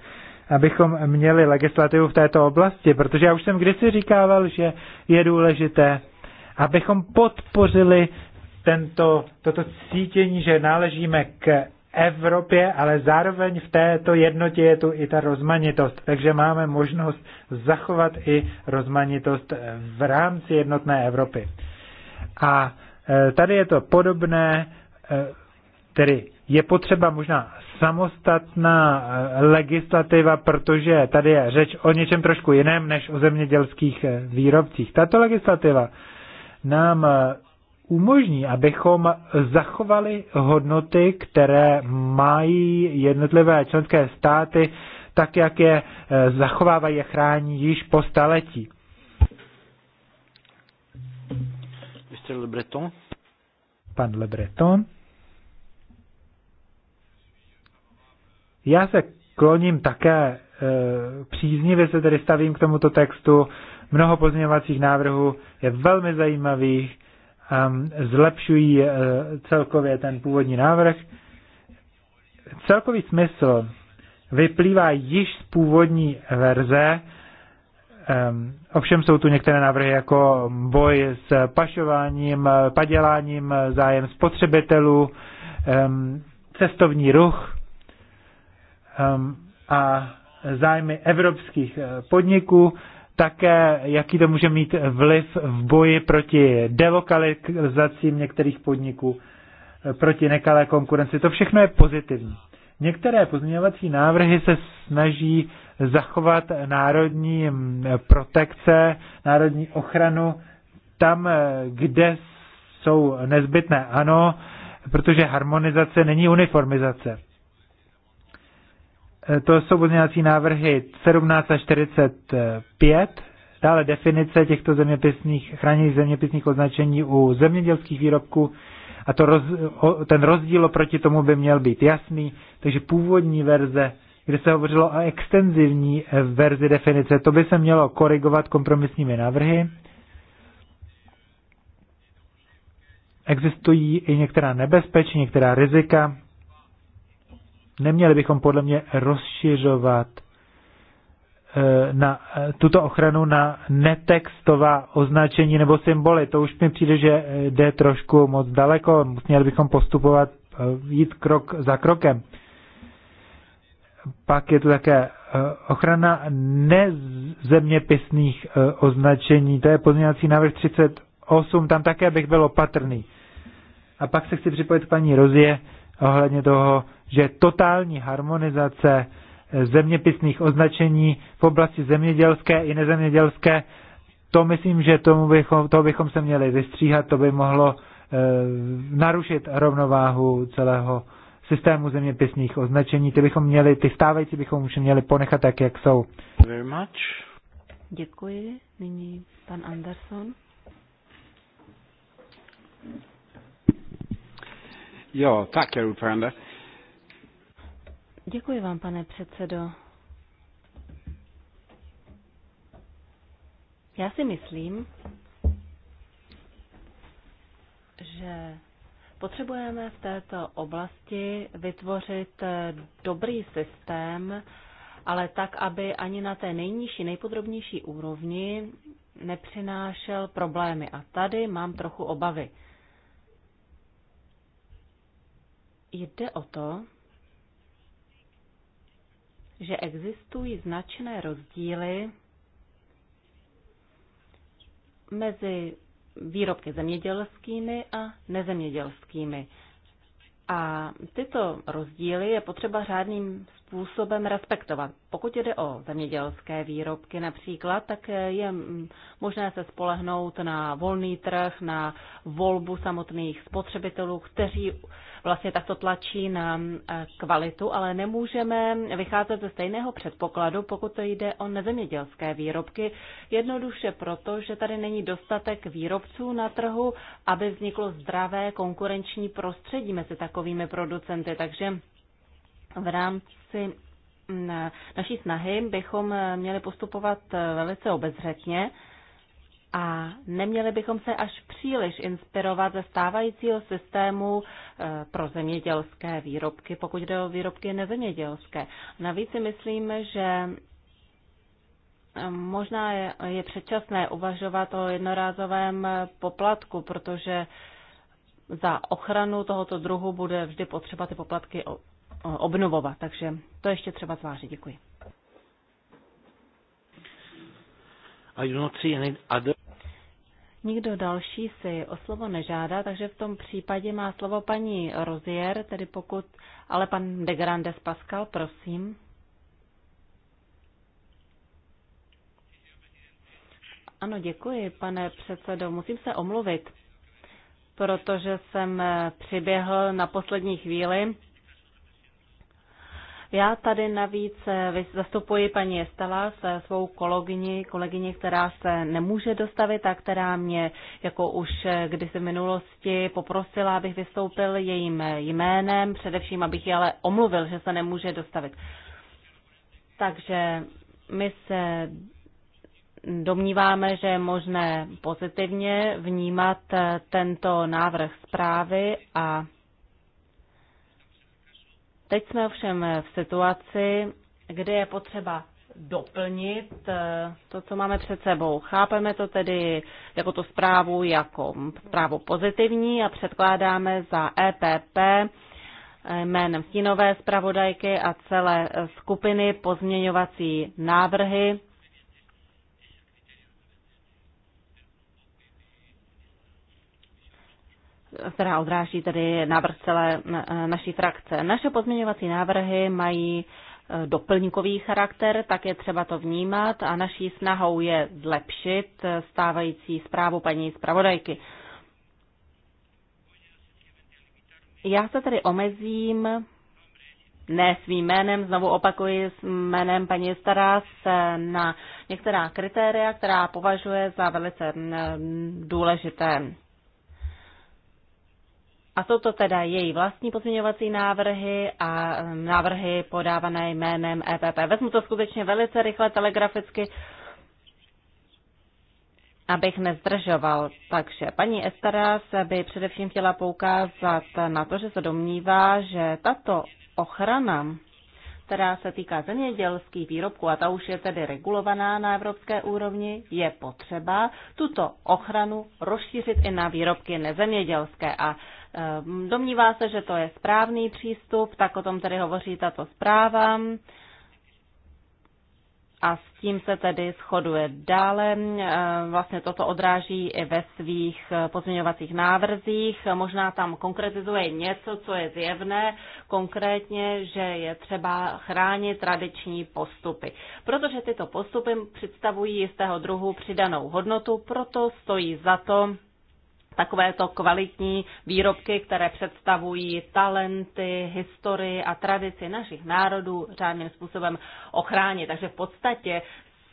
abychom měli legislativu v této oblasti, protože já už jsem kdysi říkával, že je důležité abychom podpořili tento, toto cítění, že náležíme k Evropě, ale zároveň v této jednotě je tu i ta rozmanitost. Takže máme možnost zachovat i rozmanitost v rámci jednotné Evropy. A e, tady je to podobné, e, tedy je potřeba možná samostatná e, legislativa, protože tady je řeč o něčem trošku jiném než o zemědělských výrobcích. Tato legislativa nám umožní, abychom zachovali hodnoty, které mají jednotlivé členské státy, tak jak je eh, zachovávají a chrání již po staletí. Mr. Le Breton. Pan Le Breton. Já se kloním také eh, příznivě se tedy stavím k tomuto textu mnoho pozměňovacích návrhů je velmi zajímavých, um, zlepšují eh, celkově ten původní návrh. Celkový smysl vyplývá již z původní verze, um, Ovšem jsou tu některé návrhy jako boj s pašováním, paděláním, zájem spotřebitelů, um, cestovní ruch a zájmy evropských eh, podniků také, jaký to může mít vliv v boji proti delokalizacím některých podniků, proti nekalé konkurenci. To všechno je pozitivní. Některé pozměňovací návrhy se snaží zachovat národní mm, protekce, národní ochranu tam, kde jsou nezbytné. Ano, protože harmonizace není uniformizace. Eh, to jsou pozměňovací návrhy 17 a 45, dále definice těchto zeměpisných, chráněných zeměpisných označení u zemědělských výrobků a to roz, ten rozdíl oproti tomu by měl být jasný, takže původní verze, kde se hovořilo o extenzivní eh, verzi definice, to by se mělo korigovat kompromisními návrhy. Existují i některá nebezpečí, některá rizika, Neměli bychom podle mě rozšiřovat eh, na eh, tuto ochranu na netextová označení nebo symboly. To už mi přijde, že eh, jde trošku moc daleko. Měli bychom postupovat, jít krok za krokem. Pak je tu také ochrana nezeměpisných označení. To je pozměňovací návrh 38, tam také bych byl opatrný. A pak se chci připojit paní Rozie ohledně toho že totální harmonizace eh, zeměpisných označení v oblasti zemědělské i nezemědělské, to myslím, že tomu bychom, to bychom se měli vystříhat, to by mohlo e, narušit rovnováhu celého systému zeměpisných označení. Ty bychom měli, ty stávající bychom už měli ponechat tak, jak jsou. Very much. Děkuji. Nyní pan Anderson. Jo, Ja, tackar ordförande. Děkuji vám, pane předsedo. Já si myslím, že potřebujeme v této oblasti vytvořit dobrý systém, ale tak, aby ani na té nejnižší, nejpodrobnější úrovni nepřinášel problémy. A tady mám trochu obavy. Jde o to, že existují značné rozdíly mezi výrobky zemědělskými a nezemědělskými. A tyto rozdíly je potřeba řádným způsobem respektovat. Pokud jde o zemědělské výrobky například, tak je možné se spolehnout na volný trh, na volbu samotných spotřebitelů, kteří vlastně takto tlačí na eh, kvalitu, ale nemůžeme vycházet ze stejného předpokladu, pokud to jde o nezemědělské výrobky, jednoduše proto, že tady není dostatek výrobců na trhu, aby vzniklo zdravé konkurenční prostředí mezi takovými producenty. Takže v rámci mm, eh, naší snahy bychom eh, měli postupovat velice obezřetně a neměli bychom se až příliš inspirovat ze stávajícího systému e, pro zemědělské výrobky, pokud jde o výrobky nezemědělské. Navíc si myslím, že e, možná je, předčasné uvažovat o jednorázovém e, poplatku, protože za ochranu tohoto druhu bude vždy potřeba ty poplatky obnovovat. Takže to ještě třeba zvážit. Děkuji. Nikdo další si o slovo nežádá, takže v tom případě má slovo paní Rozier, tedy pokud, ale pan de Grandes Pascal, prosím. Ano, děkuji, pane předsedo. Musím se omluvit, protože jsem eh, přiběhl na poslední chvíli. Já tady navíc eh, zastupuji paní Estela, svou kolegyni, kolegyni, která se nemůže dostavit a která mě jako už eh, kdysi v minulosti poprosila, abych vystoupil jejím eh, jménem, především abych ji ale omluvil, že se nemůže dostavit. Takže my se domníváme, že je možné pozitivně vnímat tento návrh zprávy a Teď jsme ovšem v situaci, kde je potřeba doplnit eh, to, co máme před sebou. Chápeme to tedy jako tu zprávu jako zprávu pozitivní a předkládáme za EPP eh, jménem stínové zpravodajky a celé eh, skupiny pozměňovací návrhy, která odráží tedy návrh celé e, naší frakce. Naše pozměňovací návrhy mají e, doplňkový charakter, tak je třeba to vnímat a naší snahou je zlepšit e, stávající zprávu paní zpravodajky. Já se tedy omezím, ne svým jménem, znovu opakuji s jménem paní Staras, na některá kritéria, která považuje za velice důležité. A jsou to teda její vlastní pozměňovací návrhy a návrhy podávané jménem EPP. Vezmu to skutečně velice rychle telegraficky, abych nezdržoval. Takže paní Estara se by především chtěla poukázat na to, že se domnívá, že tato ochrana která se týká zemědělských výrobků a ta už je tedy regulovaná na evropské úrovni, je potřeba tuto ochranu rozšířit i na výrobky nezemědělské. A Ehm, domnívá se, že to je správný přístup, tak o tom tedy hovoří tato zpráva. A s tím se tedy shoduje dále. Ehm, vlastně toto odráží i ve svých eh, pozměňovacích návrzích. Možná tam konkretizuje něco, co je zjevné, konkrétně, že je třeba chránit tradiční postupy. Protože tyto postupy představují jistého druhu přidanou hodnotu, proto stojí za to takovéto kvalitní výrobky, které představují talenty, historii a tradici našich národů řádným způsobem ochránit. Takže v podstatě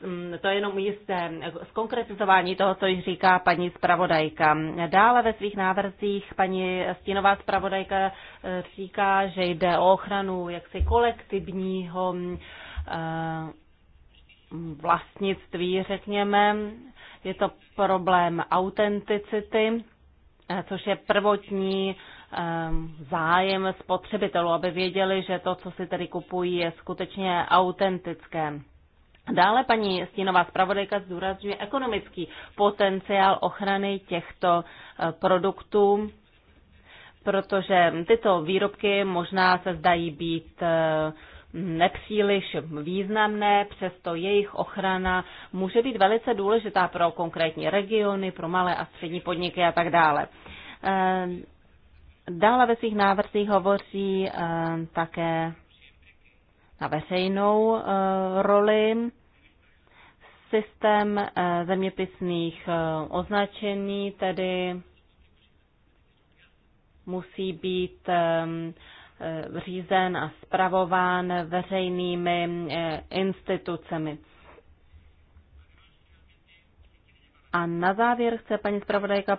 mm, to je jenom jisté zkonkretizování toho, co již říká paní zpravodajka. Dále ve svých návrzích paní Stínová zpravodajka eh, říká, že jde o ochranu jaksi kolektivního mm, eh, vlastnictví, řekněme. Je to problém autenticity, eh, což je prvotní ehm, zájem spotřebitelů, aby věděli, že to, co si tedy kupují, je skutečně autentické. Dále paní Stínová zpravodajka zdůrazňuje ekonomický potenciál ochrany těchto eh, produktů, protože tyto výrobky možná se zdají být eh, nepříliš významné, přesto jejich ochrana může být velice důležitá pro konkrétní regiony, pro malé a střední podniky a tak dále. Eh, dále ve svých návrzích hovoří eh, také na veřejnou eh, roli systém zeměpisných označení, tedy musí být Eh, řízen a spravován veřejnými eh, institucemi. A na závěr chce paní zpravodajka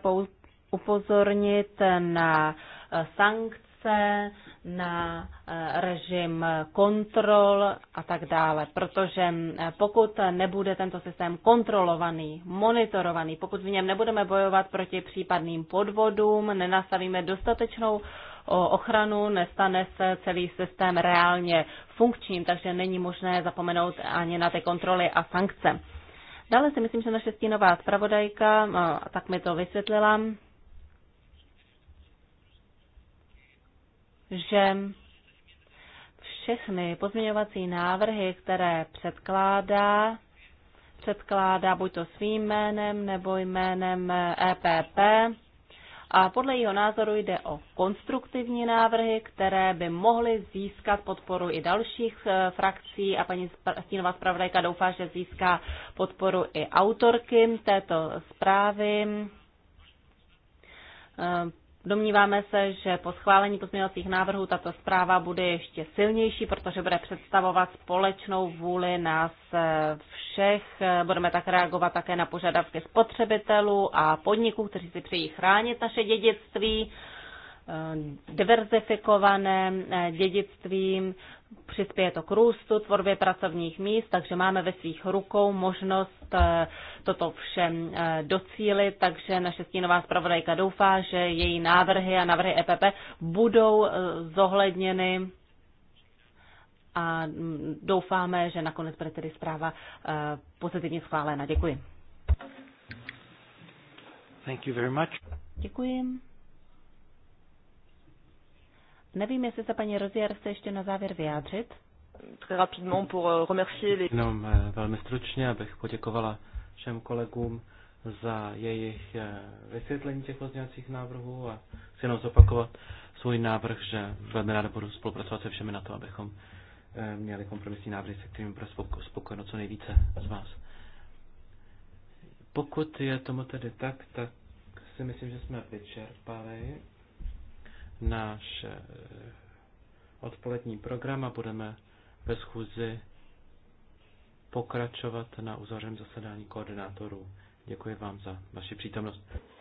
upozornit na eh, sankce, na režim kontrol a tak dále. Protože pokud nebude tento systém kontrolovaný, monitorovaný, pokud v něm nebudeme bojovat proti případným podvodům, nenastavíme dostatečnou o ochranu, nestane se celý systém reálně funkčním, takže není možné zapomenout ani na ty kontroly a sankce. Dále si myslím, že naše stínová zpravodajka, tak mi to vysvětlila, že všechny pozměňovací návrhy, které předkládá, předkládá buď to svým jménem nebo jménem EPP, a podle jeho názoru jde o konstruktivní návrhy, které by mohly získat podporu i dalších eh, frakcí a paní Stínová zpravodajka doufá, že získá podporu i autorky této zprávy eh, Domníváme se, že po schválení pozměňovacích návrhů tato zpráva bude ještě silnější, protože bude představovat společnou vůli nás eh, všech. Budeme tak reagovat také na požadavky spotřebitelů a podniků, kteří si přejí chránit naše dědictví eh, diverzifikované eh, dědictví, přispěje to k růstu, tvorbě pracovních míst, takže máme ve svých rukou možnost eh, toto všem eh, docílit, takže naše stínová zpravodajka doufá, že její návrhy a návrhy EPP budou eh, zohledněny a mm, doufáme, že nakonec bude tedy zpráva pozitivně schválena. Děkuji. Thank you very much. Děkuji. Nevím, jestli se paní Rozier chce ještě na závěr vyjádřit. Euh, jenom eh, velmi stručně, abych poděkovala všem kolegům za jejich eh, vysvětlení těch pozměňovacích návrhů a chci jenom zopakovat svůj návrh, že velmi ráda budu spolupracovat se všemi na to, abychom eh, měli kompromisní návrhy, se kterými bude spokojeno co nejvíce z vás. Pokud je tomu tedy tak, tak si myslím, že jsme vyčerpali náš eh, odpolední program a budeme ve schůzi pokračovat na uzavřeném zasedání koordinátorů. Děkuji vám za vaši přítomnost.